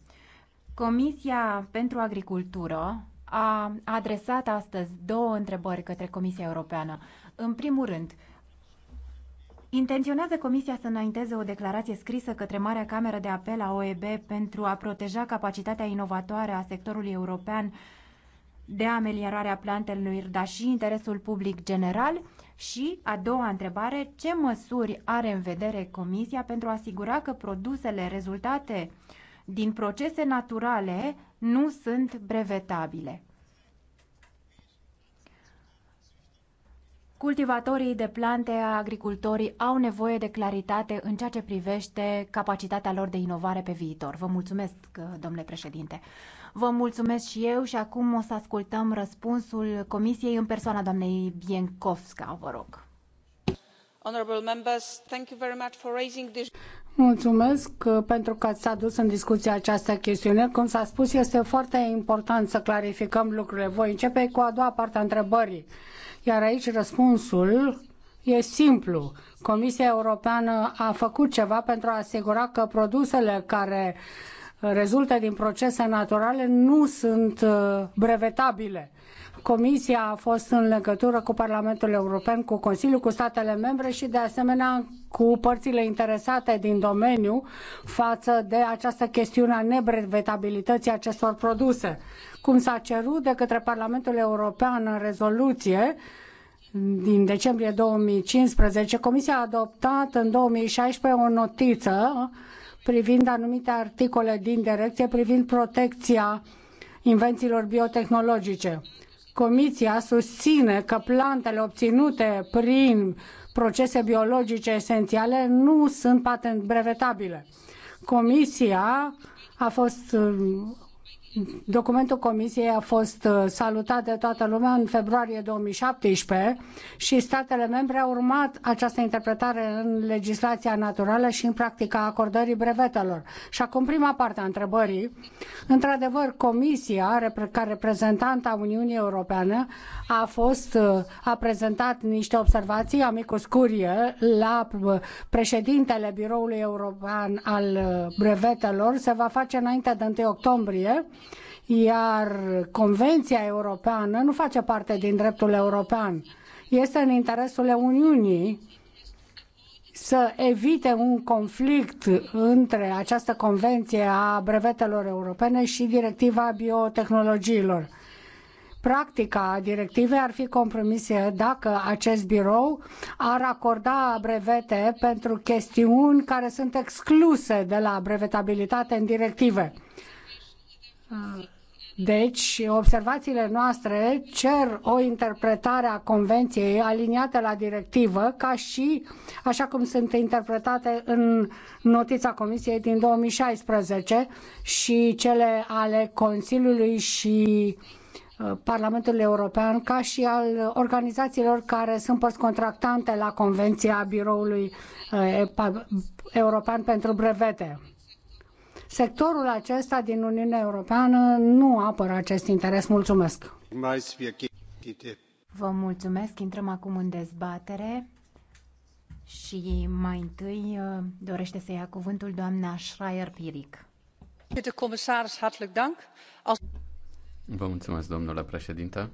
Comisia pentru Agricultură a adresat astăzi două întrebări către Comisia Europeană. În primul rând, Intenționează Comisia să înainteze o declarație scrisă către Marea Cameră de Apel a OEB pentru a proteja capacitatea inovatoare a sectorului european de ameliorarea plantelor, dar și interesul public general? Și a doua întrebare, ce măsuri are în vedere Comisia pentru a asigura că produsele rezultate uh, din procese naturale nu sunt brevetabile. Cultivatorii de plante, agricultorii au nevoie de claritate în ceea ce privește capacitatea lor de inovare pe viitor. Vă mulțumesc, domnule președinte. Vă mulțumesc și eu și acum o să ascultăm răspunsul Comisiei în persoana doamnei Biencovska, vă rog Mulțumesc uh, pentru că ați adus în discuție această chestiune. Cum s-a spus, este foarte important să clarificăm lucrurile. Voi începe cu a doua parte a întrebării, iar aici răspunsul e simplu. Comisia Europeană a făcut ceva pentru a asigura că produsele care rezultă din procese naturale nu sunt uh, brevetabile Comisia a fost în legătură cu Parlamentul European, cu Consiliul, cu statele membre și de asemenea cu părțile interesate din domeniu față de această chestiune a nebrevetabilității acestor produse. Cum s-a cerut de către Parlamentul European în rezoluție, din decembrie 2015, Comisia a adoptat în 2016 o notiță privind anumite articole din direcție privind protecția invențiilor biotehnologice. Comisia susține că plantele obținute prin procese biologice esențiale nu sunt patent brevetabile. Comisia a fost Documentul Comisiei a fost uh, salutat de toată lumea în februarie 2017 și statele membre au urmat această interpretare în legislația naturală și în practica acordării brevetelor. Și acum prima parte a întrebării. Într-adevăr, Comisia, ca reprezentant a Uniunii Europene, a fost uh, a prezentat niște observații amicus curie la uh, președintele Biroului European al brevetelor. Se va face înainte de 1 octombrie iar Convenția Europeană nu face parte din dreptul european. Este în interesul Uniunii să evite un conflict între această convenție a brevetelor europene și directiva biotehnologiilor. Practica directivei ar fi compromisă dacă acest birou ar acorda brevete pentru chestiuni care sunt excluse de la brevetabilitate în directive deci, observațiile noastre cer o interpretare a convenției aliniată la directivă, ca și așa cum sunt interpretate în notița Comisiei din 2016 și cele ale Consiliului și uh, Parlamentului European, ca și al organizațiilor care sunt părți contractante la Convenția Biroului uh, European pentru Brevete sectorul acesta din Uniunea Europeană nu apără acest interes. Mulțumesc! Vă mulțumesc! Intrăm acum în dezbatere și mai întâi uh, dorește să ia cuvântul doamna Schreier-Piric. Vă mulțumesc, domnule președinte.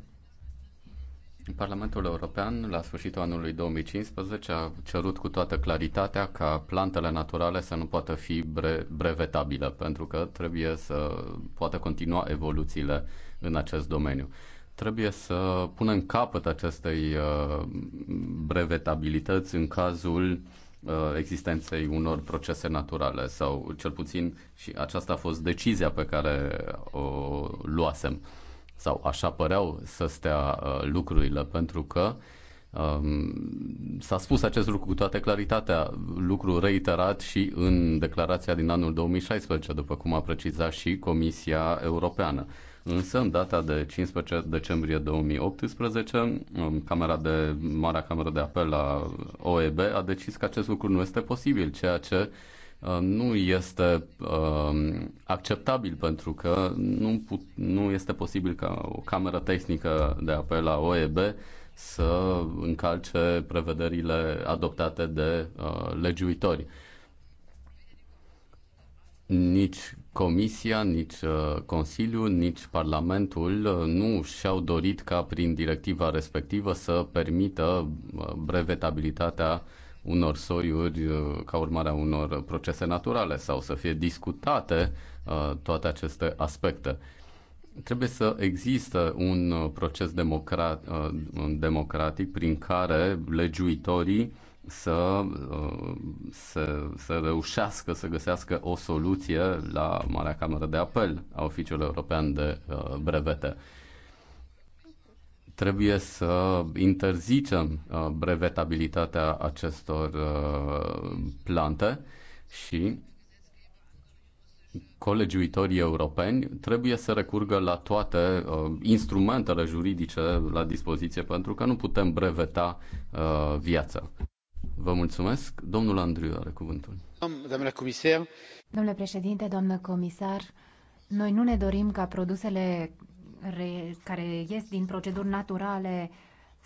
Parlamentul European, la sfârșitul anului 2015, a cerut cu toată claritatea ca plantele naturale să nu poată fi bre- brevetabile, pentru că trebuie să poată continua evoluțiile în acest domeniu. Trebuie să punem capăt acestei uh, brevetabilități în cazul uh, existenței unor procese naturale sau cel puțin și aceasta a fost decizia pe care o luasem sau așa păreau să stea uh, lucrurile, pentru că um, s-a spus acest lucru cu toată claritatea, lucru reiterat și în declarația din anul 2016, după cum a precizat și Comisia Europeană. Însă, în data de 15 decembrie 2018, um, Camera de, Marea Cameră de Apel a OEB a decis că acest lucru nu este posibil, ceea ce uh, Uh, nu este uh, acceptabil pentru că nu, put, nu este posibil ca o cameră tehnică de apel la OEB să încalce prevederile adoptate de uh, legiuitori. Nici Comisia, nici uh, Consiliul, nici Parlamentul uh, nu și-au dorit ca prin directiva respectivă să permită brevetabilitatea uh, unor soiuri uh, ca urmare a unor procese naturale sau să fie discutate uh, toate aceste aspecte. Trebuie să există un uh, proces democrat, democratic prin care legiuitorii să, să, să reușească să găsească o soluție la Marea Cameră de Apel a Oficiului European de Brevete. Trebuie să interzicem uh, brevetabilitatea acestor uh, plante și uitorii europeni trebuie să recurgă la toate uh, instrumentele juridice la dispoziție pentru că nu putem breveta uh, viața. Vă mulțumesc. Domnul Andriu are cuvântul. Domnule comisar. Domnule președinte, doamnă comisar, noi nu ne dorim ca produsele re, care ies din proceduri naturale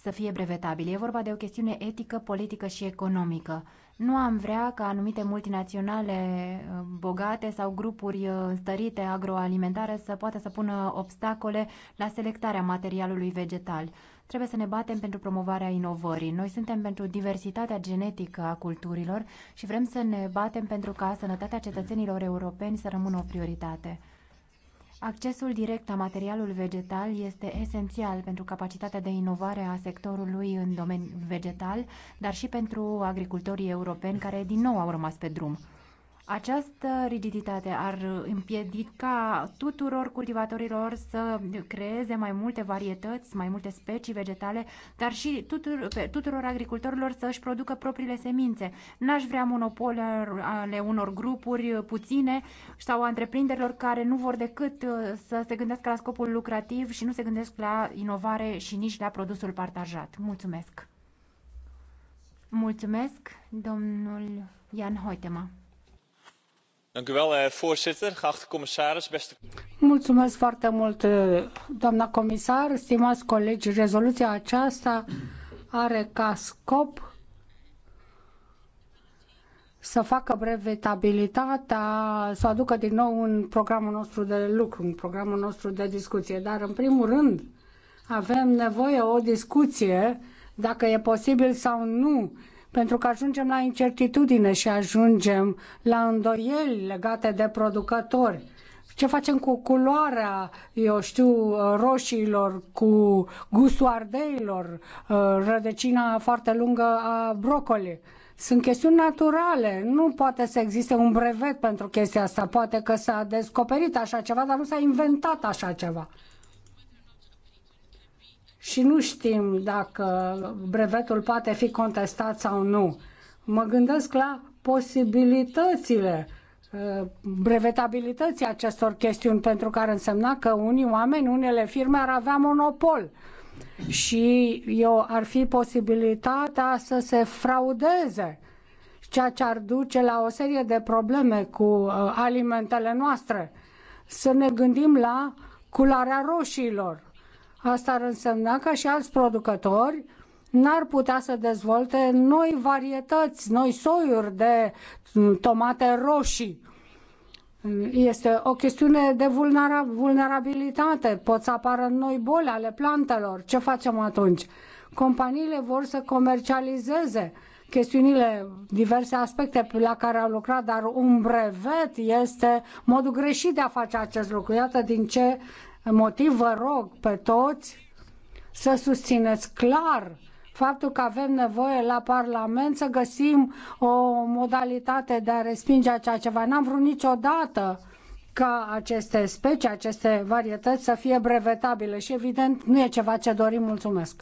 să fie brevetabile. E vorba de o chestiune etică, politică și economică. Nu am vrea ca anumite multinaționale uh, bogate sau grupuri uh, stărite agroalimentare să poată să pună obstacole la selectarea materialului vegetal. Trebuie să ne batem pentru promovarea inovării. Noi suntem pentru diversitatea genetică a culturilor și vrem să ne batem pentru ca sănătatea cetățenilor europeni să rămână o prioritate. Accesul direct la materialul vegetal este esențial pentru capacitatea de inovare a sectorului în domeniul vegetal, dar și pentru agricultorii europeni care din nou au rămas pe drum. Această rigiditate ar împiedica tuturor cultivatorilor să creeze mai multe varietăți, mai multe specii vegetale, dar și tuturor, tuturor agricultorilor să își producă propriile semințe. N-aș vrea monopole ale unor grupuri puține sau a întreprinderilor care nu vor decât uh, să se gândească la scopul lucrativ și nu se gândesc la inovare și nici la produsul partajat. Mulțumesc! Mulțumesc, domnul Jan Hoitema. Eh, Mulțumesc foarte mult, eh, doamnă comisar, stimați colegi. Rezoluția aceasta are ca scop să facă brevetabilitatea, să o aducă din nou în programul nostru de lucru, în programul nostru de discuție. Dar, în primul rând, avem nevoie o discuție dacă e posibil sau nu pentru că ajungem la incertitudine și ajungem la îndoieli legate de producători. Ce facem cu culoarea, eu știu, roșiilor, cu gustul ardeilor, uh, rădăcina foarte lungă a brocoli? Sunt chestiuni naturale, nu poate să existe un brevet pentru chestia asta, poate că s-a descoperit așa ceva, dar nu s-a inventat așa ceva și nu știm dacă brevetul poate fi contestat sau nu. Mă gândesc la posibilitățile uh, brevetabilității acestor chestiuni, pentru care însemna că unii oameni, unele firme ar avea monopol și eu ar fi posibilitatea să se fraudeze, ceea ce ar duce la o serie de probleme cu uh, alimentele noastre. Să ne gândim la cularea roșiilor. Asta ar însemna că și alți producători n-ar putea să dezvolte noi varietăți, noi soiuri de mm, tomate roșii. Este o chestiune de vulnerabilitate. Pot să apară noi boli ale plantelor. Ce facem atunci? Companiile vor să comercializeze chestiunile, diverse aspecte la care au lucrat, dar un brevet este modul greșit de a face acest lucru. Iată din ce motiv vă rog pe toți să susțineți clar faptul că avem nevoie la Parlament să găsim o modalitate de a respinge acea ceva. N-am vrut niciodată ca aceste specii, aceste varietăți să fie brevetabile și evident nu e ceva ce dorim. Mulțumesc!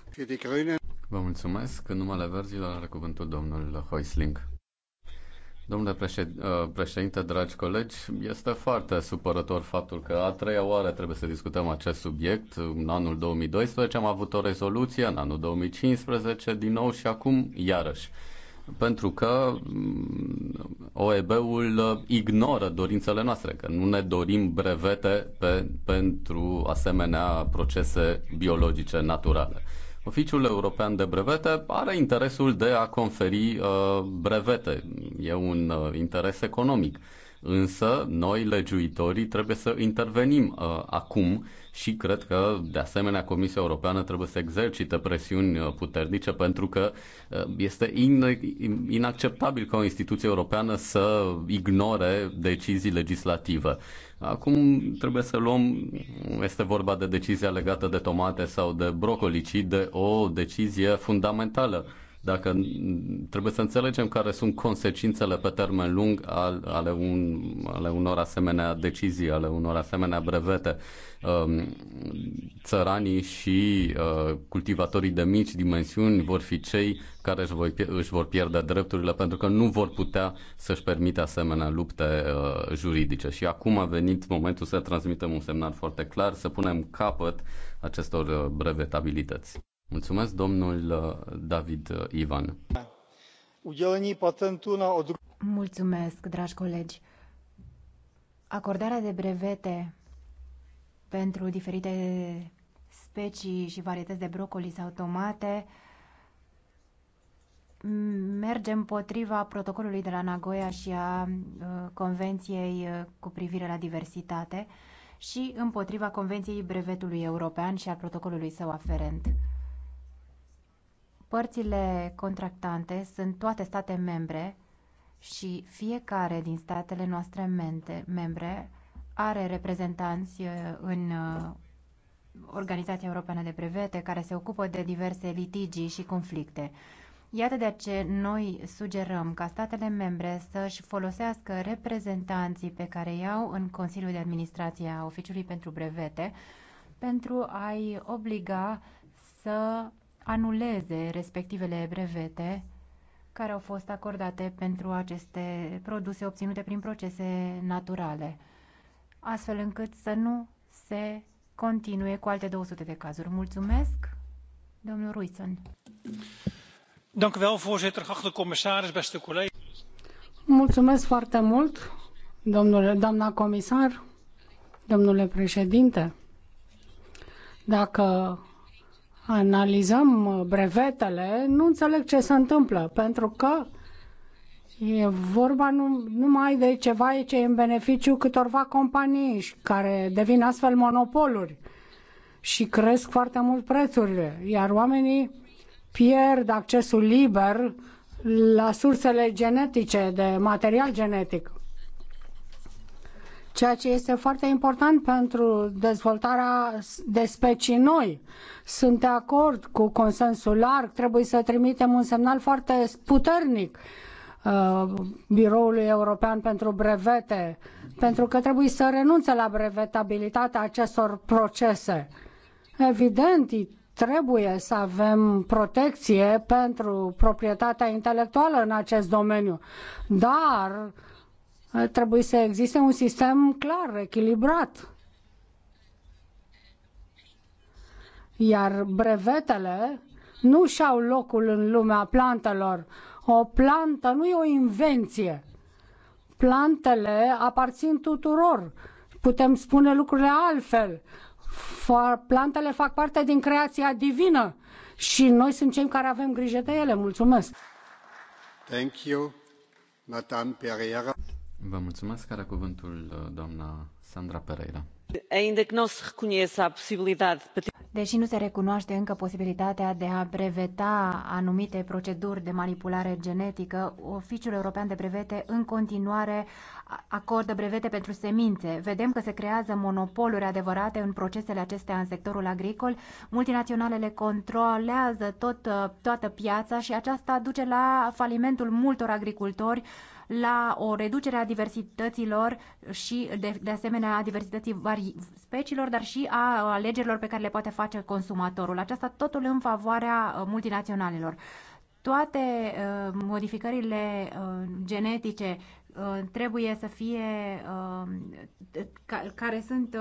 Vă mulțumesc. În numele verzilor are cuvântul domnul Hoisling. Domnule uh, președinte, dragi colegi, este foarte supărător faptul că a treia oară trebuie să discutăm acest subiect. În anul 2012 am avut o rezoluție, în anul 2015 din nou și acum iarăși. Pentru că mm, OEB-ul uh, ignoră dorințele noastre, că nu ne dorim brevete pe, pentru asemenea procese biologice naturale. Oficiul European de Brevete are interesul de a conferi uh, brevete. E un uh, interes economic. Însă, noi, legiuitorii, trebuie să intervenim uh, acum și cred că, de asemenea, Comisia Europeană trebuie să exercite presiuni uh, puternice pentru că uh, este in- inacceptabil ca o instituție europeană să ignore decizii legislative. Acum trebuie să luăm, este vorba de decizia legată de tomate sau de brocoli, ci de o decizie fundamentală dacă trebuie să înțelegem care sunt consecințele pe termen lung al, ale, un, ale unor asemenea decizii, ale unor asemenea brevete, um, țăranii și uh, cultivatorii de mici dimensiuni vor fi cei care își, își vor pierde drepturile pentru că nu vor putea să-și permite asemenea lupte uh, juridice. Și acum a venit momentul să transmitem un semnal foarte clar, să punem capăt acestor uh, brevetabilități. Mulțumesc, domnul uh, David uh, Ivan. Mulțumesc, dragi colegi. Acordarea de brevete pentru diferite specii și varietăți de brocoli sau tomate merge împotriva protocolului de la Nagoya și a uh, Convenției cu privire la diversitate și împotriva Convenției brevetului european și a protocolului său aferent. Părțile contractante sunt toate state membre și fiecare din statele noastre membre are reprezentanți uh, în uh, Organizația Europeană de Brevete care se ocupă de diverse litigii și conflicte. Iată de ce noi sugerăm ca statele membre să-și folosească reprezentanții pe care iau în Consiliul de Administrație a Oficiului pentru Brevete pentru a-i obliga să anuleze respectivele brevete care au fost acordate pentru aceste produse obținute prin procese naturale, astfel încât să nu se continue cu alte 200 de cazuri. Mulțumesc, domnul Ruizen. Dank u wel, voorzitter, geachte commissaris, beste Mulțumesc foarte mult, domnule, doamna comisar, domnule președinte. Dacă analizăm uh, brevetele, nu înțeleg ce se întâmplă, pentru că e vorba nu, numai de ceva ce e în beneficiu câtorva companii care devin astfel monopoluri și cresc foarte mult prețurile, iar oamenii pierd accesul liber la sursele genetice, de material genetic ceea ce este foarte important pentru dezvoltarea de specii noi. Sunt de acord cu consensul larg, trebuie să trimitem un semnal foarte puternic uh, Biroului European pentru Brevete, pentru că trebuie să renunțe la brevetabilitatea acestor procese. Evident, trebuie să avem protecție pentru proprietatea intelectuală în acest domeniu, dar Trebuie să existe un sistem clar, echilibrat. Iar brevetele nu și-au locul în lumea plantelor. O plantă nu e o invenție. Plantele aparțin tuturor. Putem spune lucrurile altfel. Plantele fac parte din creația divină și noi suntem cei care avem grijă de ele. Mulțumesc! Thank you, Madame Pereira. Vă mulțumesc. Are cuvântul uh, doamna Sandra Pereira. Deși nu se recunoaște încă posibilitatea de a breveta anumite proceduri de manipulare genetică, Oficiul European de Brevete în continuare acordă brevete pentru semințe. Vedem că se creează monopoluri adevărate în procesele acestea în sectorul agricol. Multinaționalele controlează tot, uh, toată piața și aceasta duce la falimentul multor agricultori la o reducere a diversităților și de, de asemenea a diversității vari speciilor, dar și a alegerilor pe care le poate face consumatorul. Aceasta totul în favoarea uh, multinaționalelor. Toate uh, modificările uh, genetice uh, trebuie să fie uh, care sunt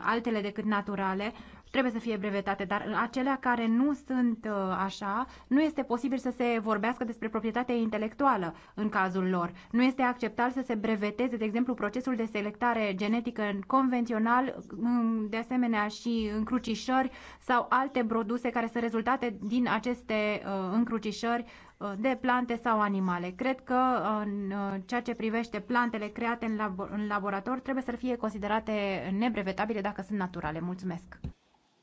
altele decât naturale, trebuie să fie brevetate, dar acelea care nu sunt uh, așa, nu este posibil să se vorbească despre proprietatea intelectuală în cazul lor. Nu este acceptat să se breveteze, de exemplu, procesul de selectare genetică convențional, mm, de asemenea și încrucișări sau alte produse care sunt rezultate din aceste uh, încrucișări uh, de plante sau animale. Cred că în ceea ce privește plantele create în, labo- în laborator trebuie să fie considerate nebrevetabile dacă sunt naturale. Mulțumesc!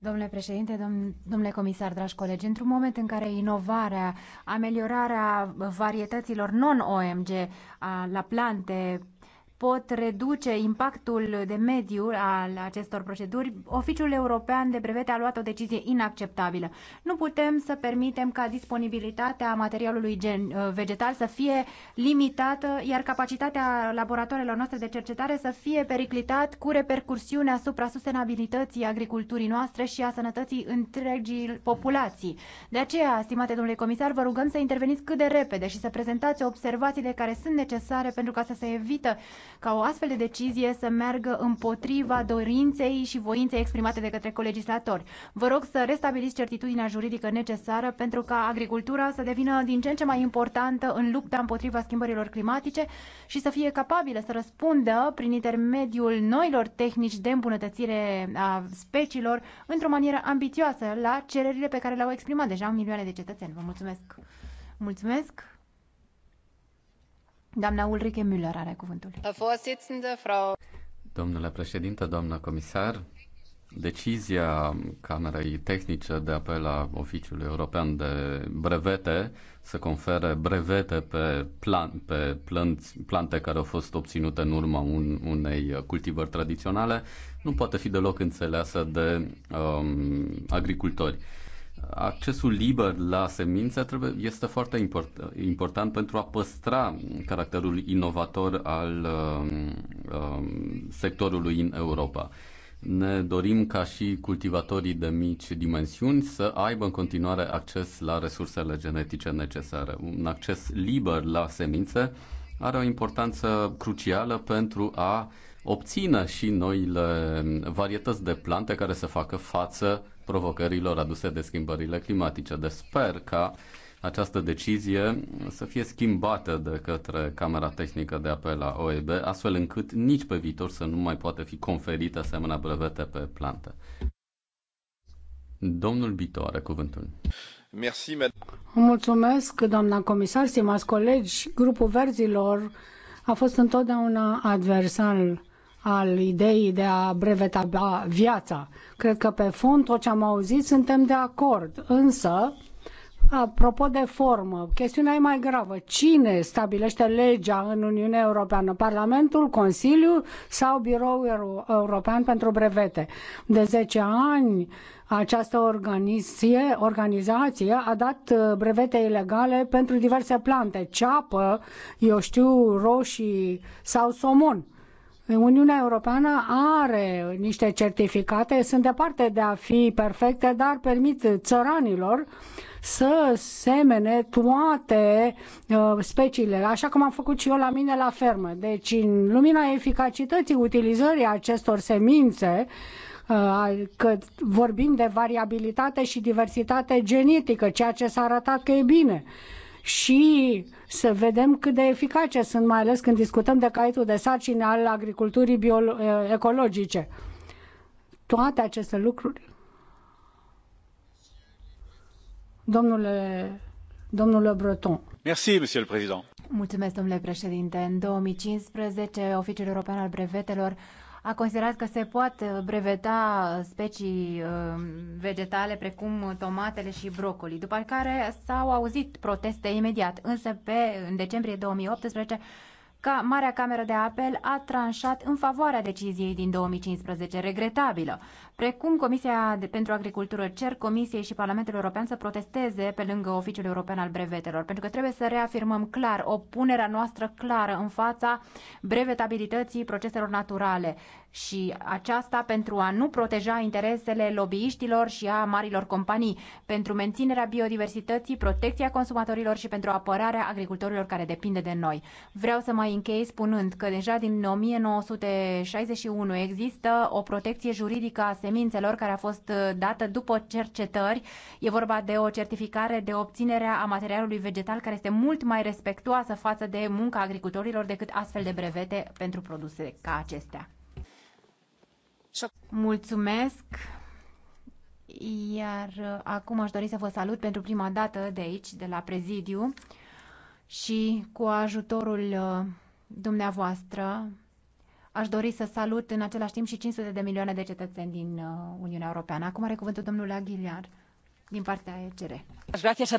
domnule președinte domnule comisar dragi colegi într un moment în care inovarea ameliorarea varietăților non omg la plante pot reduce impactul de mediu al acestor proceduri, Oficiul European de Brevete a luat o decizie inacceptabilă. Nu putem să permitem ca disponibilitatea materialului gen, uh, vegetal să fie limitată, iar capacitatea laboratoarelor noastre de cercetare să fie periclitat cu repercursiune asupra sustenabilității agriculturii noastre și a sănătății întregii populații. De aceea, stimate domnule comisar, vă rugăm să interveniți cât de repede și să prezentați observațiile care sunt necesare pentru ca să se evită ca o astfel de decizie să meargă împotriva dorinței și voinței exprimate de către colegislatori. Vă rog să restabiliți certitudinea juridică necesară pentru ca agricultura să devină din ce în ce mai importantă în lupta împotriva schimbărilor climatice și să fie capabilă să răspundă prin intermediul noilor tehnici de îmbunătățire a speciilor într-o manieră ambițioasă la cererile pe care le-au exprimat deja milioane de cetățeni. Vă mulțumesc! Mulțumesc! Doamna Ulrike Müller are cuvântul. Domnule președinte, doamnă comisar, decizia Camerei Tehnice de apel a Oficiului European de Brevete să confere brevete pe, plan, pe planți, plante care au fost obținute în urma un, unei cultivări tradiționale nu poate fi deloc înțeleasă de um, agricultori. Uh, accesul liber la semințe trebuie, este foarte import, important pentru a păstra caracterul inovator al uh, sectorului în Europa. Ne dorim ca și cultivatorii de mici dimensiuni să aibă în continuare acces la resursele genetice necesare. Un acces liber la semințe are o importanță crucială pentru a obține și noile varietăți de plante care să facă față provocărilor aduse de schimbările climatice. Deci sper ca această decizie să fie schimbată de către Camera Tehnică de Apel a OEB, astfel încât nici pe viitor să nu mai poată fi conferite asemenea brevete pe plante. Domnul Bito are cuvântul. Merci, Mulțumesc, doamna comisar, stimați colegi. Grupul Verzilor a fost întotdeauna adversar al ideii de a breveta viața. Cred că pe fond tot ce am auzit suntem de acord, însă Apropo de formă, chestiunea e mai gravă. Cine stabilește legea în Uniunea Europeană? Parlamentul, Consiliul sau Biroul European pentru Brevete? De 10 ani această organizie, organizație a dat uh, brevete ilegale pentru diverse plante, ceapă, eu știu, roșii sau somon Uniunea Europeană are niște certificate, sunt departe de a fi perfecte, dar permit țăranilor să semene toate uh, speciile, așa cum am făcut și eu la mine la fermă. Deci, în lumina eficacității utilizării acestor semințe, uh, că vorbim de variabilitate și diversitate genetică, ceea ce s-a arătat că e bine și să vedem cât de eficace sunt, mai ales când discutăm de caietul de sarcini al agriculturii bio- ecologice. Toate aceste lucruri. Domnule, domnule Breton. Merci, monsieur le président. Mulțumesc, domnule președinte. În 2015, Oficiul European al Brevetelor a considerat că se pot uh, breveta uh, specii uh, vegetale precum tomatele și brocoli, după care s-au auzit proteste imediat. Însă, pe, în decembrie 2018, ca Marea Cameră de Apel a tranșat în favoarea deciziei din 2015, regretabilă precum Comisia pentru Agricultură cer Comisiei și Parlamentul European să protesteze pe lângă Oficiul European al Brevetelor, pentru că trebuie să reafirmăm clar opunerea noastră clară în fața brevetabilității proceselor naturale și aceasta pentru a nu proteja interesele lobbyiștilor și a marilor companii, pentru menținerea biodiversității, protecția consumatorilor și pentru apărarea agricultorilor care depinde de noi. Vreau să mai închei spunând că deja din 1961 există o protecție juridică a semințelor care a fost uh, dată după cercetări. E vorba de o certificare de obținere a materialului vegetal care este mult mai respectuoasă față de munca agricultorilor decât astfel de brevete pentru produse ca acestea. Mulțumesc! Iar uh, acum aș dori să vă salut pentru prima dată de aici, de la prezidiu și cu ajutorul uh, dumneavoastră Aș dori să salut în același timp și 500 de milioane de cetățeni din uh, Uniunea Europeană. Acum are cuvântul domnul Aghiliar din partea ECR.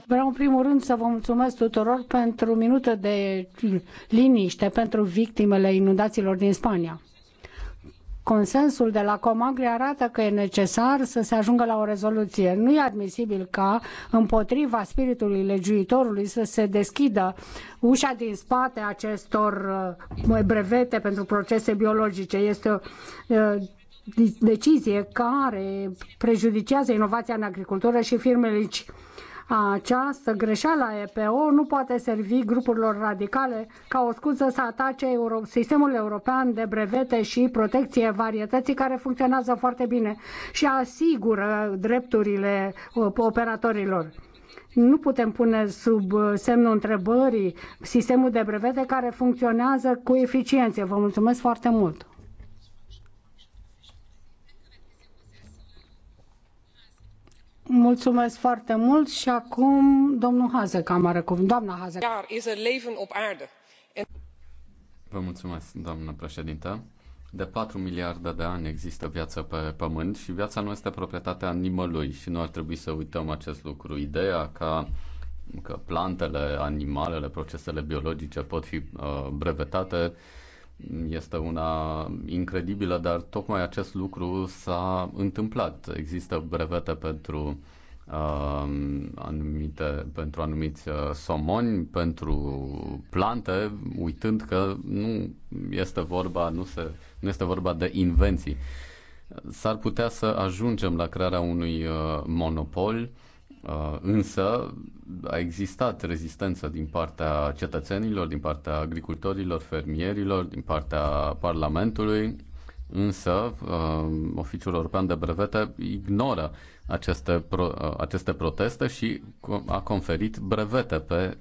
Vreau în primul rând să vă mulțumesc tuturor pentru minută de liniște pentru victimele inundațiilor din Spania. Consensul de la Comagri arată că e necesar să se ajungă la o rezoluție. Nu e admisibil ca, împotriva spiritului legiuitorului, să se deschidă ușa din spate acestor uh, brevete pentru procese biologice. Este o uh, deci, decizie care prejudicează inovația în agricultură și firmele mici. Această greșeală a EPO nu poate servi grupurilor radicale ca o scuză să atace Euro- sistemul european de brevete și protecție varietății care funcționează foarte bine și asigură drepturile uh, operatorilor nu putem pune sub uh, semnul întrebării sistemul de brevete care funcționează cu eficiență. Vă mulțumesc foarte mult! Mulțumesc foarte mult și acum domnul Hazek am are cuvânt. Doamna Hazek. Er Vă mulțumesc, doamnă președintă. De 4 miliarde de ani există viață pe pământ și viața nu este proprietatea nimălui și nu ar trebui să uităm acest lucru. Ideea ca că plantele, animalele, procesele biologice pot fi uh, brevetate uh, este una incredibilă, dar tocmai acest lucru s-a întâmplat. Există brevete pentru uh, anumite, pentru anumiți uh, somoni, pentru plante, uitând că nu este vorba, nu, se, nu este vorba de invenții. S-ar putea să ajungem la crearea unui uh, monopol uh, Uh, însă a existat rezistență din partea cetățenilor, din partea agricultorilor, fermierilor, din partea Parlamentului, însă uh, Oficiul European de Brevete ignoră aceste, pro, uh, aceste proteste și a conferit brevete pe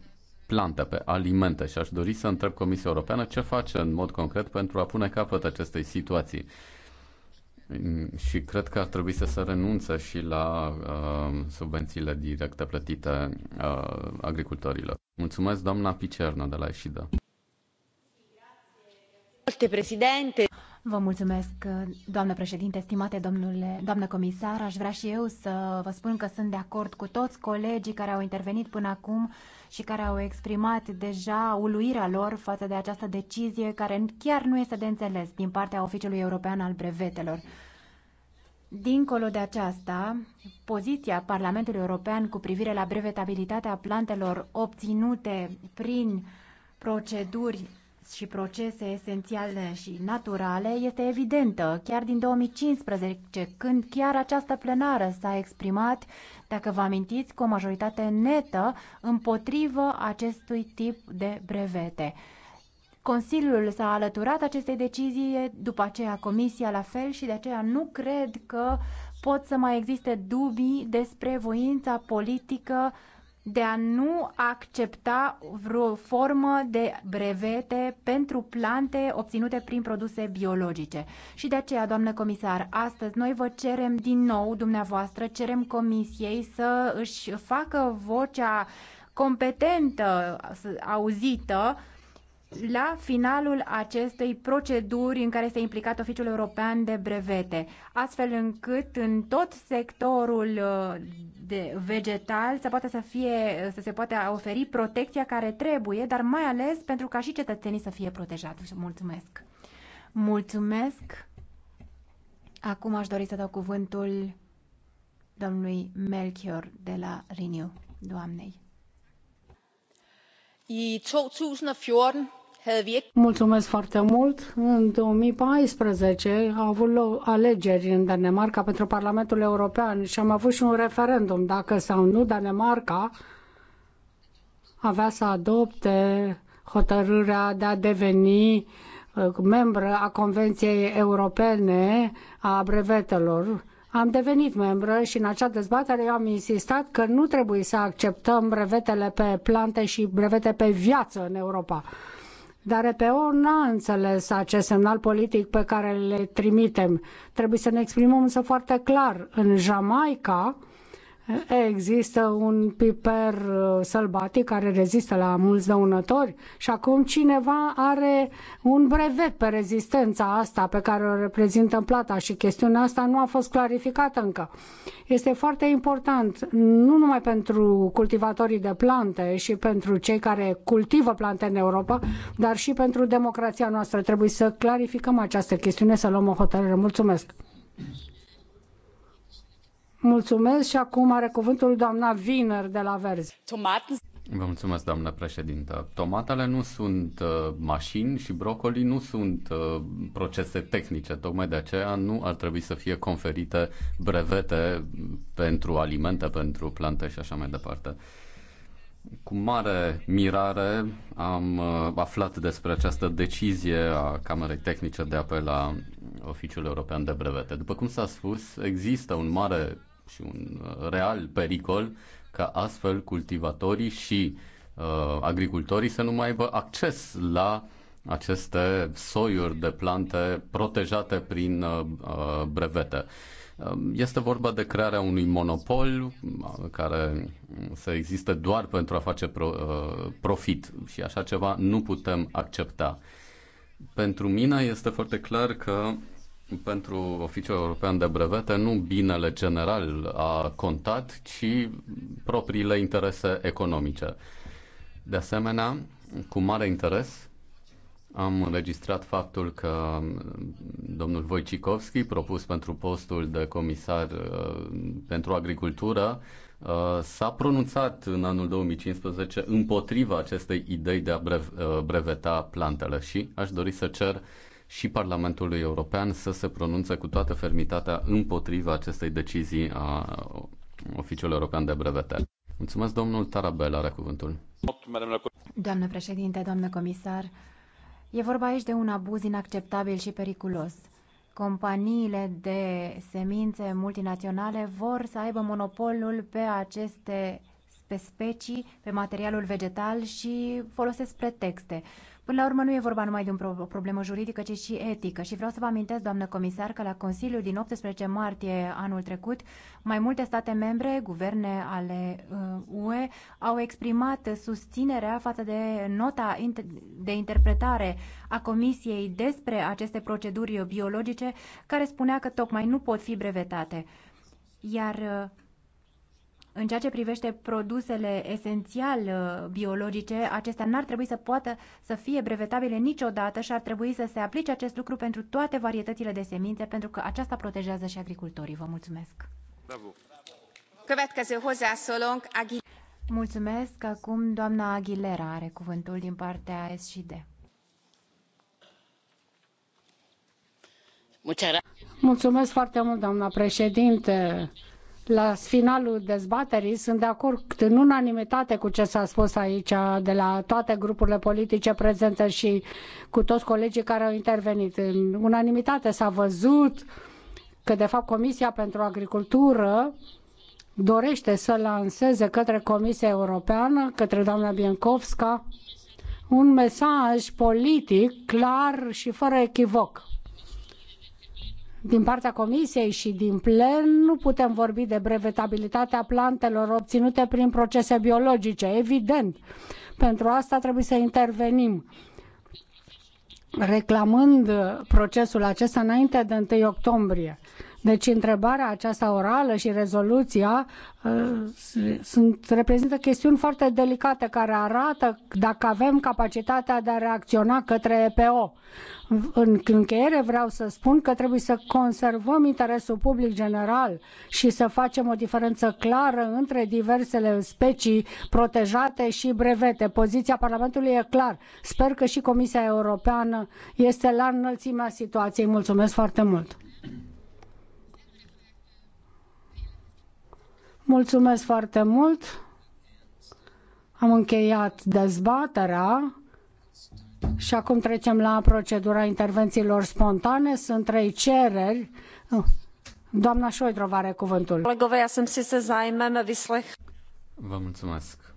plante, pe alimente și aș dori să întreb Comisia Europeană ce face în mod concret pentru a pune capăt acestei situații și cred că ar trebui să se renunțe și la uh, subvențiile directe plătite uh, agricultorilor. Mulțumesc, doamna Picernă de la Eșida. Președinte. Vă mulțumesc, doamnă președinte, stimate domnule, doamnă comisar. Aș vrea și eu să vă spun că sunt de acord cu toți colegii care au intervenit până acum uh, și care au exprimat deja uluirea lor față de această decizie care chiar nu este de înțeles din partea Oficiului European al Brevetelor. Dincolo de aceasta, poziția Parlamentului European cu privire la brevetabilitatea plantelor obținute prin proceduri și procese esențiale și naturale este evidentă, chiar din 2015, când chiar această plenară s-a exprimat uh, dacă vă amintiți, cu o majoritate netă împotrivă acestui tip de brevete. Consiliul s-a alăturat acestei decizii, după aceea Comisia la fel și de aceea nu cred că pot să mai existe dubii despre voința politică uh, de a nu accepta vreo formă de brevete pentru plante obținute prin produse biologice. Și de aceea, doamnă comisar, astăzi noi vă cerem din nou, dumneavoastră, cerem comisiei să își facă vocea competentă, auzită, la finalul acestei proceduri în care este implicat Oficiul European de Brevete, astfel încât în tot sectorul uh, de vegetal să, poate să, fie, uh, să se poate oferi protecția care trebuie, dar mai ales pentru ca și cetățenii să fie protejați. Mulțumesc! Mulțumesc! Acum aș dori să dau cuvântul domnului Melchior de la Renew, doamnei. Mulțumesc foarte mult. În 2014 au avut loc alegeri în Danemarca pentru Parlamentul European și am avut și un referendum dacă sau nu Danemarca avea să adopte hotărârea de a deveni uh, membră a Convenției Europene a Brevetelor am devenit membră și în acea dezbatere eu am insistat că nu trebuie să acceptăm brevetele pe plante și brevete pe viață în Europa. Dar EPO n-a înțeles acest semnal politic pe care le trimitem. Trebuie să ne exprimăm însă foarte clar. În Jamaica, Există un piper uh, sălbatic care rezistă la mulți dăunători și acum cineva are un brevet pe rezistența asta pe care o reprezintă în plata și chestiunea asta nu a fost clarificată încă. Este foarte important, nu numai pentru cultivatorii de plante și pentru cei care cultivă plante în Europa, dar și pentru democrația noastră. Trebuie să clarificăm această chestiune, să luăm o hotărâre. Mulțumesc! Mulțumesc și acum are cuvântul doamna Viner de la Verzi. Vă mulțumesc, doamnă președintă. Tomatele nu sunt uh, mașini și brocoli nu sunt uh, procese tehnice. Tocmai de aceea nu ar trebui să fie conferite brevete pentru alimente, pentru plante și așa mai departe. Cu mare mirare am uh, aflat despre această decizie a Camerei Tehnice de apel la Oficiul European de Brevete. După cum s-a spus, există un mare și un uh, real pericol ca astfel cultivatorii și uh, agricultorii să nu mai aibă acces la aceste soiuri de plante protejate prin uh, uh brevete. Uh, este vorba de crearea unui monopol care să existe doar pentru a face pro, uh, profit și așa ceva nu putem accepta. Pentru mine este foarte clar că pentru Oficiul European de Brevete nu binele general a contat, ci propriile interese economice. De asemenea, cu mare interes am înregistrat faptul că domnul Wojcikowski, propus pentru postul de comisar uh, pentru agricultură, uh, s-a pronunțat în anul 2015 împotriva acestei idei de a uh, breveta plantele și aș dori să cer uh, și Parlamentului European să se pronunțe cu toată fermitatea împotriva acestei decizii a Oficiul European de Brevete. Mulțumesc, domnul Tarabel, are cuvântul. Doamnă președinte, doamnă comisar, e vorba aici de un abuz inacceptabil și periculos. Companiile de semințe multinaționale vor să aibă monopolul pe aceste pe specii, pe materialul vegetal și folosesc pretexte. Până la urmă nu e vorba numai de o problemă juridică, ci și etică. Și vreau să vă amintesc, doamnă comisar, că la Consiliul din 18 martie anul trecut, mai multe state membre, guverne ale UE, uh, au exprimat susținerea față de nota de interpretare a Comisiei despre aceste proceduri biologice, care spunea că tocmai nu pot fi brevetate. Iar uh, în ceea ce privește produsele esențial uh, biologice, acestea n-ar trebui să poată să fie brevetabile niciodată și ar trebui să se aplice acest lucru pentru toate varietățile de semințe, pentru că aceasta protejează și agricultorii. Vă mulțumesc! Bravo. Mulțumesc. Acum doamna Aguilera are cuvântul din partea SD. Mulțumesc foarte mult, doamna președinte la finalul dezbaterii sunt de acord în unanimitate cu ce s-a spus aici de la toate grupurile politice prezente și cu toți colegii care au intervenit. În unanimitate s-a văzut că, de fapt, Comisia pentru Agricultură dorește să lanseze către Comisia Europeană, către doamna Biencovska, un mesaj politic clar și fără echivoc din partea Comisiei și din plen nu putem vorbi de brevetabilitatea plantelor obținute prin procese biologice, evident. Pentru asta trebuie să intervenim reclamând procesul acesta înainte de 1 octombrie deci întrebarea aceasta orală și rezoluția uh, sunt, reprezintă chestiuni foarte delicate care arată dacă avem capacitatea de a reacționa către EPO. În încheiere vreau să spun că trebuie să conservăm interesul public general și să facem o diferență clară între diversele specii protejate și brevete. Poziția Parlamentului e clar. Sper că și Comisia Europeană este la înălțimea situației. Mulțumesc foarte mult! Mulțumesc foarte mult. Am încheiat dezbaterea și acum trecem la procedura intervențiilor spontane. Sunt trei cereri. Doamna Șoidrov are cuvântul. Colegove, já jsem si se zájmem vyslech. Vă mulțumesc.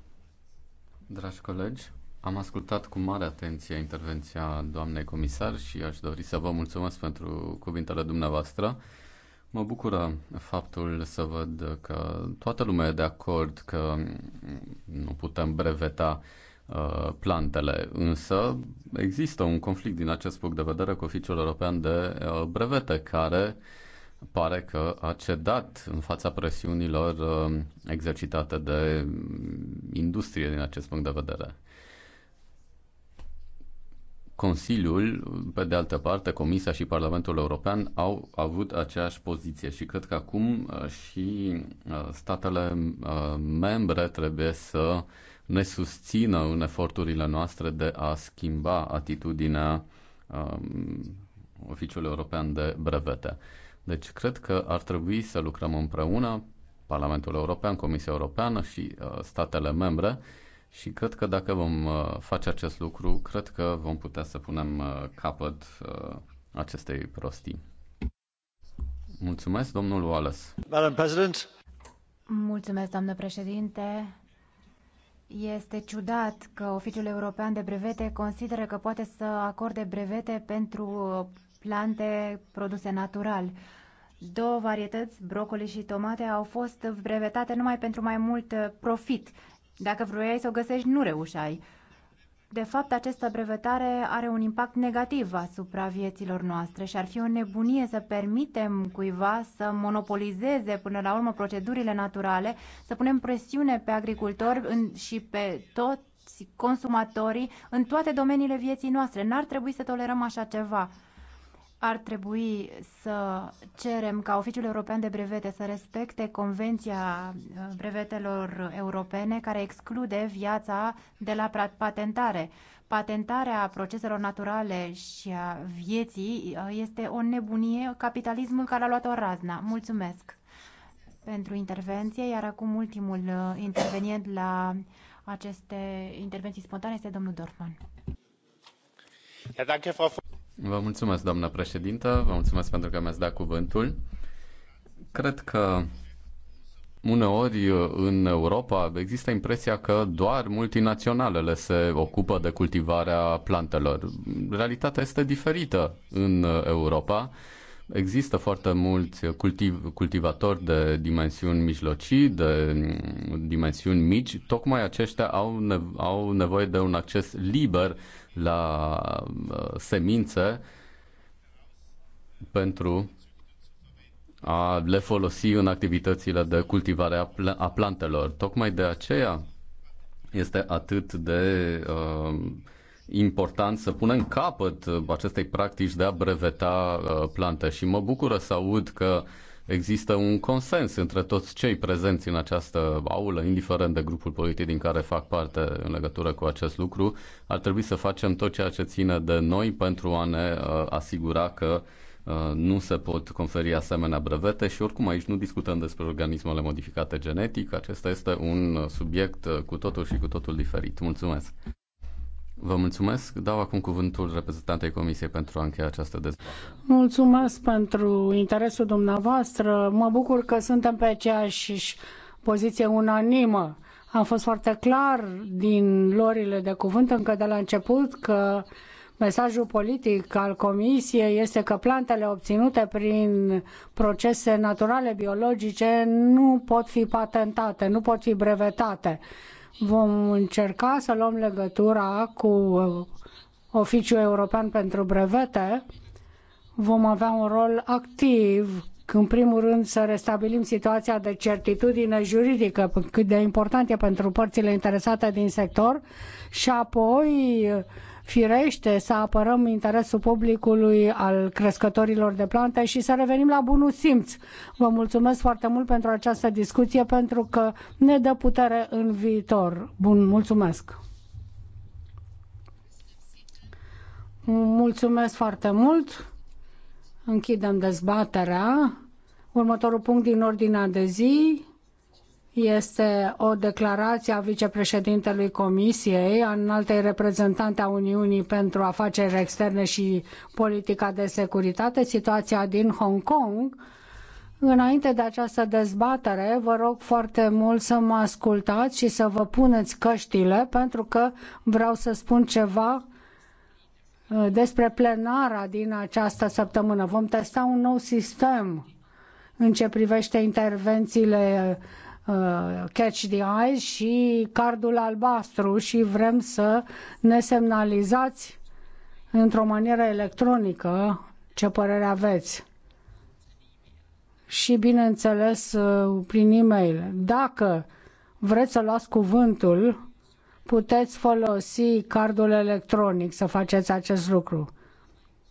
Dragi colegi, am ascultat cu mare atenție intervenția doamnei comisar și aș dori să vă mulțumesc pentru cuvintele dumneavoastră. Mă bucură faptul să văd că toată lumea e de acord că nu putem breveta uh, plantele, însă există un conflict din acest punct de vedere cu oficiul european de uh, brevete care pare că a cedat în fața presiunilor uh, exercitate de industrie din acest punct de vedere. Consiliul, pe de altă parte, Comisia și Parlamentul European au avut aceeași poziție și cred că acum uh, și uh, statele uh, membre trebuie să ne susțină în eforturile noastre de a schimba atitudinea um, Oficiului European de Brevete. Deci cred că ar trebui să lucrăm împreună, Parlamentul European, Comisia Europeană și uh, statele membre, uh, și cred că dacă vom uh, face acest lucru, cred că vom putea să punem uh, capăt uh, acestei prostii. Mulțumesc, domnul Wallace. Madam President. Mulțumesc, doamnă președinte. Este ciudat că Oficiul European de Brevete consideră că poate să acorde brevete pentru plante produse natural. Două varietăți, brocoli și tomate, au fost brevetate numai pentru mai mult profit, dacă vroiai să o găsești, nu reușai. De fapt, această brevetare are un impact negativ asupra vieților noastre și ar fi o nebunie să permitem cuiva să monopolizeze până la urmă procedurile naturale, să punem presiune pe agricultori și pe toți consumatorii în toate domeniile vieții noastre. N-ar trebui să tolerăm așa ceva ar trebui să cerem ca Oficiul European de Brevete să respecte Convenția uh, Brevetelor Europene care exclude viața de la patentare. Patentarea proceselor naturale și a vieții uh, este o nebunie, capitalismul care a luat-o razna. Mulțumesc pentru intervenție, iar acum ultimul uh, intervenient la aceste intervenții spontane este domnul Dorfman. Ja, danke, Frau Vă mulțumesc, doamnă președintă, vă mulțumesc pentru că mi-ați dat cuvântul. Cred că uneori în Europa există impresia că doar multinaționalele se ocupă de cultivarea plantelor. Realitatea este diferită în Europa Există foarte mulți cultiv, cultivatori de dimensiuni mijlocii, de mm, dimensiuni mici. Tocmai aceștia au, nevo- au nevoie de un acces liber la uh, semințe pentru a le folosi în activitățile de cultivare a, pl- a plantelor. Tocmai de aceea este atât de. Uh, important să punem capăt uh, acestei practici de a breveta uh, plante și mă bucură să aud că există un consens între toți cei prezenți în această aulă, indiferent de grupul politic din care fac parte în legătură cu acest lucru. Ar trebui să facem tot ceea ce ține de noi pentru a ne uh, asigura că nu se pot conferi asemenea brevete și oricum aici nu discutăm despre organismele modificate genetic, acesta este un subiect cu totul și cu totul diferit. Mulțumesc! Vă mulțumesc. Dau acum cuvântul reprezentantei Comisiei pentru a încheia această dezbatere. Mulțumesc pentru interesul dumneavoastră. Mă bucur că suntem pe aceeași poziție unanimă. Am fost foarte clar din lorile de cuvânt încă de la început că mesajul politic al Comisiei este că plantele obținute prin procese naturale biologice nu pot fi patentate, nu pot fi brevetate Vom încerca să luăm legătura cu Oficiul European pentru Brevete. Vom avea un rol activ în primul rând să restabilim situația de certitudine juridică cât de important e pentru părțile interesate din sector și apoi firește să apărăm interesul publicului al crescătorilor de plante și să revenim la bunul simț. Vă mulțumesc foarte mult pentru această discuție, pentru că ne dă putere în viitor. Bun, mulțumesc! Mulțumesc foarte mult! Închidem dezbaterea. Următorul punct din ordinea de zi este o declarație a vicepreședintelui Comisiei, înaltei reprezentante a Uniunii pentru afaceri externe și politica de securitate, situația din Hong Kong. Înainte de această dezbatere, vă rog foarte mult să mă ascultați și să vă puneți căștile, pentru că vreau să spun ceva uh, despre plenara din această săptămână. Vom testa un nou sistem în ce privește intervențiile Uh, catch the Eye și cardul albastru și vrem să ne semnalizați într-o manieră electronică ce părere aveți. Și bineînțeles uh, prin e-mail. Dacă vreți să luați cuvântul, puteți folosi cardul electronic să faceți acest lucru.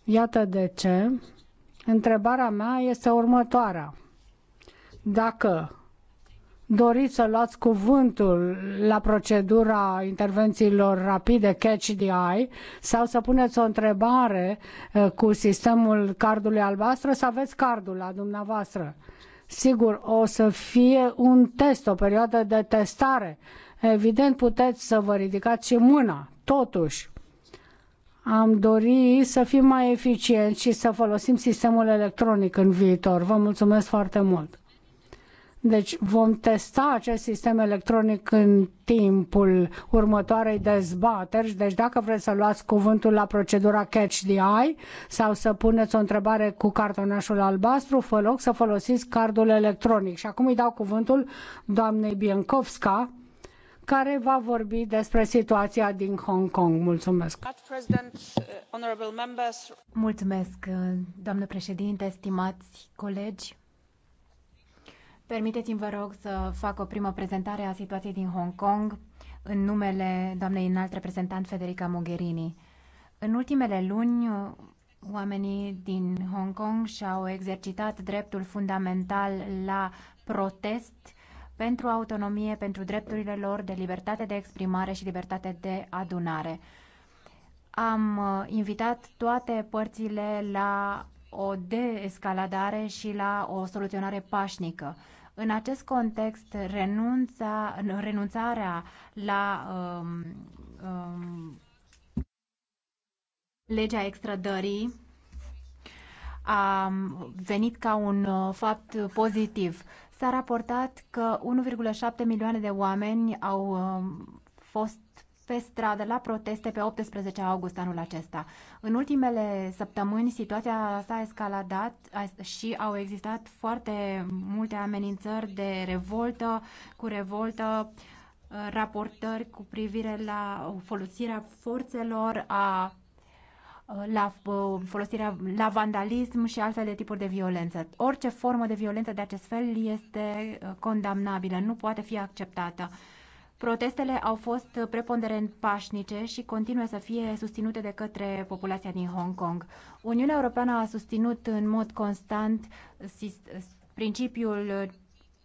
Iată de ce. Întrebarea mea este următoarea. Dacă doriți să luați cuvântul la procedura intervențiilor rapide, catch the eye, sau să puneți o întrebare eh, cu sistemul cardului albastră, să aveți cardul la dumneavoastră. Sigur, o să fie un test, o perioadă de testare. Evident, puteți să vă ridicați și mâna. Totuși, am dori să fim mai eficienți și să folosim sistemul electronic în viitor. Vă mulțumesc foarte mult! Deci vom testa acest sistem electronic în timpul următoarei dezbateri. Deci dacă vreți să luați cuvântul la procedura Catch the Eye sau să puneți o întrebare cu cartonașul albastru, vă rog să folosiți cardul electronic. Și acum îi dau cuvântul doamnei Biencovska, care va vorbi despre situația din Hong Kong. Mulțumesc! Mulțumesc, doamnă președinte, estimați colegi! Permiteți-mi, vă rog, să fac o primă prezentare a situației din Hong Kong în numele doamnei înalt reprezentant Federica Mogherini. În ultimele luni, oamenii din Hong Kong și-au exercitat dreptul fundamental la protest pentru autonomie, pentru drepturile lor de libertate de exprimare și libertate de adunare. Am uh, invitat toate părțile la o deescaladare și la o soluționare pașnică. În acest context, renunța, renunțarea la um, um, legea extrădării a venit ca un uh, fapt pozitiv. S-a raportat că 1,7 milioane de oameni au um, fost pe stradă la proteste pe 18 august anul acesta. În ultimele săptămâni situația s-a escaladat și au existat foarte multe amenințări de revoltă cu revoltă uh, raportări cu privire la folosirea forțelor, a, uh, la uh, folosirea la vandalism și altfel de tipuri de violență. Orice formă de violență de acest fel este condamnabilă, nu poate fi acceptată. Protestele au fost preponderent pașnice și continuă să fie susținute de către populația din Hong Kong. Uniunea Europeană a susținut în mod constant principiul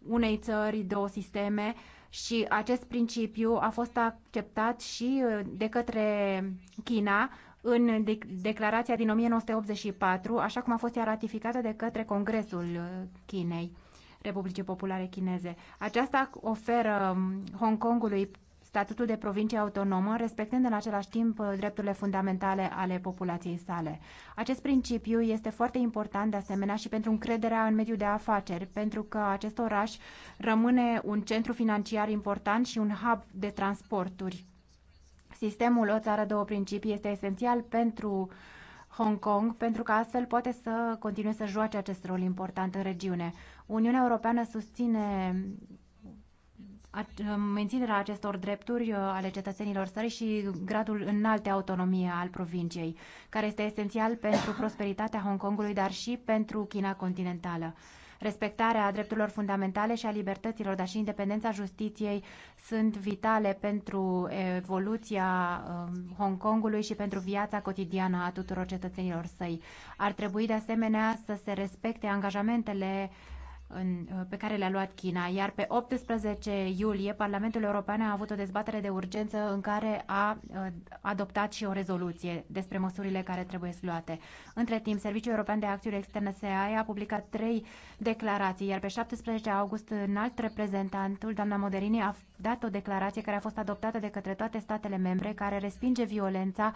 unei țări, două sisteme și acest principiu a fost acceptat și uh, de către China în declarația din 1984, așa cum a fost ea ratificată de către Congresul uh, Chinei. Republicii Populare Chineze. Aceasta oferă um, Hong Kongului statutul de provincie autonomă, respectând în același timp uh, drepturile fundamentale ale populației sale. Acest principiu este foarte important de asemenea și pentru încrederea în mediul de afaceri, pentru că acest oraș rămâne un centru financiar important și un hub de transporturi. Sistemul O țară, două principii este esențial pentru Hong Kong, pentru că astfel poate să continue să joace acest rol important în regiune. Uniunea Europeană susține menținerea acestor drepturi uh, ale cetățenilor săi și gradul înalt de autonomie al provinciei, care este esențial pentru prosperitatea Hong Kongului, dar și pentru China continentală. Respectarea drepturilor fundamentale și a libertăților, dar și independența justiției sunt vitale pentru evoluția um, Hong Kongului și pentru viața cotidiană a tuturor cetățenilor săi. Ar trebui de asemenea să se respecte angajamentele în, uh, pe care le-a luat China, iar pe 18 iulie Parlamentul European a avut o dezbatere de urgență în care a uh, adoptat și o rezoluție despre măsurile care trebuie luate. Între timp, Serviciul European de Acțiuni Externe SEAE a publicat trei declarații, iar pe 17 august înalt reprezentantul, doamna Moderini, a dat o declarație care a fost adoptată de către toate statele membre care respinge violența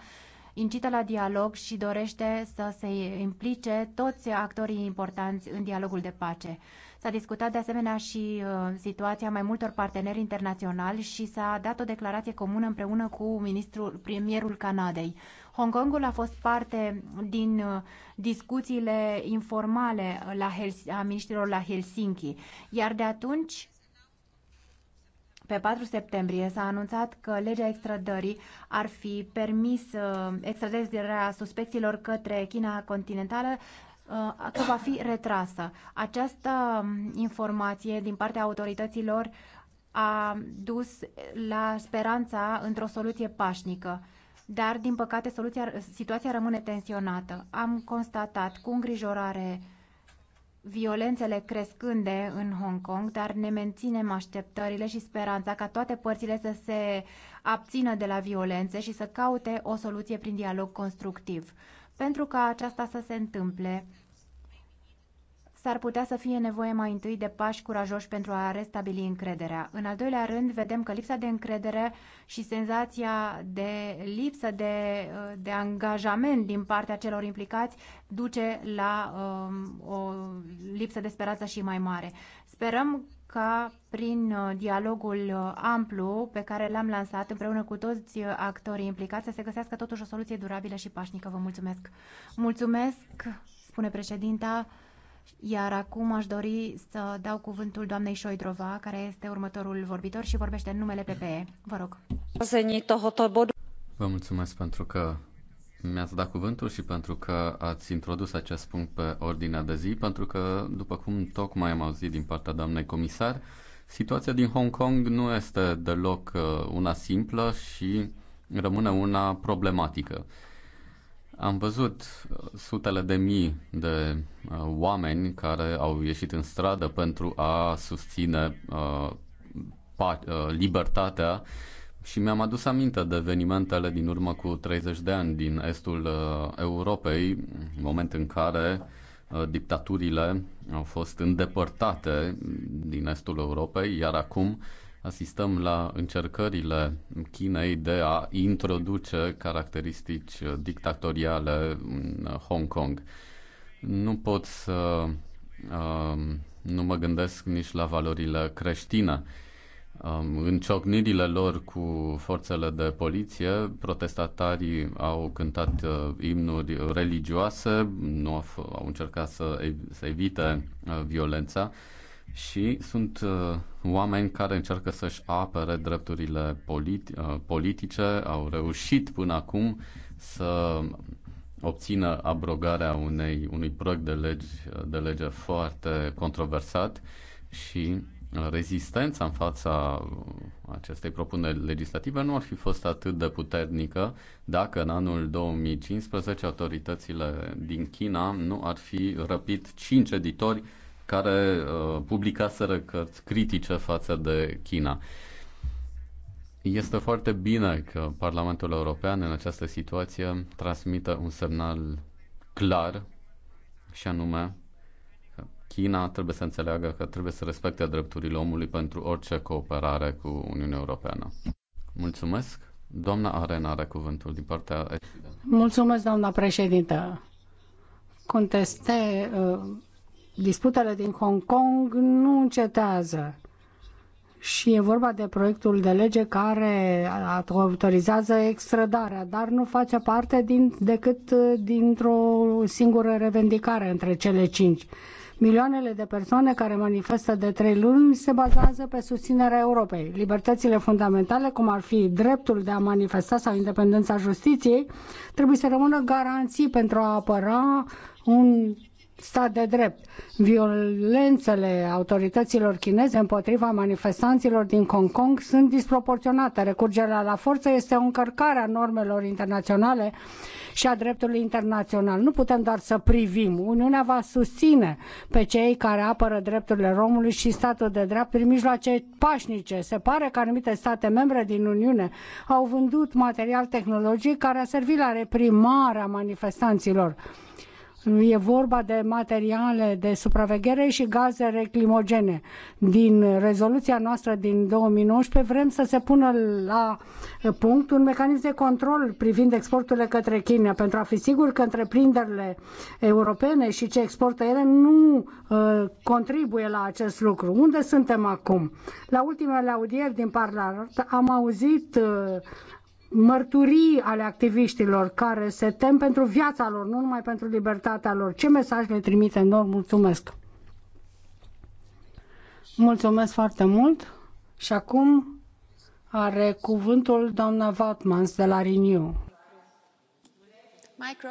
incită la dialog și dorește să se implice toți actorii importanți în dialogul de pace. S-a discutat de asemenea și uh, situația mai multor parteneri internaționali și s-a dat o declarație comună împreună cu ministrul, premierul Canadei. Hong Kongul a fost parte din uh, discuțiile informale la Hels- a ministrilor la Helsinki, iar de atunci pe 4 septembrie s-a anunțat că legea extradării ar fi permis uh, extradarea suspecților către China continentală uh, că va fi retrasă. Această um, informație din partea autorităților a dus la speranța într-o soluție pașnică. Dar, din păcate, soluția, situația rămâne tensionată. Am constatat cu îngrijorare violențele crescânde în Hong Kong, dar ne menținem așteptările și speranța ca toate părțile să se abțină de la violențe și să caute o soluție prin dialog constructiv. Pentru ca aceasta să se întâmple, S-ar putea să fie nevoie mai întâi de pași curajoși pentru a restabili încrederea. În al doilea rând, vedem că lipsa de încredere și senzația de lipsă de, uh, de angajament din partea celor implicați duce la um, o lipsă de speranță și mai mare. Sperăm ca prin uh, dialogul uh, amplu pe care l-am lansat împreună cu toți actorii implicați să se găsească totuși o soluție durabilă și pașnică. Vă mulțumesc! Mulțumesc, spune președinta. Iar acum aș dori să dau cuvântul doamnei Șoidrova, care este următorul vorbitor și vorbește în numele PPE. Vă rog. Vă mulțumesc pentru că mi-ați dat cuvântul și pentru că ați introdus acest punct pe ordinea de zi, pentru că, după cum tocmai am auzit din partea doamnei comisar, situația din Hong Kong nu este deloc uh, una simplă și rămâne una problematică. Am văzut uh, sutele de mii de uh, oameni care au ieșit în stradă pentru a susține uh, pa- uh, libertatea și mi-am adus aminte de evenimentele din urmă cu 30 de ani din estul uh, Europei, moment în care uh, dictaturile au fost îndepărtate din estul Europei, iar acum uh, asistăm la încercările Chinei de a introduce caracteristici dictatoriale în uh, Hong Kong. Nu pot să um, nu mă gândesc nici la valorile creștine. Um, în ciocnirile lor cu forțele de poliție, protestatarii au cântat uh, imnuri religioase, nu au, au încercat să, să evite uh, violența și sunt uh, oameni care încearcă să-și apere drepturile politi- uh, politice, au reușit până acum să obțină abrogarea unei, unui proiect de, legi, de lege foarte controversat și rezistența în fața acestei propuneri legislative nu ar fi fost atât de puternică dacă în anul 2015 autoritățile din China nu ar fi răpit cinci editori care uh, publicaseră cărți critice față de China. Este foarte bine că Parlamentul European în această situație transmite un semnal clar și anume că China trebuie să înțeleagă că trebuie să respecte drepturile omului pentru orice cooperare cu Uniunea Europeană. Mulțumesc. Doamna Arena are cuvântul din partea... Mulțumesc, doamna președintă. Conteste, uh, disputele din Hong Kong nu încetează. Și e vorba de proiectul de lege care autorizează extradarea, dar nu face parte din, decât uh, dintr-o singură revendicare între cele cinci. Milioanele de persoane care manifestă de trei luni se bazează pe susținerea Europei. Libertățile fundamentale, cum ar fi dreptul de a manifesta sau independența justiției, trebuie să rămână garanții pentru a apăra un stat de drept. Violențele autorităților chineze împotriva manifestanților din Hong Kong sunt disproporționate. Recurgerea la forță este o încărcare a normelor internaționale și a dreptului internațional. Nu putem doar să privim. Uniunea va susține pe cei care apără drepturile romului și statul de drept prin mijloace pașnice. Se pare că anumite state membre din Uniune au vândut material tehnologic care a servit la reprimarea manifestanților E vorba de materiale de supraveghere și gaze reclimogene. Din rezoluția noastră din 2019 vrem să se pună la punct un mecanism de control privind exporturile către China pentru a fi sigur că întreprinderile europene și ce exportă ele nu uh, contribuie la acest lucru. Unde suntem acum? La ultimele audieri din Parlament am auzit uh, mărturii ale activiștilor care se tem pentru viața lor, nu numai pentru libertatea lor. Ce mesaj le trimite lor? Mulțumesc! Mulțumesc foarte mult și acum are cuvântul doamna Vatmans de la Renew. Micro?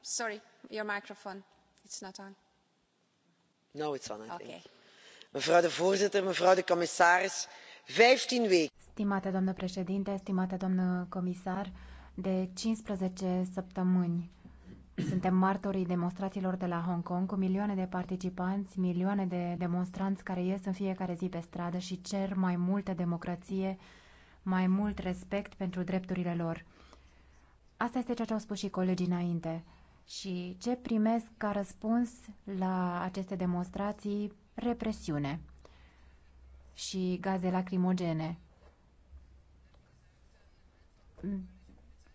Sorry, your microphone. It's not on. No, it's on, I okay. think. Mevrouw de voorzitter, mevrouw de commissaris, 15 weken. Stimate doamnă președinte, stimate doamnă comisar, de 15 săptămâni suntem martorii demonstrațiilor de la Hong Kong cu milioane de participanți, milioane de demonstranți care ies în fiecare zi pe stradă și cer mai multă democrație, mai mult respect pentru drepturile lor. Asta este ceea ce au spus și colegii înainte. Și ce primesc ca răspuns la aceste demonstrații? Represiune și gaze lacrimogene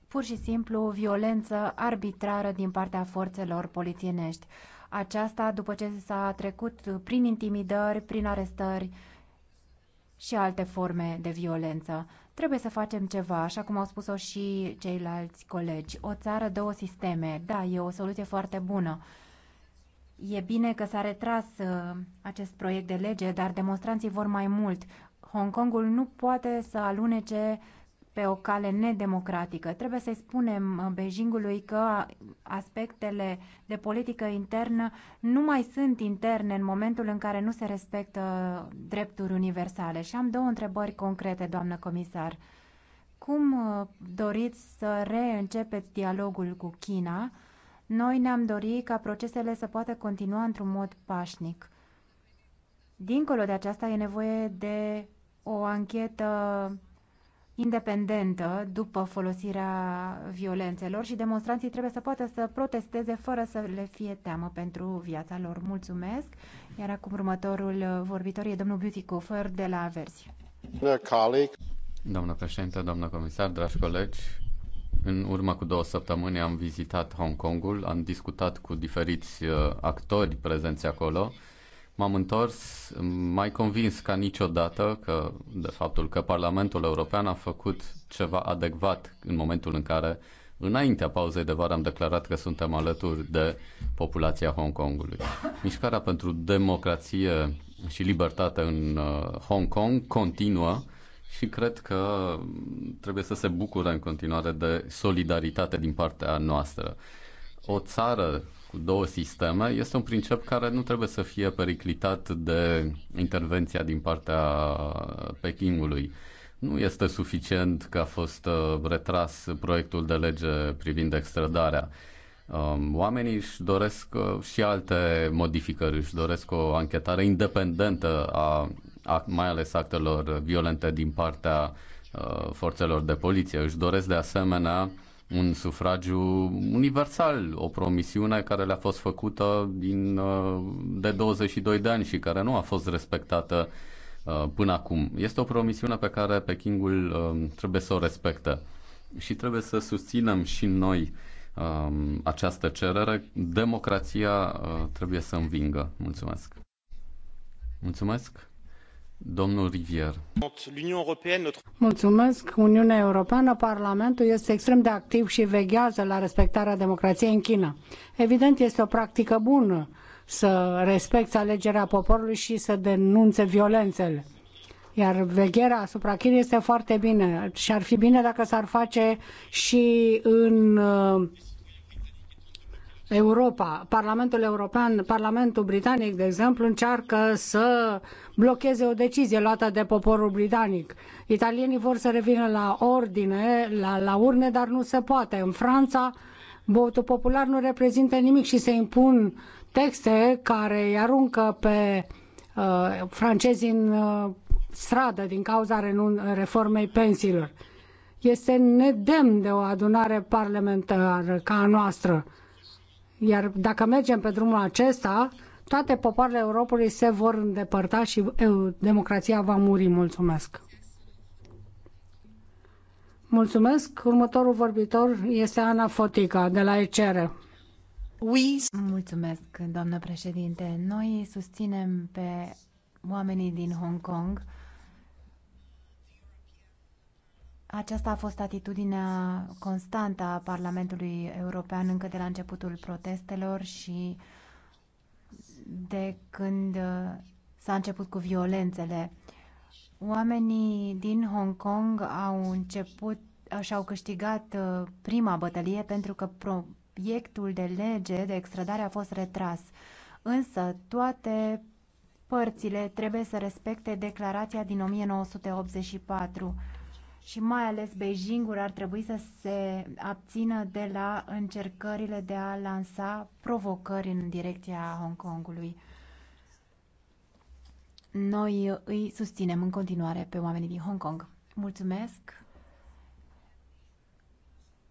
pur și simplu violență arbitrară din partea forțelor polițienești. Aceasta după ce s-a trecut prin intimidări, prin arestări și alte forme de violență. Trebuie să facem ceva, așa cum au spus-o și ceilalți colegi. O țară, două sisteme. Da, e o soluție foarte bună. E bine că s-a retras uh, acest proiect de lege, dar demonstranții vor mai mult. Hong Kongul nu poate să alunece pe o cale nedemocratică. Trebuie să-i spunem uh, Beijingului că aspectele de politică internă nu mai sunt interne în momentul în care nu se respectă drepturi universale. Și am două întrebări concrete, doamnă comisar. Cum uh, doriți să reîncepeți dialogul cu China? Noi ne-am dorit ca procesele să poată continua într-un mod pașnic. Dincolo de aceasta, e nevoie de o anchetă independentă după folosirea violențelor și demonstranții trebuie să poată să protesteze fără să le fie teamă pentru viața lor. Mulțumesc! Iar acum următorul vorbitor e domnul Beauty Cofer de la Aversi. Doamnă președinte, doamnă comisar, dragi colegi, în urmă cu două săptămâni am vizitat Hong Kongul, am discutat cu diferiți uh, actori prezenți acolo m-am întors mai convins ca niciodată că, de faptul că Parlamentul European a făcut ceva adecvat în momentul în care, înaintea pauzei de vară, am declarat că suntem alături de populația Hong Kongului. Mișcarea pentru democrație și libertate în uh, Hong Kong continuă și cred că trebuie să se bucure în continuare de solidaritate din partea noastră. O țară cu două sisteme este un principiu care nu trebuie să fie periclitat de intervenția din partea Pekingului. Nu este suficient că a fost uh, retras proiectul de lege privind extradarea. Um, oamenii își doresc uh, și alte modificări, își doresc o anchetare independentă a, mai ales actelor violente din partea uh, forțelor de poliție. Își doresc de asemenea un sufragiu universal, o promisiune care le-a fost făcută din, uh, de 22 de ani și care nu a fost respectată uh, până acum. Este o promisiune pe care Pekingul uh, trebuie să o respecte și trebuie să susținem și noi um, această cerere. Democrația trebuie să învingă. Mulțumesc! Mulțumesc! Domnul Rivier. Mulțumesc. Uniunea Europeană, Parlamentul este extrem de activ și veghează la respectarea democrației în China. Evident, este o practică bună să respecte alegerea poporului și să denunțe violențele. Iar vegherea asupra Chinei este foarte bine și ar fi bine dacă s-ar face și în uh, Europa. Parlamentul European, Parlamentul Britanic, de exemplu, încearcă să blocheze o decizie luată de poporul britanic. Italienii vor să revină la ordine, la, la urne, dar nu se poate. În Franța, votul popular nu reprezintă nimic și se impun texte care îi aruncă pe uh, francezi în uh, stradă din cauza reformei pensiilor. Este nedemn de o adunare parlamentară ca a noastră iar dacă mergem pe drumul acesta, toate popoarele Europei se vor îndepărta și eu, democrația va muri. Mulțumesc! Mulțumesc! Următorul vorbitor este Ana Fotica, de la ECR. Oui. Mulțumesc, doamnă președinte. Noi susținem pe oamenii din Hong Kong Aceasta a fost atitudinea constantă a Parlamentului European încă de la începutul protestelor și de când s-a început cu violențele. Oamenii din Hong Kong au început și-au câștigat uh, prima bătălie pentru că proiectul de lege de extradare a fost retras. Însă toate părțile trebuie să respecte declarația din 1984 și mai ales Beijingul ar trebui să se abțină de la încercările de a lansa provocări în direcția Hong Kongului. Noi îi susținem în continuare pe oamenii din Hong Kong. Mulțumesc!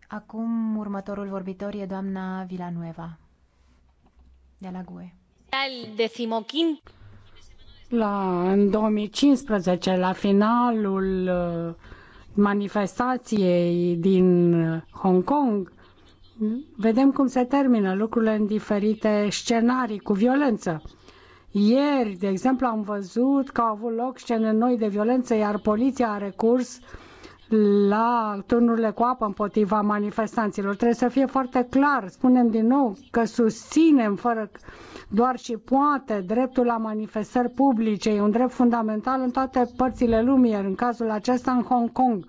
Acum următorul vorbitor e doamna Villanueva de la GUE. La, în 2015, la finalul uh, manifestației din Hong Kong, vedem cum se termină lucrurile în diferite scenarii cu violență. Ieri, de exemplu, am văzut că au avut loc scene noi de violență, iar poliția a recurs uh, la turnurile cu apă împotriva manifestanților. Trebuie să fie foarte clar, spunem din nou, că susținem fără doar și poate dreptul la manifestări publice. E un drept fundamental în toate părțile lumii, iar în cazul acesta în Hong Kong.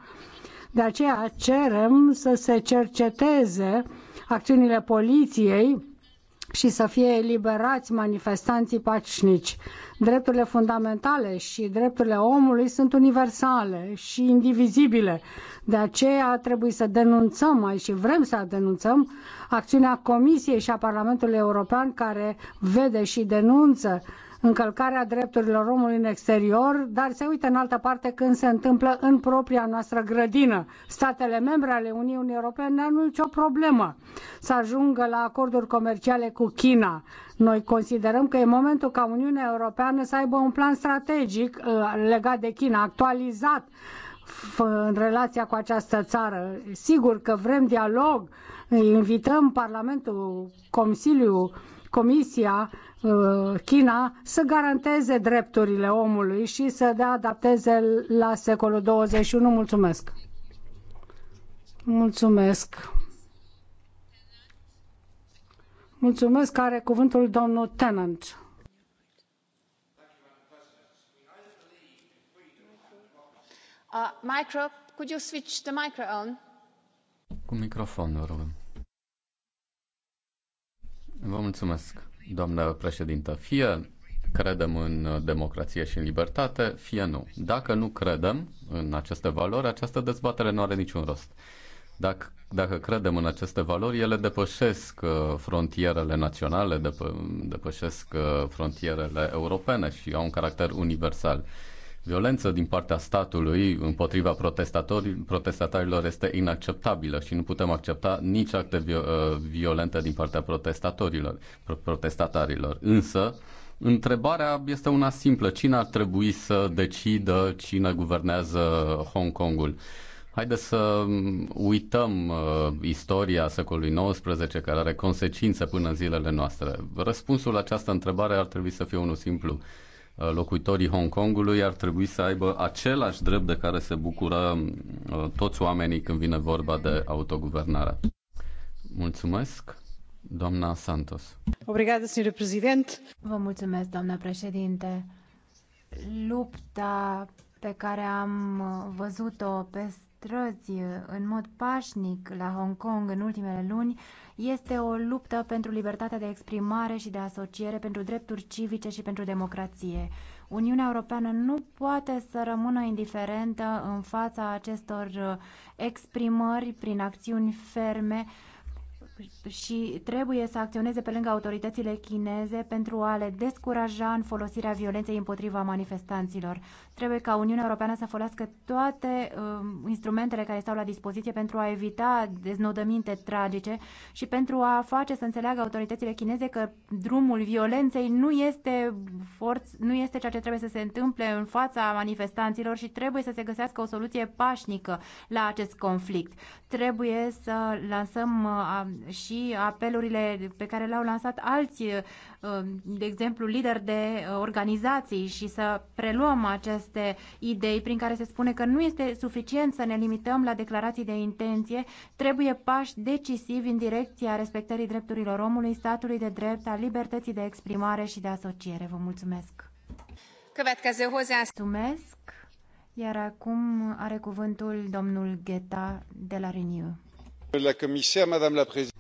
De aceea cerem să se cerceteze acțiunile poliției și să fie eliberați manifestanții pașnici. Drepturile fundamentale și drepturile omului sunt universale și indivizibile. De aceea trebuie să denunțăm mai și vrem să denunțăm acțiunea Comisiei și a Parlamentului European care vede și denunță încălcarea drepturilor omului în exterior, dar se uită în altă parte când se întâmplă în propria noastră grădină. Statele membre ale Uniunii Europene nu au nicio problemă să ajungă la acorduri comerciale cu China. Noi considerăm că e momentul ca Uniunea Europeană să aibă un plan strategic uh, legat de China, actualizat în relația cu această țară. Sigur că vrem dialog, invităm Parlamentul, Consiliul, Comisia Uh, China să garanteze drepturile omului și să le adapteze la secolul 21. Mulțumesc! Mulțumesc! Mulțumesc, are cuvântul domnul Tenant. Uh, micro, could you switch the micro on? Cu microfonul, vă rog. Vă mulțumesc doamnă președintă, fie credem în democrație și în libertate, fie nu. Dacă nu credem în aceste valori, această dezbatere nu are niciun rost. Dacă, dacă credem în aceste valori, ele depășesc uh, frontierele naționale, depășesc uh, frontierele europene și au un caracter universal violență din partea statului împotriva protestatarilor este inacceptabilă și nu putem accepta nici acte uh, violente din partea protestatorilor, protestatarilor. Însă, întrebarea este una simplă. Cine ar trebui să decidă cine guvernează Hong Kongul? Haideți să mm, uităm uh, istoria secolului XIX, care are consecințe până în zilele noastre. Răspunsul la această întrebare ar trebui să fie unul simplu. Uh, locuitorii Hong Kongului ar trebui să aibă același drept de care se bucură uh, toți oamenii când vine vorba de autoguvernare. Mulțumesc, doamna Santos. Obrigada, senhor presidente. Vă mulțumesc, doamna președinte. Lupta pe care am văzut-o pe străzi în mod pașnic la Hong Kong în ultimele luni este o luptă pentru libertatea de exprimare și de asociere, pentru drepturi civice și pentru democrație. Uniunea Europeană nu poate să rămână indiferentă în fața acestor uh, exprimări prin acțiuni ferme și trebuie să acționeze pe lângă autoritățile chineze pentru a le descuraja în folosirea violenței împotriva manifestanților. Trebuie ca Uniunea Europeană să folosească toate uh, instrumentele care stau la dispoziție pentru a evita deznodăminte tragice și pentru a face să înțeleagă autoritățile chineze că drumul violenței nu este, forț, nu este ceea ce trebuie să se întâmple în fața manifestanților și trebuie să se găsească o soluție pașnică la acest conflict. Trebuie să lansăm uh, și apelurile pe care le-au lansat alți uh, Um, de exemplu, lideri de uh, organizații și să preluăm aceste idei prin care se spune că nu este suficient să ne limităm la declarații de intenție, trebuie pași decisivi în direcția respectării drepturilor omului, statului de drept, a libertății de exprimare și de asociere. Vă mulțumesc! Mulțumesc! Iar acum are cuvântul domnul Gheta de la Renew.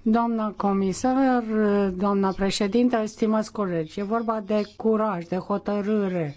Doamna comisar, doamna președintă, stimați colegi, e vorba de curaj, de hotărâre,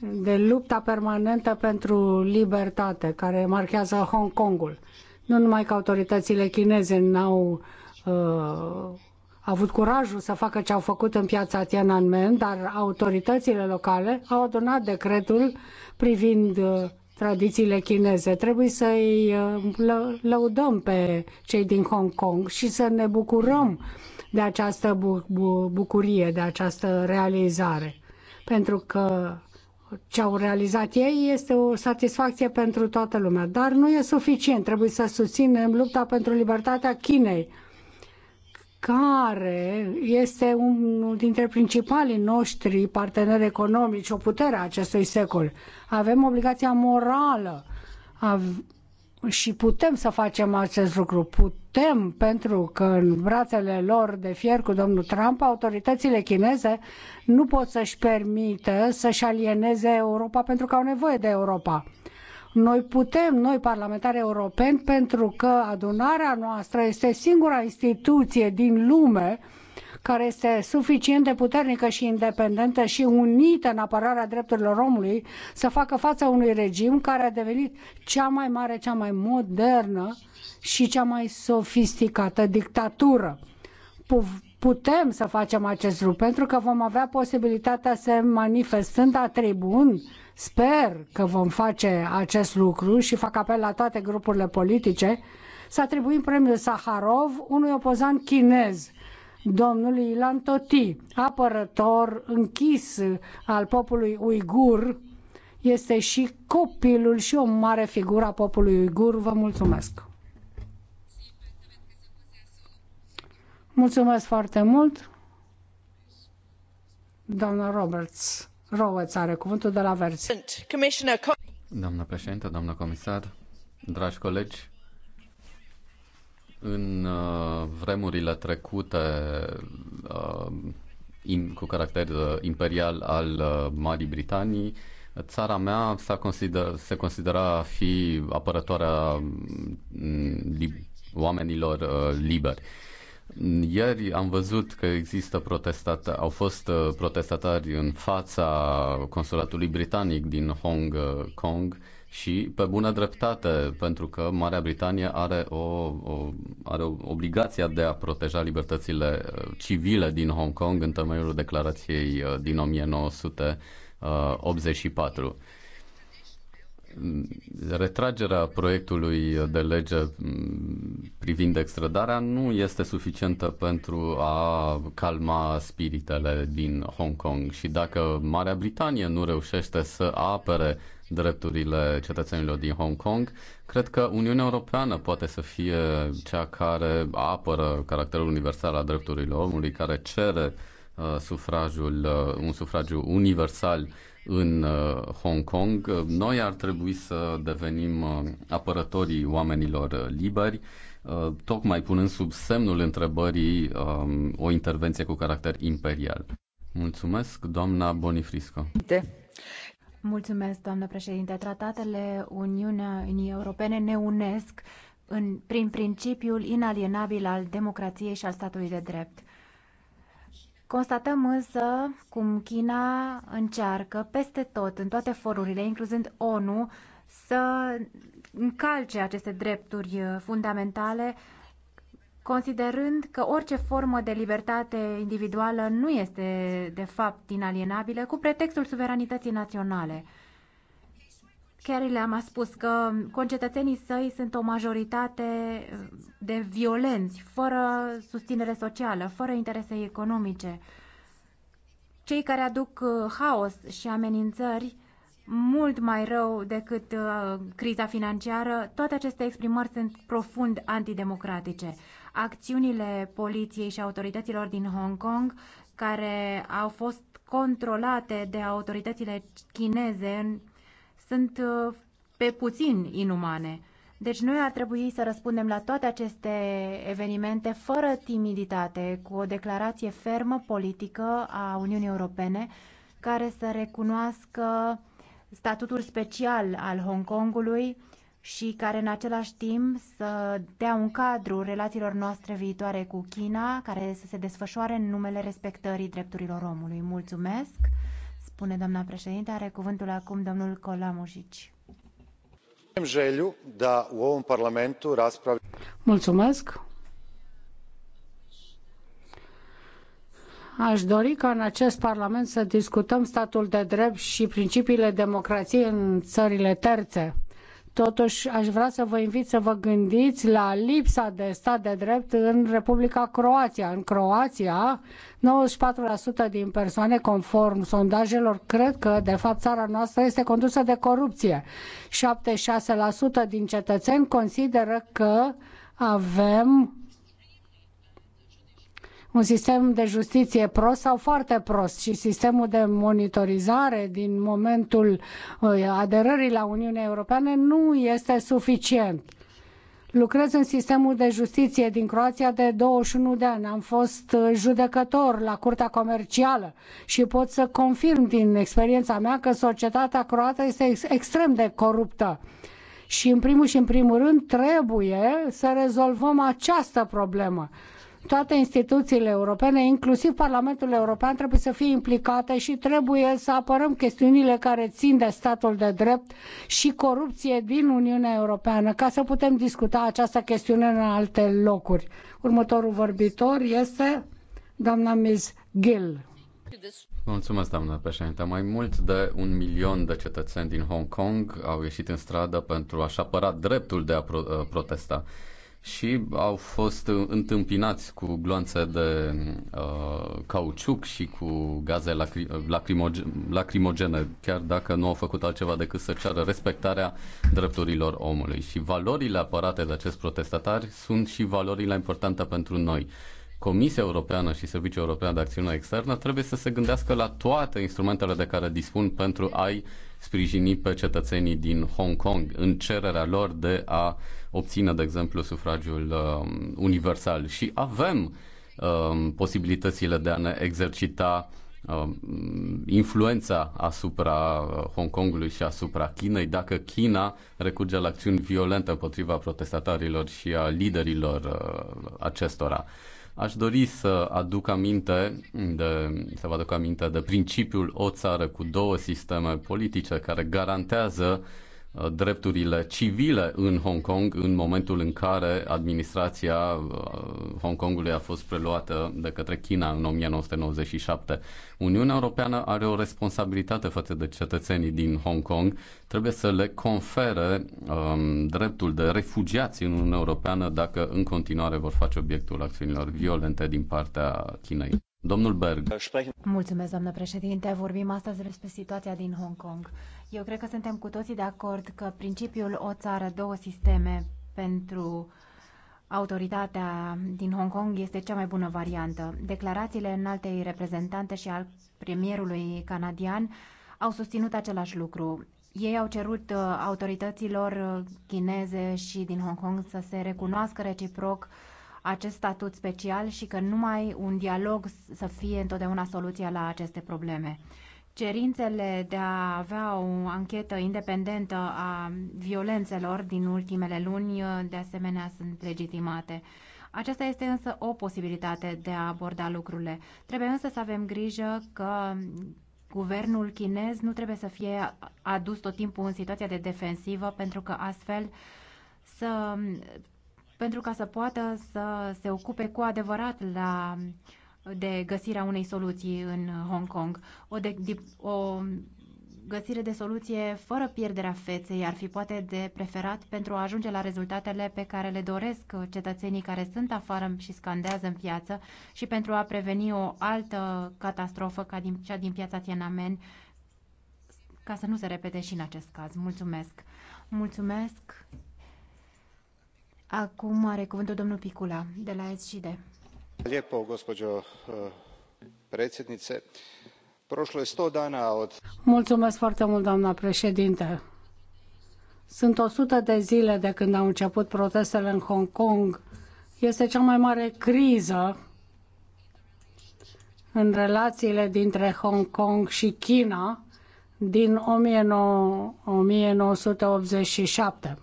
de lupta permanentă pentru libertate care marchează Hong Kongul. Nu numai că autoritățile chineze n-au uh, avut curajul să facă ce au făcut în piața Tiananmen, dar autoritățile locale au adunat decretul privind uh, tradițiile chineze. Trebuie să-i uh, lăudăm pe cei din Hong Kong și să ne bucurăm de această bu- bu- bucurie, de această realizare. Pentru că ce au realizat ei este o satisfacție pentru toată lumea, dar nu e suficient. Trebuie să susținem lupta pentru libertatea Chinei care este unul dintre principalii noștri parteneri economici, o putere a acestui secol. Avem obligația morală și putem să facem acest lucru. Putem, pentru că în brațele lor de fier cu domnul Trump, autoritățile chineze nu pot să-și permită să-și alieneze Europa pentru că au nevoie de Europa. Noi putem, noi parlamentari europeni, pentru că adunarea noastră este singura instituție din lume care este suficient de puternică și independentă și unită în apărarea drepturilor omului să facă față unui regim care a devenit cea mai mare, cea mai modernă și cea mai sofisticată dictatură. Putem să facem acest lucru pentru că vom avea posibilitatea să manifestând la tribun Sper că vom face acest lucru și fac apel la toate grupurile politice să atribuim premiul Saharov unui opozant chinez, domnului Ilan Toti, apărător închis al popului uigur, este și copilul și o mare figură a popului uigur. Vă mulțumesc! Mulțumesc foarte mult, doamna Roberts. Roweț are cuvântul de la Verzi. Doamnă președintă, doamnă comisar, dragi colegi, în uh, vremurile trecute uh, cu caracter uh, imperial al Marii Britanii, țara mea s-a consider, se considera a fi apărătoarea mm, oamenilor liberi. Ieri am văzut că există protestatari, au fost uh, protestatari în fața consulatului britanic din Hong uh, Kong și pe bună dreptate, pentru că Marea Britanie are o, o, are o obligația de a proteja libertățile uh, civile din Hong Kong în temeiul declarației din 1984 retragerea proiectului de lege privind extradarea nu este suficientă pentru a calma spiritele din Hong Kong și dacă Marea Britanie nu reușește să apere drepturile cetățenilor din Hong Kong, cred că Uniunea Europeană poate să fie cea care apără caracterul universal al drepturilor omului, care cere uh, sufrajul, uh, un sufragiu universal în uh, Hong Kong. Noi ar trebui să devenim uh, apărătorii oamenilor uh, liberi, tocmai punând sub semnul întrebării um, o intervenție cu caracter imperial. Mulțumesc, doamna Bonifrisco. De. Mulțumesc, doamnă președinte. Tratatele Uniunii Europene ne unesc în, prin principiul inalienabil al democrației și al statului de drept. Constatăm însă cum China încearcă peste tot, în toate forurile, incluzând ONU, să încalce aceste drepturi uh, fundamentale, considerând că orice formă de libertate individuală nu este, de fapt, inalienabilă, cu pretextul suveranității naționale. Carrie le-am spus că concetățenii săi sunt o majoritate de violenți, fără susținere socială, fără interese economice. Cei care aduc uh, haos și amenințări mult mai rău decât uh, criza financiară, toate aceste exprimări sunt profund antidemocratice. Acțiunile poliției și autorităților din Hong Kong, care au fost controlate de autoritățile chineze sunt uh, pe puțin inumane. Deci noi ar trebui să răspundem la toate aceste evenimente fără timiditate, cu o declarație fermă politică a Uniunii Europene care să recunoască statutul special al Hong Kongului și care în același timp să dea un cadru relațiilor noastre viitoare cu China, care să se desfășoare în numele respectării drepturilor omului. Mulțumesc! spune doamna președinte. Are cuvântul acum domnul Colamușici. Da Mulțumesc. Aș dori ca în acest Parlament să discutăm statul de drept și principiile democrației în țările terțe Totuși, aș vrea să vă invit să vă gândiți la lipsa de stat de drept în Republica Croația. În Croația, 94% din persoane, conform sondajelor, cred că, de fapt, țara noastră este condusă de corupție. 76% din cetățeni consideră că avem un sistem de justiție prost sau foarte prost și sistemul de monitorizare din momentul uh, aderării la Uniunea Europeană nu este suficient. Lucrez în sistemul de justiție din Croația de 21 de ani. Am fost uh, judecător la Curtea Comercială și pot să confirm din experiența mea că societatea croată este extrem de coruptă. Și în primul și în primul rând trebuie să rezolvăm această problemă. Toate instituțiile europene, inclusiv Parlamentul European, trebuie să fie implicate și trebuie să apărăm chestiunile care țin de statul de drept și corupție din Uniunea Europeană, ca să putem discuta această chestiune în alte locuri. Următorul vorbitor este doamna Ms. Gill. Mulțumesc, doamnă președinte. Mai mult de un milion de cetățeni din Hong Kong au ieșit în stradă pentru a-și apăra dreptul de a protesta și au fost întâmpinați cu gloanțe de uh, cauciuc și cu gaze lacri- lacrimogene, lacrimogene, chiar dacă nu au făcut altceva decât să ceară respectarea drepturilor omului. Și valorile apărate de acest protestatari sunt și valorile importante pentru noi. Comisia Europeană și Serviciul European de Acțiune Externă trebuie să se gândească la toate instrumentele de care dispun pentru a-i sprijini pe cetățenii din Hong Kong în cererea lor de a obțină, de exemplu, sufragiul uh, universal și avem uh, posibilitățile de a ne exercita uh, influența asupra uh, Hong Kongului și asupra Chinei dacă China recurge la acțiuni violente împotriva protestatarilor și a liderilor uh, acestora. Aș dori să aduc aminte de, să vă aduc aminte de principiul o țară cu două sisteme politice care garantează uh, Uh, drepturile civile în Hong Kong în momentul în care administrația uh, Hong Kongului a fost preluată de către China în 1997. Uniunea Europeană are o responsabilitate față de cetățenii din Hong Kong. Trebuie să le confere um, dreptul de refugiați în Uniunea Europeană dacă în continuare vor face obiectul acțiunilor violente din partea Chinei. Domnul Berg. Mulțumesc, doamnă președinte. Vorbim astăzi despre situația din Hong Kong. Eu cred că suntem cu toții de acord că principiul o țară, două sisteme pentru autoritatea din Hong Kong este cea mai bună variantă. Declarațiile înaltei reprezentante și al premierului canadian au susținut același lucru. Ei au cerut uh, autorităților uh, chineze și din Hong Kong să se recunoască reciproc acest statut special și că numai un dialog să fie întotdeauna soluția la aceste probleme. Cerințele de a avea o anchetă independentă a violențelor din ultimele luni, de asemenea, sunt legitimate. Aceasta este însă o posibilitate de a aborda lucrurile. Trebuie însă să avem grijă că guvernul chinez nu trebuie să fie adus tot timpul în situația de defensivă, pentru că astfel să, pentru ca să poată să se ocupe cu adevărat la uh, de găsirea unei soluții în Hong Kong. O, de, o găsire de soluție fără pierderea feței ar fi poate de preferat pentru a ajunge la rezultatele pe care le doresc cetățenii care sunt afară și scandează în piață și pentru a preveni o altă catastrofă ca din, cea din piața Tiananmen, ca să nu se repete și în acest caz. Mulțumesc! Mulțumesc! Acum are cuvântul domnul Picula, de la SCD gospođo predsjednice mulțumesc foarte mult doamnă președintă sunt o sută de zile de când au început protestele în hong kong este cea mai mare criză în relațiile dintre Hong Kong și China din 1987.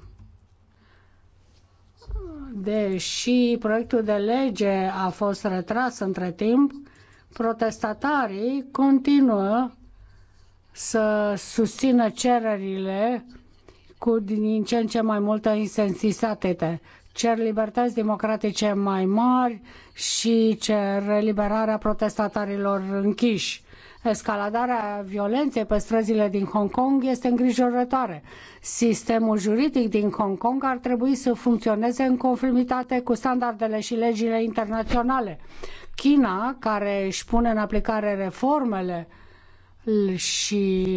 Deși proiectul de lege a fost retras între timp, protestatarii continuă să susțină cererile cu din ce în ce mai multă insensitate. Cer libertăți democratice mai mari și cer eliberarea protestatarilor închiși. Escaladarea violenței pe străzile din Hong Kong este îngrijorătoare. Sistemul juridic din Hong Kong ar trebui să funcționeze în conformitate cu standardele și legile internaționale. China, care își pune în aplicare reformele și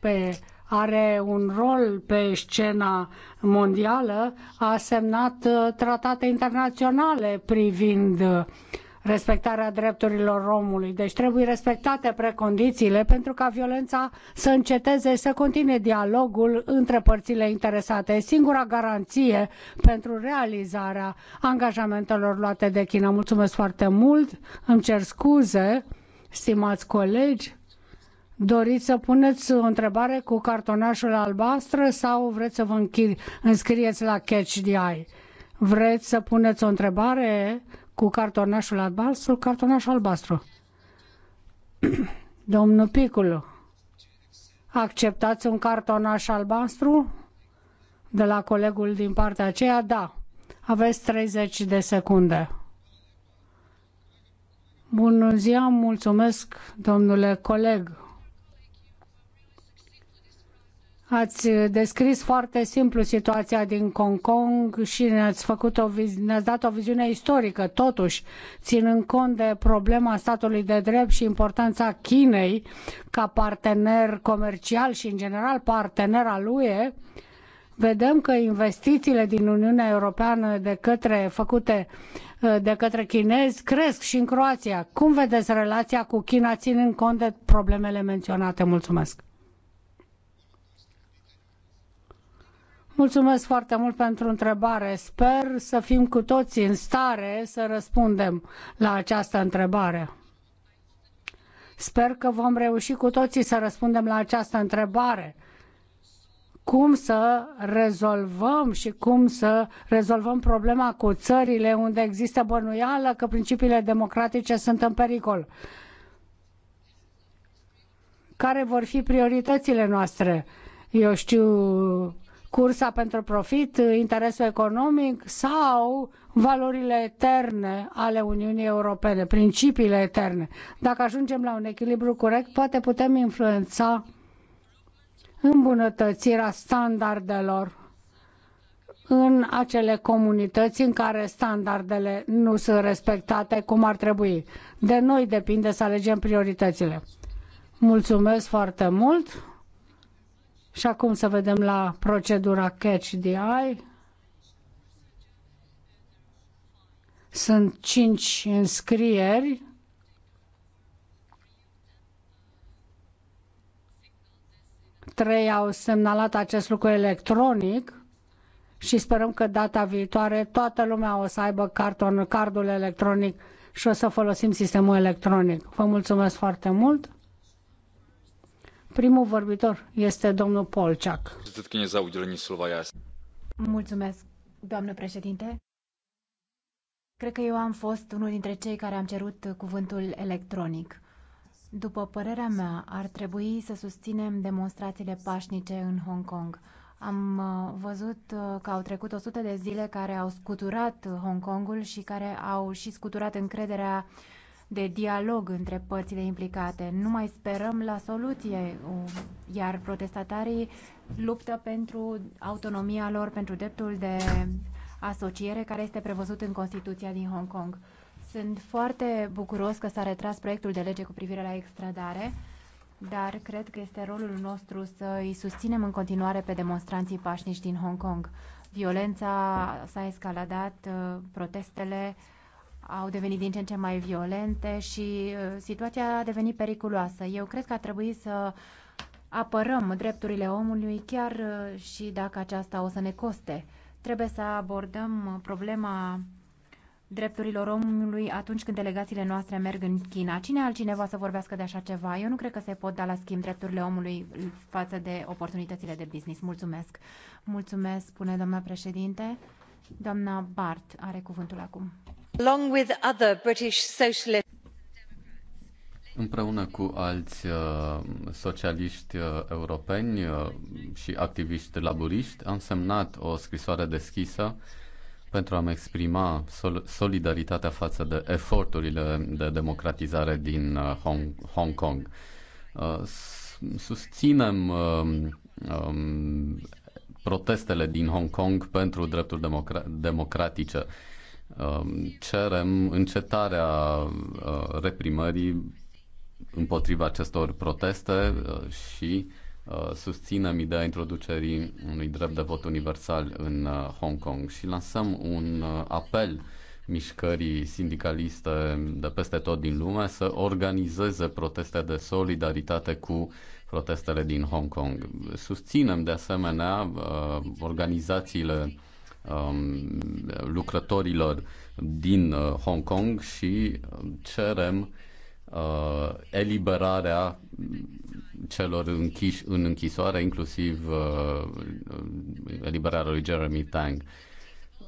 pe are un rol pe scena mondială, a semnat uh, tratate internaționale privind uh, respectarea drepturilor omului. Deci trebuie respectate precondițiile pentru ca violența să înceteze, să continue dialogul între părțile interesate. este singura garanție pentru realizarea angajamentelor luate de China. Mulțumesc foarte mult, îmi cer scuze, stimați colegi. Doriți să puneți o întrebare cu cartonașul albastră sau vreți să vă înscrieți la Catch the Eye? Vreți să puneți o întrebare? cu cartonașul albastru, cartonașul albastru. Domnul Piculu, acceptați un cartonaș albastru de la colegul din partea aceea? Da. Aveți 30 de secunde. Bună ziua, mulțumesc, domnule coleg. Ați descris foarte simplu situația din Hong Kong și ne-ați, făcut o, ne-ați dat o viziune istorică, totuși, ținând cont de problema statului de drept și importanța Chinei ca partener comercial și, în general, partener al UE, vedem că investițiile din Uniunea Europeană de către, făcute de către chinezi cresc și în Croația. Cum vedeți relația cu China ținând cont de problemele menționate? Mulțumesc! Mulțumesc foarte mult pentru întrebare. Sper să fim cu toții în stare să răspundem la această întrebare. Sper că vom reuși cu toții să răspundem la această întrebare. Cum să rezolvăm și cum să rezolvăm problema cu țările unde există bănuială că principiile democratice sunt în pericol? Care vor fi prioritățile noastre? Eu știu cursa pentru profit, interesul economic sau valorile eterne ale Uniunii Europene, principiile eterne. Dacă ajungem la un echilibru corect, poate putem influența îmbunătățirea standardelor în acele comunități în care standardele nu sunt respectate cum ar trebui. De noi depinde să alegem prioritățile. Mulțumesc foarte mult! Și acum să vedem la procedura Catch the Eye. Sunt cinci înscrieri. Trei au semnalat acest lucru electronic și sperăm că data viitoare toată lumea o să aibă carton, cardul electronic și o să folosim sistemul electronic. Vă mulțumesc foarte mult! Primul vorbitor este domnul Polciac. Mulțumesc, doamnă președinte. Cred că eu am fost unul dintre cei care am cerut cuvântul electronic. După părerea mea, ar trebui să susținem demonstrațiile pașnice în Hong Kong. Am uh, văzut uh, că au trecut 100 de zile care au scuturat Hong Kongul și care au și scuturat încrederea uh, de dialog între părțile implicate. Nu mai sperăm la soluție, um, iar protestatarii luptă pentru autonomia lor, pentru dreptul de asociere care este prevăzut în Constituția din Hong Kong. Sunt foarte bucuros că s-a retras proiectul de lege cu privire la extradare, dar cred că este rolul nostru să îi susținem în continuare pe demonstranții pașnici din Hong Kong. Violența s-a escaladat, uh, protestele au devenit din ce în ce mai violente și uh, situația a devenit periculoasă. Eu cred că ar trebui să apărăm drepturile omului chiar uh, și dacă aceasta o să ne coste. Trebuie să abordăm problema drepturilor omului atunci când delegațiile noastre merg în China. Cine altcineva să vorbească de așa ceva? Eu nu cred că se pot da la schimb drepturile omului față de oportunitățile de business. Mulțumesc. Mulțumesc, spune doamna președinte. Doamna Bart are cuvântul acum. Împreună cu alți uh, socialiști uh, europeni uh, și activiști laburiști, am semnat o scrisoare deschisă pentru a-mi exprima sol- solidaritatea față de eforturile de democratizare din Hong-, Hong Kong. Uh, susținem uh, um, protestele din Hong Kong pentru drepturi democra- democratice. Uh, Um, cerem încetarea uh, reprimării împotriva acestor proteste uh, și uh, susținem ideea introducerii unui drept de vot universal în Hong Kong și lansăm un apel mișcării sindicaliste de peste tot din lume să organizeze proteste de solidaritate cu protestele din Hong Kong. Susținem de asemenea organizațiile um, lucrătorilor din uh, Hong Kong și uh, cerem uh, eliberarea celor închiși în închisoare, inclusiv uh, uh, eliberarea lui Jeremy Tang.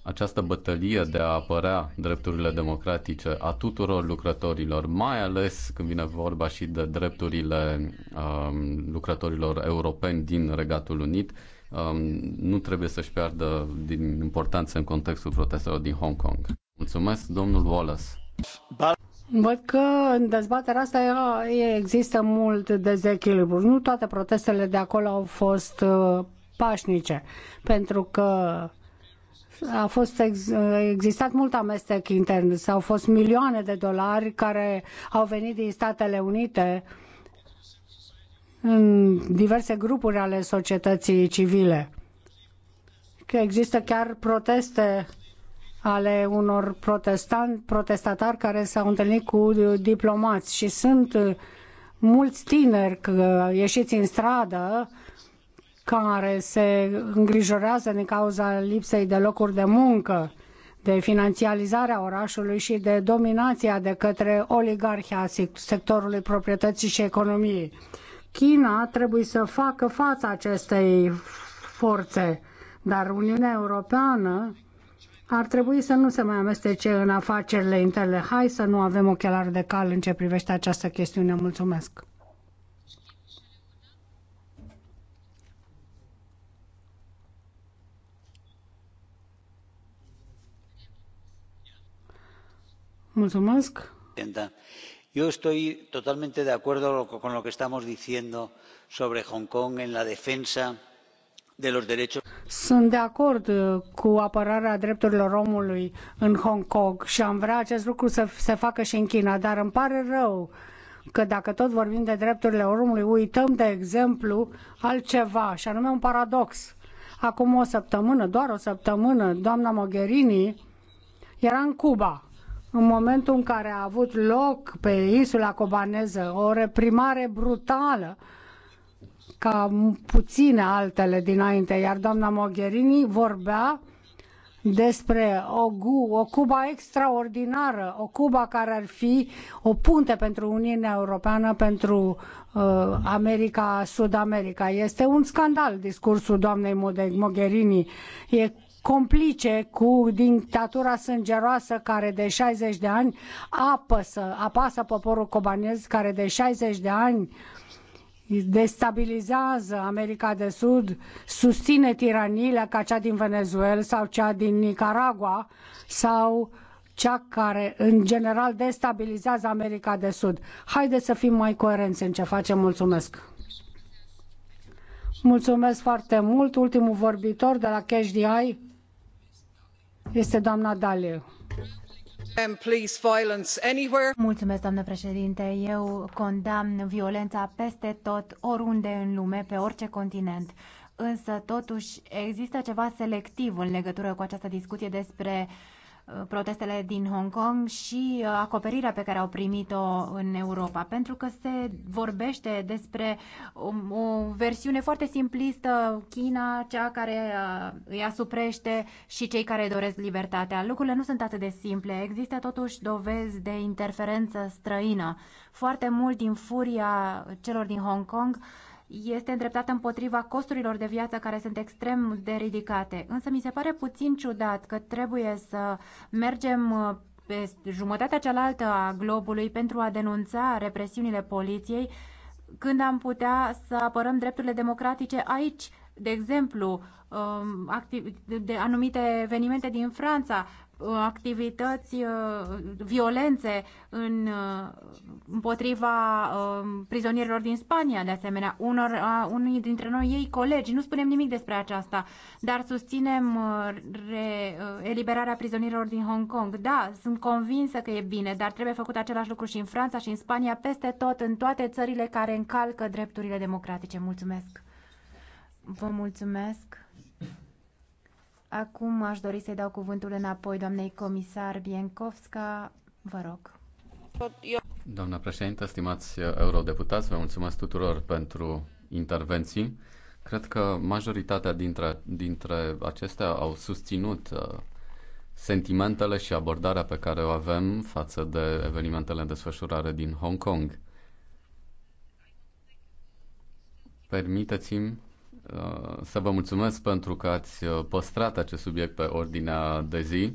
Această bătălie de a apărea drepturile democratice a tuturor lucrătorilor, mai ales când vine vorba și de drepturile uh, lucrătorilor europeni din Regatul Unit, uh, Um, nu trebuie să-și piardă din importanță în contextul protestelor din Hong Kong. Mulțumesc, domnul Wallace. Văd că în dezbaterea asta există mult dezechilibru. Nu toate protestele de acolo au fost uh, pașnice, pentru că a fost ex- existat mult amestec intern. S-au fost milioane de dolari care au venit din Statele Unite uh, în diverse grupuri ale societății civile. Că există chiar proteste ale unor protestan, protestatari care s-au întâlnit cu diplomați și sunt uh, mulți tineri uh, ieșiți în stradă care se îngrijorează din cauza lipsei de locuri de muncă, de finanțializarea orașului și de dominația de către oligarhia sectorului proprietății și economiei. China trebuie să facă față acestei forțe, dar Uniunea Europeană ar trebui să nu se mai amestece în afacerile interne. Hai să nu avem ochelari de cal în ce privește această chestiune. Mulțumesc! Mulțumesc! Da yo estoy totalmente de acuerdo con lo que estamos diciendo sobre Hong Kong en la defensa de los derechos. Sunt de acord uh, cu apărarea drepturilor omului în Hong Kong și am vrea acest lucru să se facă și în China, dar îmi pare rău că dacă tot vorbim de drepturile omului, uităm de exemplu altceva, și anume un paradox. Acum o săptămână, doar o săptămână, doamna Mogherini era în Cuba în momentul în care a avut loc pe insula cobaneză o reprimare brutală ca puține altele dinainte, iar doamna Mogherini vorbea despre o, o Cuba extraordinară, o Cuba care ar fi o punte pentru Uniunea Europeană, pentru uh, America, Sud-America. Este un scandal discursul doamnei Mogherini. E complice cu dictatura sângeroasă care de 60 de ani apăsă, apasă poporul cobanez care de 60 de ani destabilizează America de Sud, susține tiraniile ca cea din Venezuela sau cea din Nicaragua sau cea care în general destabilizează America de Sud. Haideți să fim mai coerenți în ce facem. Mulțumesc! Mulțumesc foarte mult. Ultimul vorbitor de la Cash doamnă președinte. Eu condamn violența peste tot, oriunde în lume, pe orice continent. Însă, totuși, există ceva selectiv în legătură cu această discuție despre uh, protestele din Hong Kong și uh, acoperirea pe care au primit-o în Europa, pentru că se vorbește despre o, o versiune foarte simplistă, China, cea care uh, îi asuprește și cei care doresc libertatea. Lucrurile nu sunt atât de simple, există totuși dovezi de interferență străină. Foarte mult din furia celor din Hong Kong este îndreptată împotriva costurilor de viață care sunt extrem de ridicate. Însă mi se pare puțin ciudat că trebuie să mergem uh, pe jumătatea cealaltă a globului pentru a denunța represiunile poliției când am putea să apărăm drepturile democratice aici, de exemplu, um, de anumite evenimente din Franța, activități uh, violențe în, uh, împotriva um, prizonierilor din Spania, de asemenea. Unor, unii dintre noi, ei colegi, nu spunem nimic despre aceasta, dar susținem uh, re, eliberarea prizonierilor din Hong Kong. Da, sunt convinsă că e bine, dar trebuie făcut același lucru și în Franța și în Spania, peste tot, în toate țările care încalcă drepturile democratice. Mulțumesc! Vă mulțumesc! Acum aș dori să-i dau cuvântul înapoi doamnei comisar Biencovska. Vă rog. Doamna președintă, stimați eurodeputați, vă mulțumesc tuturor pentru intervenții. Cred că majoritatea dintre, dintre acestea au susținut uh, sentimentele și abordarea pe care o avem față de evenimentele în desfășurare din Hong Kong. Permiteți-mi Uh, să vă mulțumesc pentru că ați uh, păstrat acest subiect pe ordinea de zi.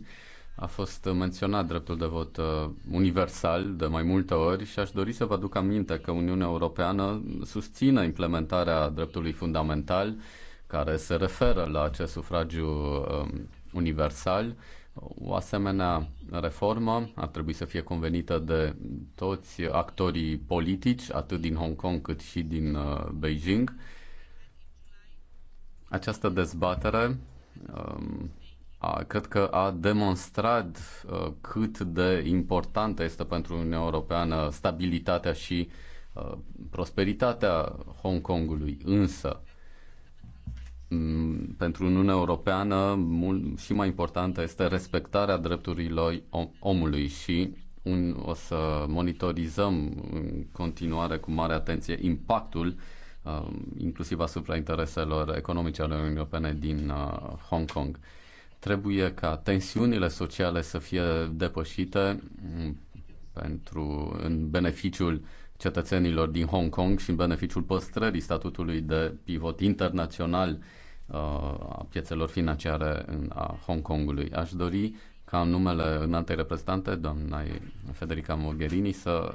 A fost menționat dreptul de vot uh, universal de mai multe ori și aș dori să vă aduc aminte că Uniunea Europeană susține implementarea dreptului fundamental care se referă la acest sufragiu um, universal. O asemenea reformă ar trebui să fie convenită de toți actorii politici, atât din Hong Kong cât și din Beijing această dezbatere um, a, cred că a demonstrat uh, cât de importantă este pentru Uniunea Europeană stabilitatea și uh, prosperitatea Hong Kongului. Însă, pentru Uniunea Europeană mult, și mai importantă este respectarea drepturilor om, omului și un, o să monitorizăm în continuare cu mare atenție impactul uh, Um, inclusiv asupra intereselor economice ale Uniunii Europene din uh, Hong Kong. Trebuie ca tensiunile sociale să fie depășite um, pentru, în beneficiul cetățenilor din Hong Kong și în beneficiul păstrării statutului de pivot internațional uh, a piețelor financiare a Hong Kongului. Aș dori ca în numele înaltei reprezentante, doamna Federica Mogherini, să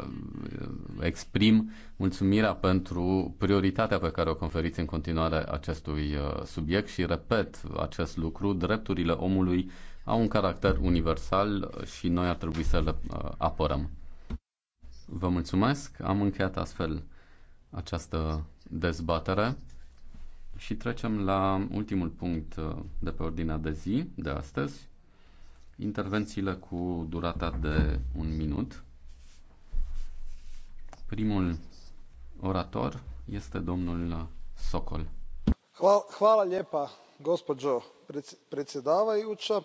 exprim mulțumirea pentru prioritatea pe care o conferiți în continuare acestui uh, subiect și repet acest lucru, drepturile omului au un caracter universal și noi ar trebui să le uh, apărăm. Vă mulțumesc, am încheiat astfel această dezbatere și trecem la ultimul punct uh, de pe ordinea de zi de astăzi, intervențiile cu durata de un minut. Primul orator este domnul Sokol. Hvala lijepa, gospođo predsedavajuća.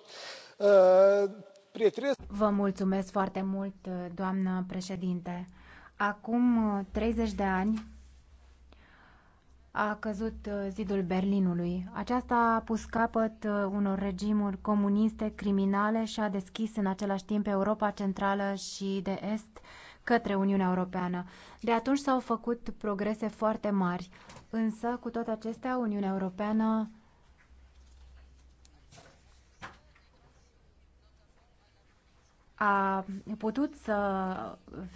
Vă mulțumesc foarte mult, doamnă președinte. Acum 30 de ani, a căzut uh, zidul Berlinului. Aceasta a pus capăt uh, unor regimuri comuniste, criminale și a deschis în același timp Europa Centrală și de Est către Uniunea Europeană. De atunci s-au făcut progrese foarte mari, însă cu toate acestea Uniunea Europeană a putut să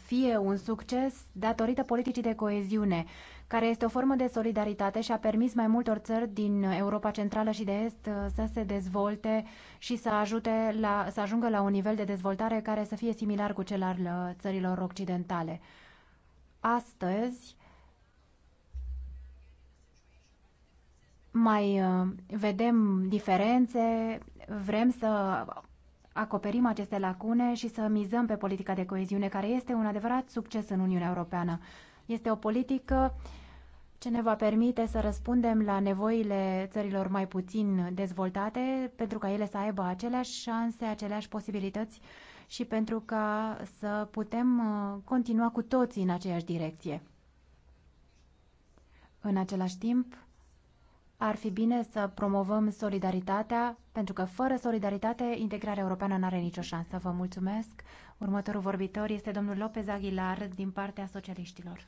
fie un succes datorită politicii de coeziune, care este o formă de solidaritate și a permis mai multor țări din Europa Centrală și de Est uh, să se dezvolte și să, ajute la, să ajungă la un nivel de dezvoltare care să fie similar cu cel al uh, țărilor occidentale. Astăzi, mai uh, vedem diferențe, vrem să acoperim aceste lacune și să mizăm pe politica de coeziune, care este un adevărat succes în Uniunea Europeană. Este o politică ce ne va permite să răspundem la nevoile țărilor mai puțin dezvoltate, pentru ca ele să aibă aceleași șanse, aceleași posibilități și pentru ca să putem uh, continua cu toții în aceeași direcție. În același timp, ar fi bine să promovăm solidaritatea, pentru că fără solidaritate integrarea europeană nu are nicio șansă. Vă mulțumesc. Următorul vorbitor este domnul Lopez Aguilar din partea socialiștilor.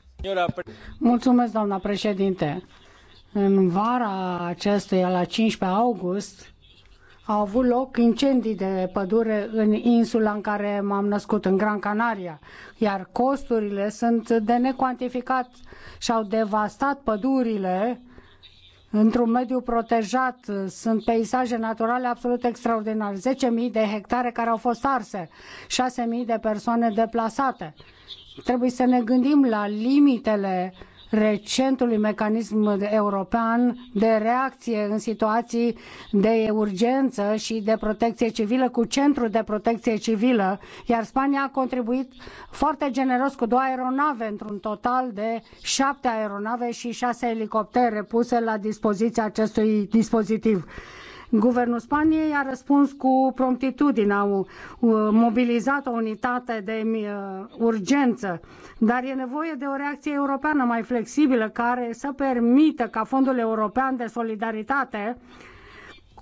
Mulțumesc, doamna președinte. În vara acestuia, la 15 august, au avut loc incendii de pădure în insula în care m-am născut, în Gran Canaria, iar costurile sunt de necuantificat și au devastat pădurile într-un mediu protejat. Uh, sunt peisaje naturale absolut extraordinare. 10.000 de hectare care au fost arse, 6.000 de persoane deplasate. Trebuie să ne gândim la limitele uh, recentului mecanism european de reacție în situații de urgență și de protecție civilă cu centru de protecție civilă, iar Spania a contribuit foarte generos cu două aeronave, într-un total de șapte aeronave și șase elicoptere puse la dispoziția acestui dispozitiv. Guvernul Spaniei a răspuns cu promptitudine, au uh, mobilizat o unitate de uh, urgență, dar e nevoie de o reacție europeană mai flexibilă care să permită ca Fondul European de Solidaritate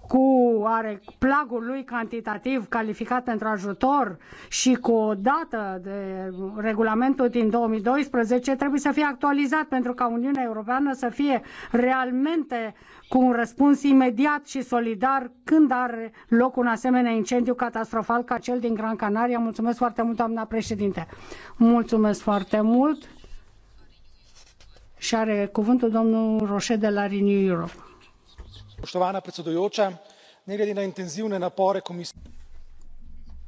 cu are plagul lui cantitativ calificat pentru ajutor și cu o dată de regulamentul din 2012 trebuie să fie actualizat pentru ca Uniunea Europeană să fie realmente cu un răspuns imediat și solidar când are loc un asemenea incendiu catastrofal ca cel din Gran Canaria. Mulțumesc foarte mult, doamna președinte. Mulțumesc foarte mult. Și are cuvântul domnul Roșe de la Renew Europe. Poštovana predsedujoča, ne glede na intenzivne napore komisije.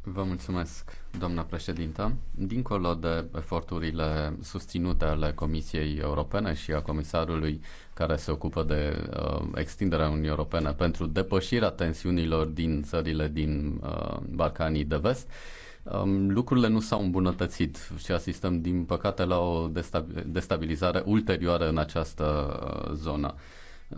Vă mulțumesc, Doamna președintă, dincolo de eforturile susținute ale Comisiei Europene și a comisarului care se ocupă de uh, extinderea Uniunii Europene pentru depășirea tensiunilor din țările din uh, Balcanii de vest, um, lucrurile nu s-au îmbunătățit și asistăm, din păcate, la o destabilizare ulterioară în această uh, zonă. Uh,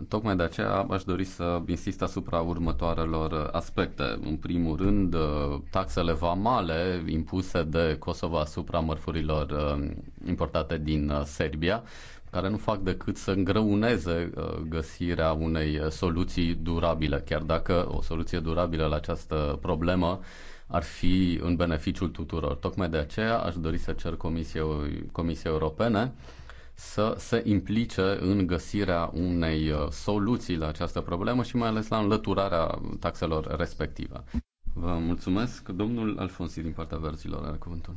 Tocmai de aceea aș dori să insist asupra următoarelor aspecte. În primul rând, uh, taxele vamale impuse de Kosovo asupra mărfurilor uh, importate din uh, Serbia, care nu fac decât să îngreuneze găsirea unei soluții durabile, chiar dacă o soluție durabilă la această problemă ar fi în beneficiul tuturor. Tocmai de aceea aș dori să cer Comisiei, Comisiei Europene să se implice în găsirea unei uh, soluții la această problemă și mai ales la înlăturarea taxelor respective. Vă mulțumesc. Domnul Alfonsi din partea verzilor are cuvântul.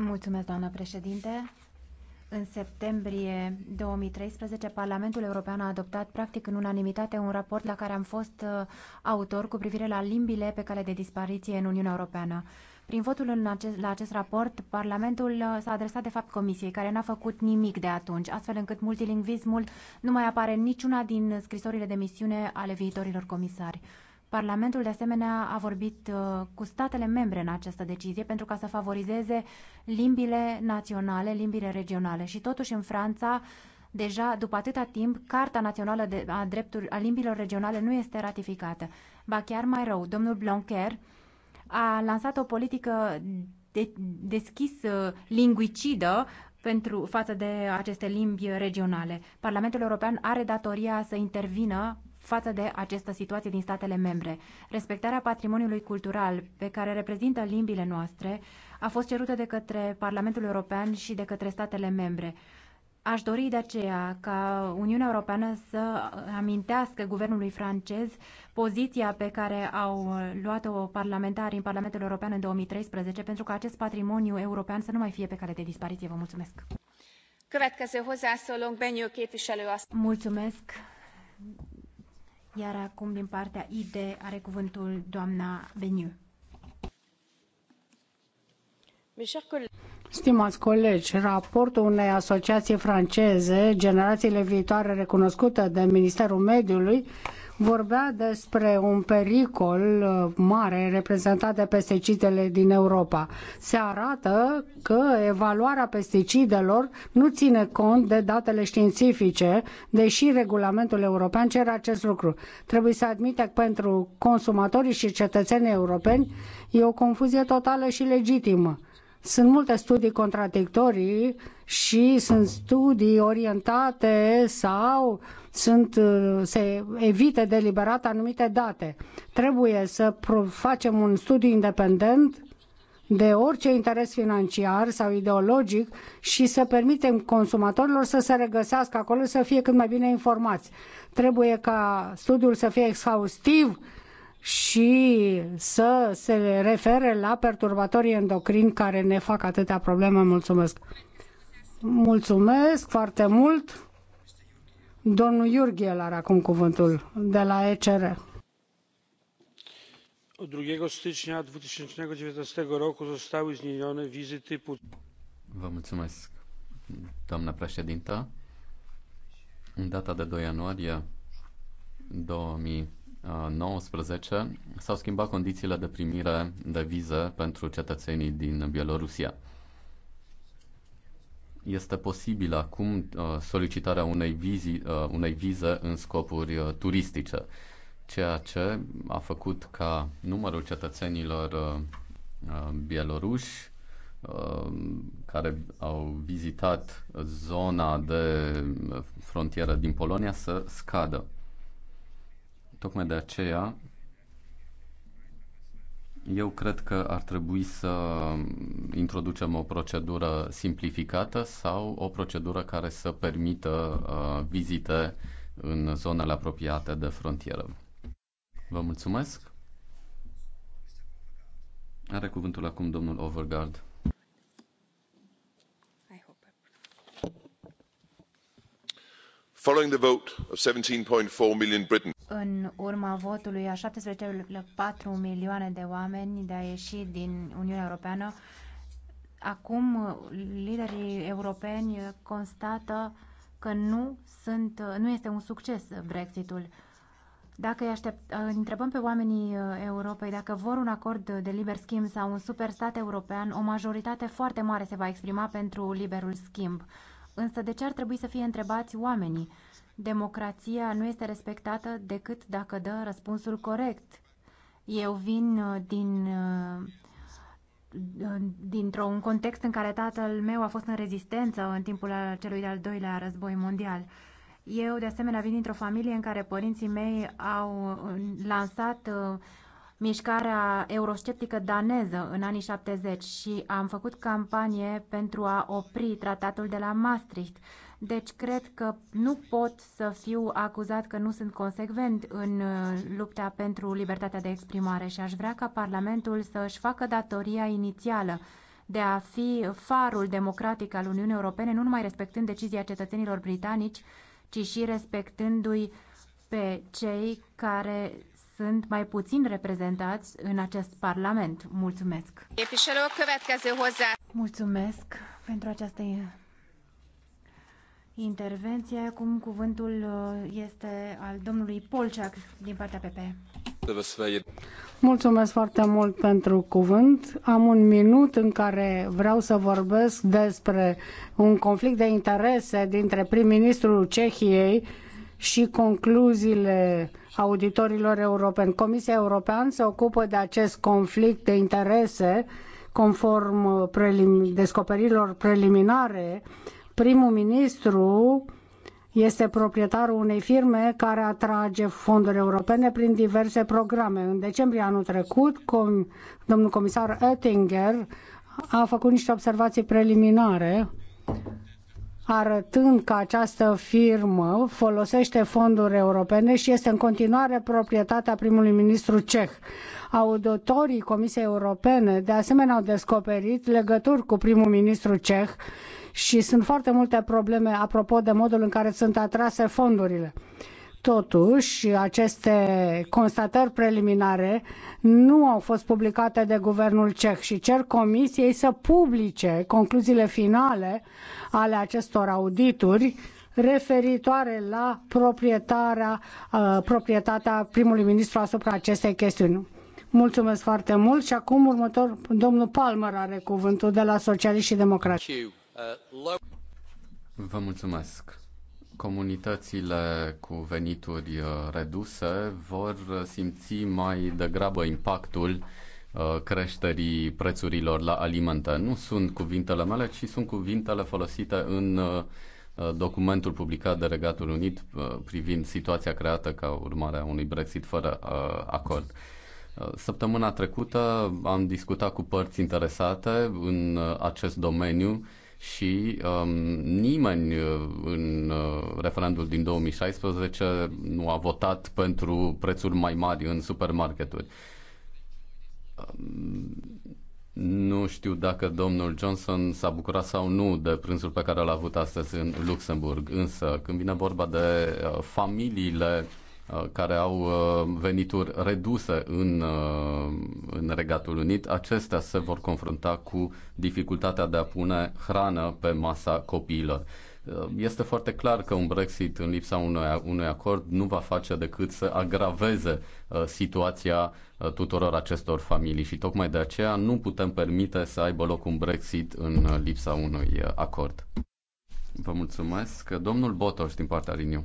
Mulțumesc, doamnă președinte. În septembrie 2013, Parlamentul European a adoptat practic în unanimitate un raport la care am fost uh, autor cu privire la limbile pe cale de dispariție în Uniunea Europeană. Prin votul în acest, la acest raport, Parlamentul uh, s-a adresat de fapt Comisiei, care n-a făcut nimic de atunci, astfel încât multilingvismul nu mai apare niciuna din scrisorile de misiune ale viitorilor comisari. Parlamentul, de asemenea, a vorbit uh, cu statele membre în această decizie pentru ca să favorizeze limbile naționale, limbile regionale. Și totuși, în Franța, deja după atâta timp, Carta Națională de, a, drepturi, a Limbilor Regionale nu este ratificată. Ba chiar mai rău, domnul Blanquer a lansat o politică de, deschis uh, linguicidă pentru față de aceste limbi regionale. Parlamentul European are datoria să intervină față de această situație din statele membre. Respectarea patrimoniului cultural pe care reprezintă limbile noastre a fost cerută de către Parlamentul European și de către statele membre. Aș dori de aceea ca Uniunea Europeană să amintească guvernului francez poziția pe care au luat-o parlamentarii în Parlamentul European în 2013 pentru ca acest patrimoniu european să nu mai fie pe cale de dispariție. Vă mulțumesc! Mulțumesc! Iar acum din partea ID are cuvântul doamna Beniu. Stimați colegi, raportul unei asociații franceze, Generațiile Viitoare recunoscută de Ministerul Mediului, vorbea despre un pericol uh, mare reprezentat de pesticidele din Europa. Se arată că evaluarea pesticidelor nu ține cont de datele științifice, deși regulamentul european cere acest lucru. Trebuie să admite că pentru consumatorii și cetățenii europeni e o confuzie totală și legitimă sunt multe studii contradictorii și sunt studii orientate sau sunt, uh, se evite deliberat anumite date. Trebuie să facem un studiu independent de orice interes financiar sau ideologic și să permitem consumatorilor să se regăsească acolo, să fie cât mai bine informați. Trebuie ca studiul să fie exhaustiv și să se refere la perturbatorii endocrini care ne fac atâtea probleme. Mulțumesc! Mulțumesc foarte mult! Domnul Iurghel are acum cuvântul de la ECR. 2 stycznia 2019 roku zostały zmienione wizy typu... Vă mulțumesc, doamna președintă. În data de 2 ianuarie 2000 2019 s-au schimbat condițiile de primire de viză pentru cetățenii din Bielorusia. Este posibil acum uh, solicitarea unei, vizi, uh, unei vize în scopuri uh, turistice, ceea ce a făcut ca numărul cetățenilor bieloruși care au vizitat zona de frontieră din Polonia să scadă. Tocmai de aceea, eu cred că ar trebui să introducem o procedură simplificată sau o procedură care să permită uh, vizite în zonele apropiate de frontieră. Vă mulțumesc. Are cuvântul acum domnul Overgard. în urma votului a patru milioane de oameni de a ieși din Uniunea Europeană, acum liderii europeni constată că nu, sunt, nu este un succes Brexitul. Dacă îi aștept, întrebăm pe oamenii Europei dacă vor un acord de liber schimb sau un superstat european, o majoritate foarte mare se va exprima pentru liberul schimb. Însă de ce ar trebui să fie întrebați oamenii? Democrația nu este respectată decât dacă dă răspunsul corect. Eu vin uh, din uh, dintr-un context în care tatăl meu a fost în rezistență în timpul celui de-al doilea război mondial. Eu, de asemenea, vin dintr-o familie în care părinții mei au uh, lansat mișcarea eurosceptică daneză în anii 70 și am făcut campanie pentru a opri tratatul de la Maastricht. Deci cred că nu pot să fiu acuzat că nu sunt consecvent în uh, lupta pentru libertatea de exprimare și aș vrea ca Parlamentul să își facă datoria inițială de a fi farul democratic al Uniunii Europene, nu numai respectând decizia cetățenilor britanici, ci și respectându-i pe cei care sunt mai puțin reprezentați în acest Parlament. Mulțumesc! Mulțumesc pentru această intervenție. Acum cuvântul uh, este al domnului Polceac din partea PP. Mulțumesc foarte mult pentru cuvânt. Am un minut în care vreau să vorbesc despre un conflict de interese dintre prim-ministrul Cehiei și concluziile auditorilor europeni. Comisia Europeană se ocupă de acest conflict de interese conform prelim- descoperirilor preliminare. Primul ministru este proprietarul unei firme care atrage fonduri europene prin diverse programe. În decembrie anul trecut, com- domnul comisar Oettinger a făcut niște observații preliminare arătând că această firmă folosește fonduri europene și este în continuare proprietatea primului ministru ceh. Auditorii Comisiei Europene de asemenea au descoperit legături cu primul ministru ceh și sunt foarte multe probleme apropo de modul în care sunt atrase fondurile. Totuși, aceste constatări preliminare nu au fost publicate de guvernul ceh și cer comisiei să publice concluziile finale ale acestor audituri referitoare la proprietarea, uh, proprietatea primului ministru asupra acestei chestiuni. Mulțumesc foarte mult și acum următor, domnul Palmer are cuvântul de la Socialiști și Democrați. Uh, Vă mulțumesc comunitățile cu venituri uh, reduse vor simți mai degrabă impactul uh, creșterii prețurilor la alimente. Nu sunt cuvintele mele, ci sunt cuvintele folosite în uh, documentul publicat de Regatul Unit privind situația creată ca urmare a unui Brexit fără acord. Săptămâna trecută am discutat cu părți interesate în acest domeniu și um, nimeni uh, în uh, referendul din 2016 nu a votat pentru prețuri mai mari în supermarketuri. Um, nu știu dacă domnul Johnson s-a bucurat sau nu de prânzul pe care l-a avut astăzi în Luxemburg, însă când vine vorba de uh, familiile Uh, care au uh, venituri reduse în, uh, în Regatul Unit, acestea se vor confrunta cu dificultatea de a pune hrană pe masa copiilor. Este foarte clar că un Brexit în lipsa unui, unui acord nu va face decât să agraveze situația tuturor acestor familii și tocmai de aceea nu putem permite să aibă loc un Brexit în lipsa unui acord. Vă mulțumesc. Domnul Botoș din partea Renew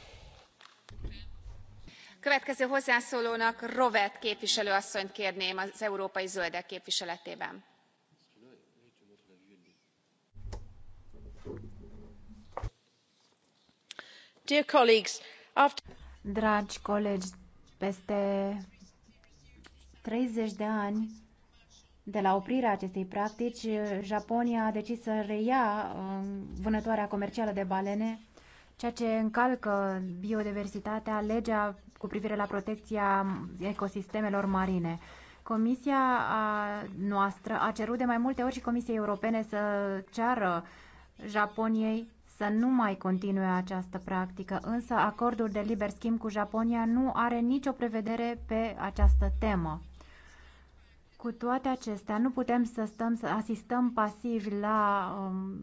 doamnă președintă dragi colegi peste treizeci de ani de la oprirea acestei practici japonia a decis să reia um, vânătoarea comercială de balene ceea ce încalcă biodiversitatea legea cu privire la protecția ecosistemelor marine. Comisia noastră a cerut de mai multe ori și Comisiei Europene să ceară Japoniei să nu mai continue această practică, însă acordul de liber schimb cu Japonia nu are nicio prevedere pe această temă. Cu toate acestea, nu putem să stăm să asistăm pasiv la um,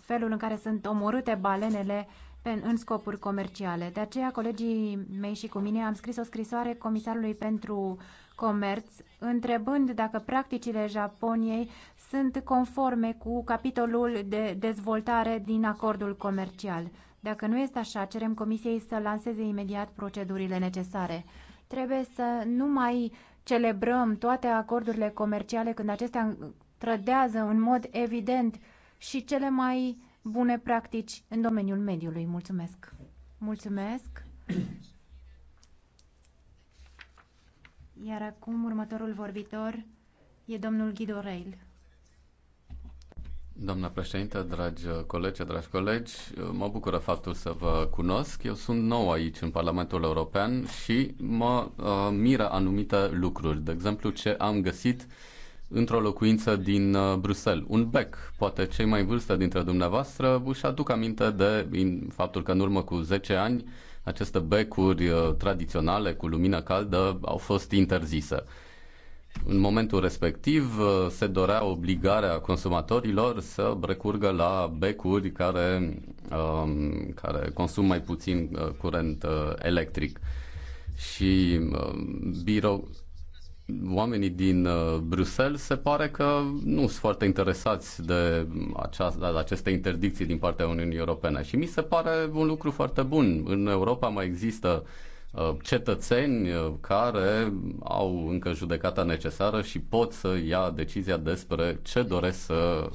felul în care sunt omorâte balenele în scopuri comerciale. De aceea, colegii mei și cu mine am scris o scrisoare Comisarului pentru Comerț, întrebând dacă practicile Japoniei sunt conforme cu capitolul de dezvoltare din acordul comercial. Dacă nu este așa, cerem Comisiei să lanseze imediat procedurile necesare. Trebuie să nu mai celebrăm toate acordurile comerciale când acestea trădează în mod evident și cele mai bune practici în domeniul mediului. Mulțumesc! Mulțumesc! Iar acum următorul vorbitor e domnul Guido Reil. Doamna președintă, dragi colegi, dragi colegi, mă bucură faptul să vă cunosc. Eu sunt nou aici în Parlamentul European și mă uh, miră anumite lucruri. De exemplu, ce am găsit uh, într-o locuință din uh, Bruxelles. Un bec, poate cei mai vârstă dintre dumneavoastră își aduc aminte de faptul că în urmă cu 10 ani aceste becuri uh, tradiționale cu lumină caldă au fost interzise. În momentul respectiv uh, se dorea obligarea consumatorilor să recurgă la becuri care, um, care consum mai puțin curent electric și um, biro, oamenii din uh, Bruxelles se pare că nu sunt foarte interesați de, aceasta, de aceste interdicții din partea Uniunii Europene și mi se pare un lucru foarte bun. În Europa mai există uh, cetățeni uh, care au încă judecata necesară și pot să ia decizia despre ce doresc să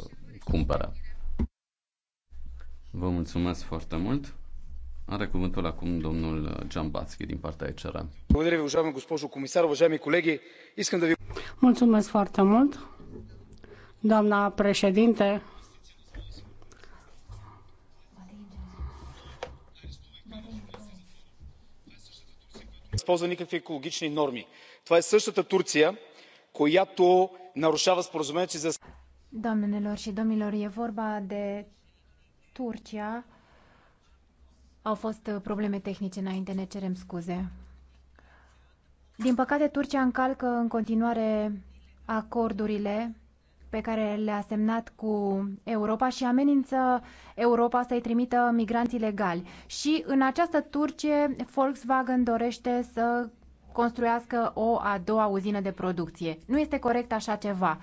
cumpere. Vă mulțumesc foarte mult. Are cuvântul acum domnul Jean Batschi din partea ECR. Mulțumesc foarte mult, doamna președinte. никакви екологични норми. Това е същата Турция, която нарушава споразумението за... Doamnelor și domnilor, e vorba de Turcia au fost uh, probleme tehnice înainte, ne cerem scuze. Din păcate, Turcia încalcă în continuare acordurile pe care le-a semnat cu Europa și amenință Europa să-i trimită migranți ilegali. Și în această Turcie, Volkswagen dorește să construiască o a doua uzină de producție. Nu este corect așa ceva.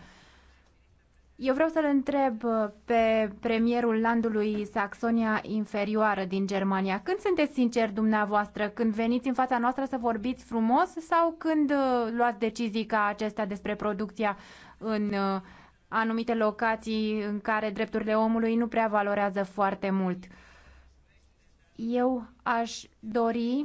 Eu vreau să-l întreb uh, pe premierul landului Saxonia Inferioară din Germania. Când sunteți sinceri dumneavoastră? Când veniți în fața noastră să vorbiți frumos sau când uh, luați decizii ca acestea despre producția în uh, anumite locații în care drepturile omului nu prea valorează foarte mult? Eu aș dori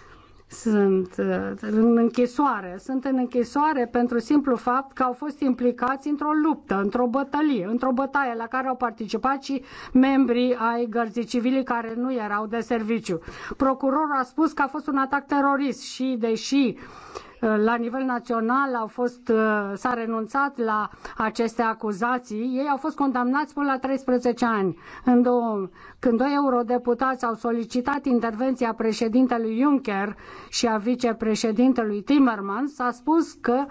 sunt uh, în închisoare. Sunt în închisoare pentru simplu fapt că au fost implicați într-o luptă, într-o bătălie, într-o bătaie la care au participat și membrii ai gărzii civile care nu erau de serviciu. Procurorul a spus că a fost un atac terorist și deși uh, la nivel național au fost, uh, s-a renunțat la aceste acuzații, ei au fost condamnați până la 13 ani. În două, când doi eurodeputați au solicitat intervenția președintelui Juncker și a vicepreședintelui Timmermans, s-a spus că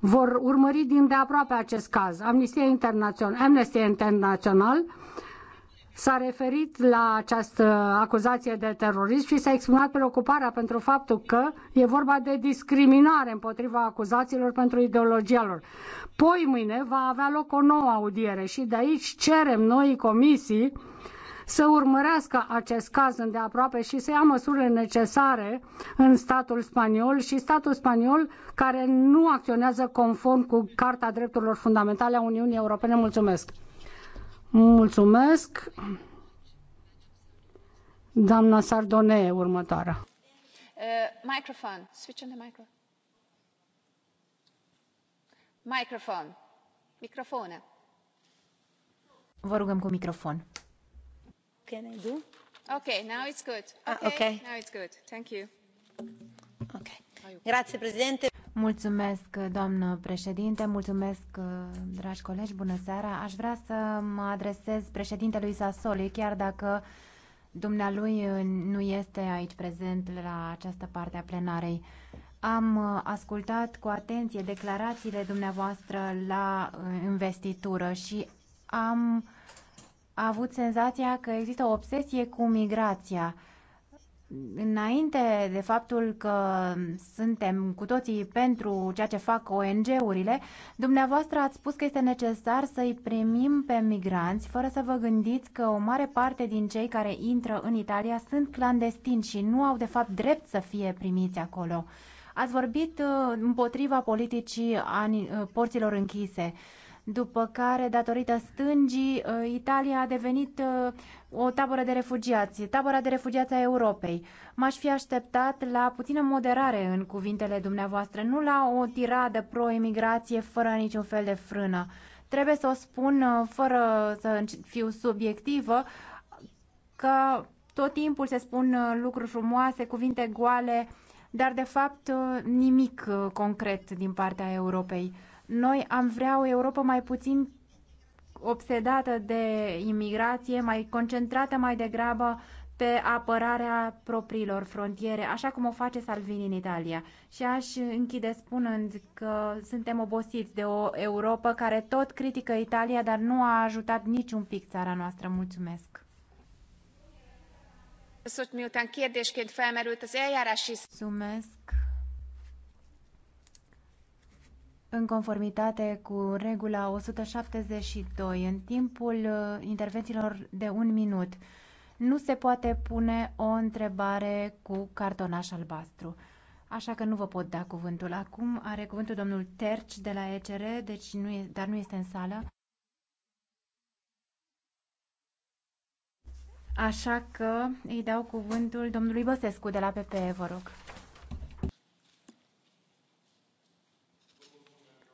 vor urmări din de aproape acest caz. Amnistia Internațional, Amnesty International s-a referit la această acuzație de terorism și s-a exprimat preocuparea pentru faptul că e vorba de discriminare împotriva acuzațiilor pentru ideologia lor. Poi mâine va avea loc o nouă audiere și de aici cerem noi comisii să urmărească acest caz îndeaproape și să ia măsurile necesare în statul spaniol și statul spaniol care nu acționează conform cu Carta Drepturilor Fundamentale a Uniunii Europene. Mulțumesc! Mulțumesc. Doamna Sardone, următoarea. Uh, microfon. Switch on the micro. Microfon. Microfone. Vă rugăm cu microfon. Can I do? Ok, now it's good. Ah, ok, ah, okay. now it's good. Thank you. Ok. Grazie, Presidente. Mulțumesc, doamnă președinte, mulțumesc, dragi colegi, bună seara. Aș vrea să mă adresez președintelui Sassoli, chiar dacă dumnealui nu este aici prezent la această parte a plenarei. Am ascultat cu atenție declarațiile dumneavoastră la investitură și am avut senzația că există o obsesie cu migrația înainte de faptul că suntem cu toții pentru ceea ce fac ONG-urile, dumneavoastră ați spus că este necesar să-i primim pe migranți, fără să vă gândiți că o mare parte din cei care intră în Italia sunt clandestini și nu au de fapt drept să fie primiți acolo. Ați vorbit uh, împotriva politicii uh, porților închise după care, datorită stângii, uh, Italia a devenit uh, o tabără de refugiați, tabăra de refugiați a Europei. M-aș fi așteptat la puțină moderare în cuvintele dumneavoastră, nu la o tiradă pro-emigrație fără niciun fel de frână. Trebuie să o spun, uh, fără să fiu subiectivă, că tot timpul se spun lucruri frumoase, cuvinte goale, dar de fapt nimic concret din partea Europei. Noi am vrea o Europa mai puțin obsedată de imigrație, mai concentrată mai degrabă pe apărarea propriilor frontiere, așa cum o face Salvini în Italia. Și aș închide spunând că suntem obosiți de o Europa care tot critică Italia, dar nu a ajutat niciun pic țara noastră. Mulțumesc! Mulțumesc! în conformitate cu regula 172 în timpul uh, intervențiilor de un minut. Nu se poate pune o întrebare cu cartonaș albastru. Așa că nu vă pot da cuvântul. Acum are cuvântul domnul Terci de la ECR, deci nu e, dar nu este în sală. Așa că îi dau cuvântul domnului Băsescu de la PPE, vă rog.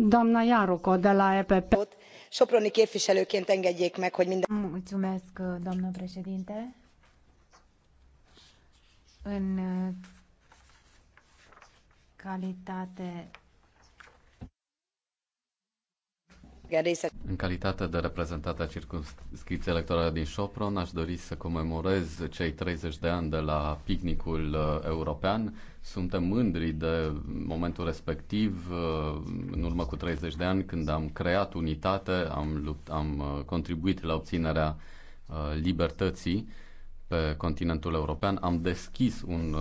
Doamna Iaruco de la EPP. Soproni képviselőként engedjék meg, hogy minden... Mulțumesc, doamnă președinte. În calitate În calitate de reprezentant a circunscripției electorale din Sopron, aș dori să comemorez cei 30 de ani de la picnicul uh, european. Suntem mândri de momentul respectiv, uh, în urmă cu 30 de ani, când am creat unitate, am, lupt, am uh, contribuit la obținerea libertății pe continentul european, am deschis un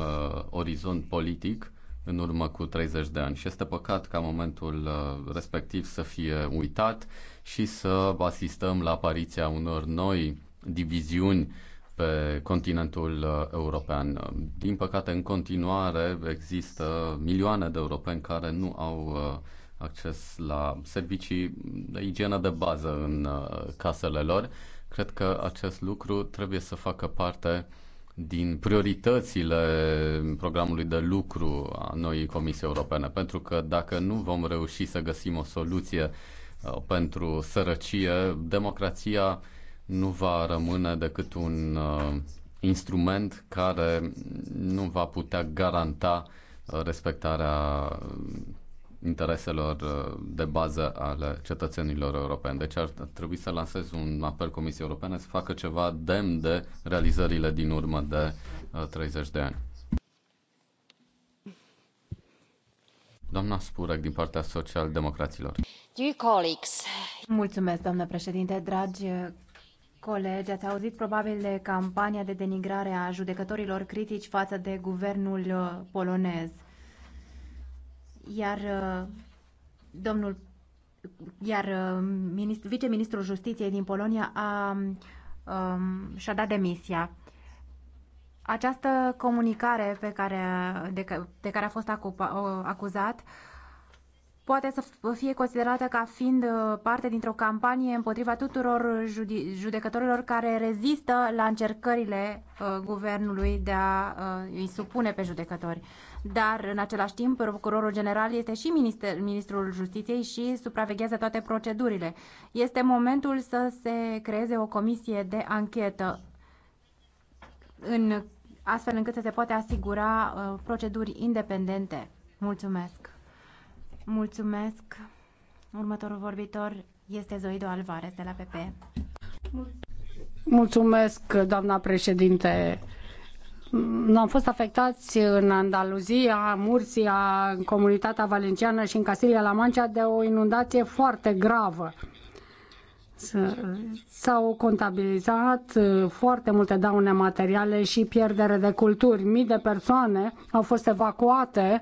orizont politic în urmă cu 30 de ani și este păcat ca momentul uh, respectiv să fie uitat și să asistăm la apariția unor noi diviziuni pe continentul uh, european. Din păcate, în continuare există milioane de europeni care nu au uh, acces la servicii de igienă de bază în casele lor. Cred că acest lucru trebuie să facă parte uh, din prioritățile programului de lucru a noii Comisii Europene, pentru că dacă nu vom reuși să găsim o soluție uh, pentru sărăcie, democrația nu va rămâne decât un uh, instrument care nu va putea garanta uh, respectarea intereselor uh, de bază ale cetățenilor europeni. Deci ar trebui să lansez un apel Comisiei Europene să facă ceva demn de realizările din urmă de 30 uh, de ani. Doamna Spurec, din partea social-democraților. Mulțumesc, doamnă președinte, dragi colegi, ați auzit probabil de campania de denigrare a judecătorilor critici față de guvernul uh, polonez iar uh, domnul iar uh, ministru, viceministrul justiției din Polonia a, a, um, și-a dat demisia. Această comunicare pe care, de, de care a fost acupa, acuzat poate să fie considerată ca fiind uh, parte dintr-o campanie împotriva tuturor judecătorilor care rezistă la încercările a, guvernului de a a îi supune pe judecători dar în același timp procurorul general este și minister, ministrul justiției și supraveghează toate procedurile. Este momentul să se creeze o comisie de anchetă în, astfel încât să se poate asigura uh, proceduri independente. Mulțumesc! Mulțumesc! Următorul vorbitor este Zoido Alvarez de la PP. Mulțumesc, doamna președinte am fost afectați în Andaluzia, Murcia, în comunitatea valenciană și în Castilia-La Mancha de o inundație foarte gravă. S-au contabilizat uh, foarte multe daune materiale și pierdere de culturi. Mii de persoane au fost evacuate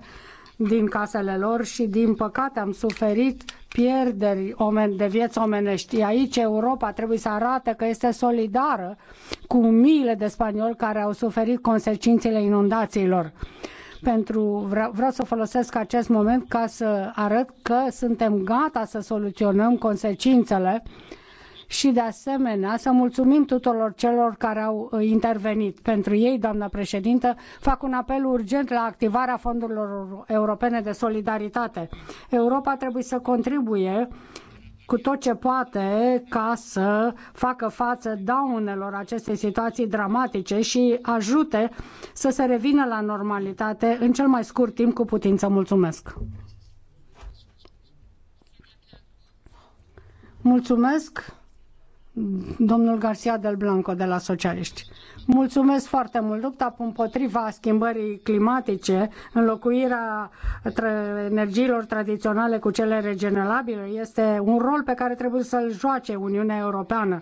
din casele lor și, din păcate, am suferit pierderi de vieți omenești. Aici Europa trebuie să arate că este solidară cu miile de spanioli care au suferit consecințele inundațiilor. Pentru, vreau, vreau să folosesc acest moment ca să arăt că suntem gata să soluționăm consecințele uh, și de asemenea să mulțumim tuturor celor care au uh, intervenit. Pentru ei, doamna președintă, fac un apel urgent la activarea fondurilor europene de solidaritate. Europa trebuie să contribuie cu tot ce poate ca să facă față daunelor acestei situații dramatice și ajute să se revină la normalitate în cel mai scurt timp cu putință. Mulțumesc! Mulțumesc! domnul Garcia del Blanco de la Socialiști. Mulțumesc foarte mult. Lupta împotriva schimbării climatice, înlocuirea energiilor tradiționale cu cele regenerabile este un rol pe care trebuie să-l joace Uniunea Europeană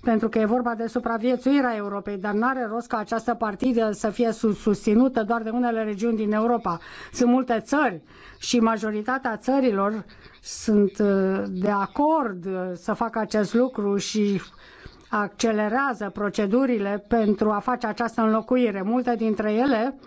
pentru că e vorba de supraviețuirea Europei, dar nu are rost ca această partidă să fie susținută doar de unele regiuni din Europa. Sunt multe țări și majoritatea țărilor sunt uh, de acord uh, să facă acest lucru și accelerează procedurile pentru a face această înlocuire. Multe dintre ele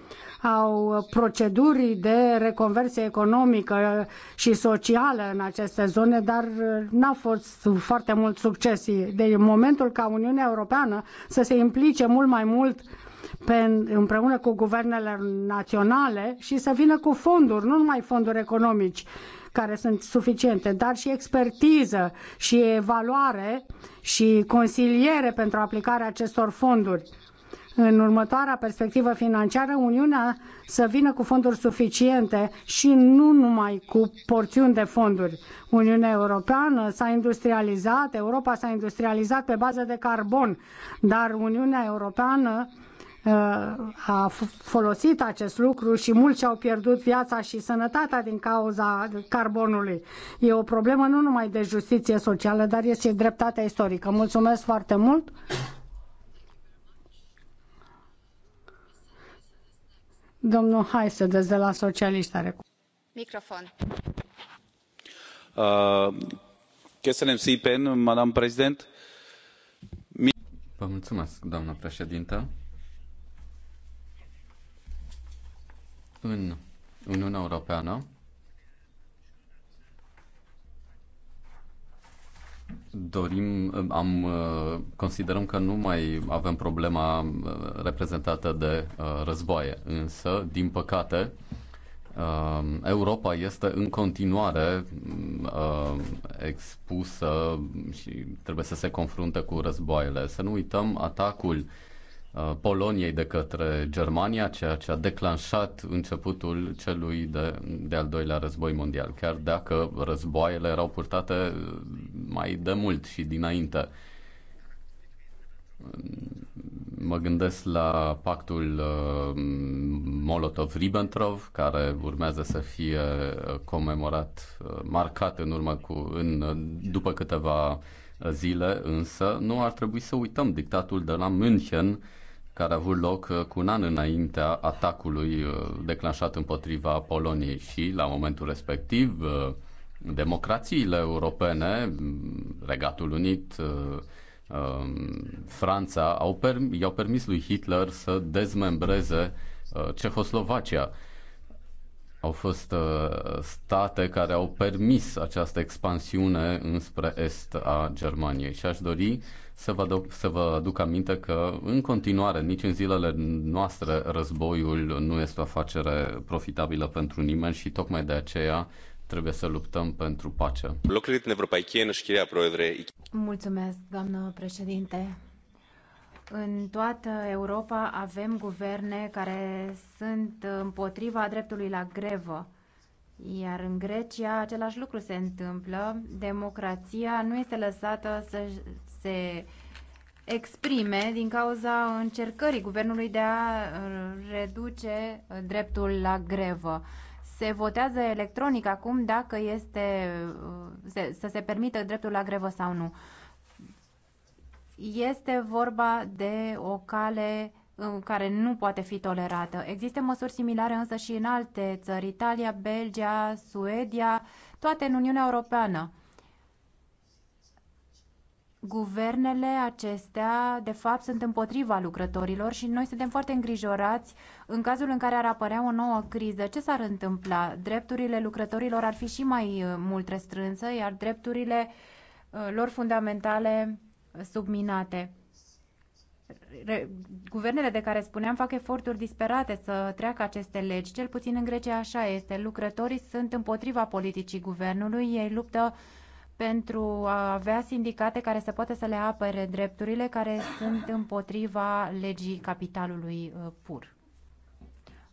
au proceduri de reconversie economică și socială în aceste zone, dar uh, n-a fost foarte mult succes. De momentul ca Uniunea Europeană să se implice mult mai mult pe, împreună cu guvernele naționale și să vină cu fonduri, nu numai fonduri economici, care sunt suficiente, dar și expertiză și evaluare și consiliere pentru aplicarea acestor fonduri în următoarea perspectivă financiară Uniunea să vină cu fonduri suficiente și nu numai cu porțiuni de fonduri. Uniunea Europeană s-a industrializat, Europa s-a industrializat pe bază de carbon, dar Uniunea Europeană Uh, a folosit acest lucru și mulți au pierdut viața și sănătatea din cauza carbonului. E o problemă nu numai de justiție socială, dar este și dreptatea istorică. Mulțumesc foarte mult! Domnul Haise, de la Socialiști are Microfon. Köszönöm uh, szépen, Madam President. Vă mulțumesc, doamnă președintă. în Uniunea Europeană dorim, am, considerăm că nu mai avem problema reprezentată de războaie, însă, din păcate, um, Europa este în continuare um, expusă și trebuie să se confrunte cu războaiele. Să nu uităm atacul Uh, Poloniei de către Germania, ceea ce a declanșat începutul celui de, de al doilea război mondial, chiar dacă războaiele erau purtate uh, mai de mult și dinainte. Mă gândesc la pactul uh, Molotov-Ribbentrop, care urmează să fie comemorat, marcat în urmă cu, în, după câteva zile, însă nu ar trebui să uităm dictatul de la München, care a avut loc uh, cu un an înaintea atacului uh, declanșat împotriva Poloniei și la momentul respectiv uh, democrațiile europene, mm, Regatul Unit, um, Franța au perm- i-au permis lui Hitler să dezmembreze Cehoslovacia. Au fost state care au permis această expansiune înspre est a Germaniei și aș dori să vă, aduc, să vă aduc aminte că în continuare, nici în zilele noastre, războiul nu este o afacere profitabilă pentru nimeni și tocmai de aceea trebuie să luptăm pentru pace. Mulțumesc, doamnă președinte. În toată Europa avem guverne care sunt împotriva dreptului la grevă. Iar în Grecia același lucru se întâmplă. Democrația nu este lăsată să se exprime din cauza încercării guvernului de a uh, reduce uh, dreptul la grevă. Se votează electronic acum dacă este uh, se, să se permită dreptul la grevă sau nu. Este vorba de o cale care nu poate fi tolerată. Există măsuri similare însă și în alte țări, Italia, Belgia, Suedia, toate în Uniunea Europeană guvernele acestea, de fapt, sunt împotriva lucrătorilor și noi suntem foarte îngrijorați în cazul în care ar apărea o nouă criză. Ce s-ar întâmpla? Drepturile lucrătorilor ar fi și mai uh, mult restrânse, iar drepturile uh, lor fundamentale uh, subminate. Guvernele de care spuneam fac eforturi disperate să treacă aceste legi, cel puțin în Grecia așa este. Lucrătorii sunt împotriva politicii guvernului, ei luptă pentru a avea sindicate care să poată să le apere drepturile care sunt împotriva legii capitalului uh, pur.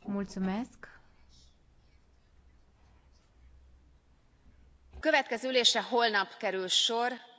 Mulțumesc. Következő ülésre holnap kerül sor.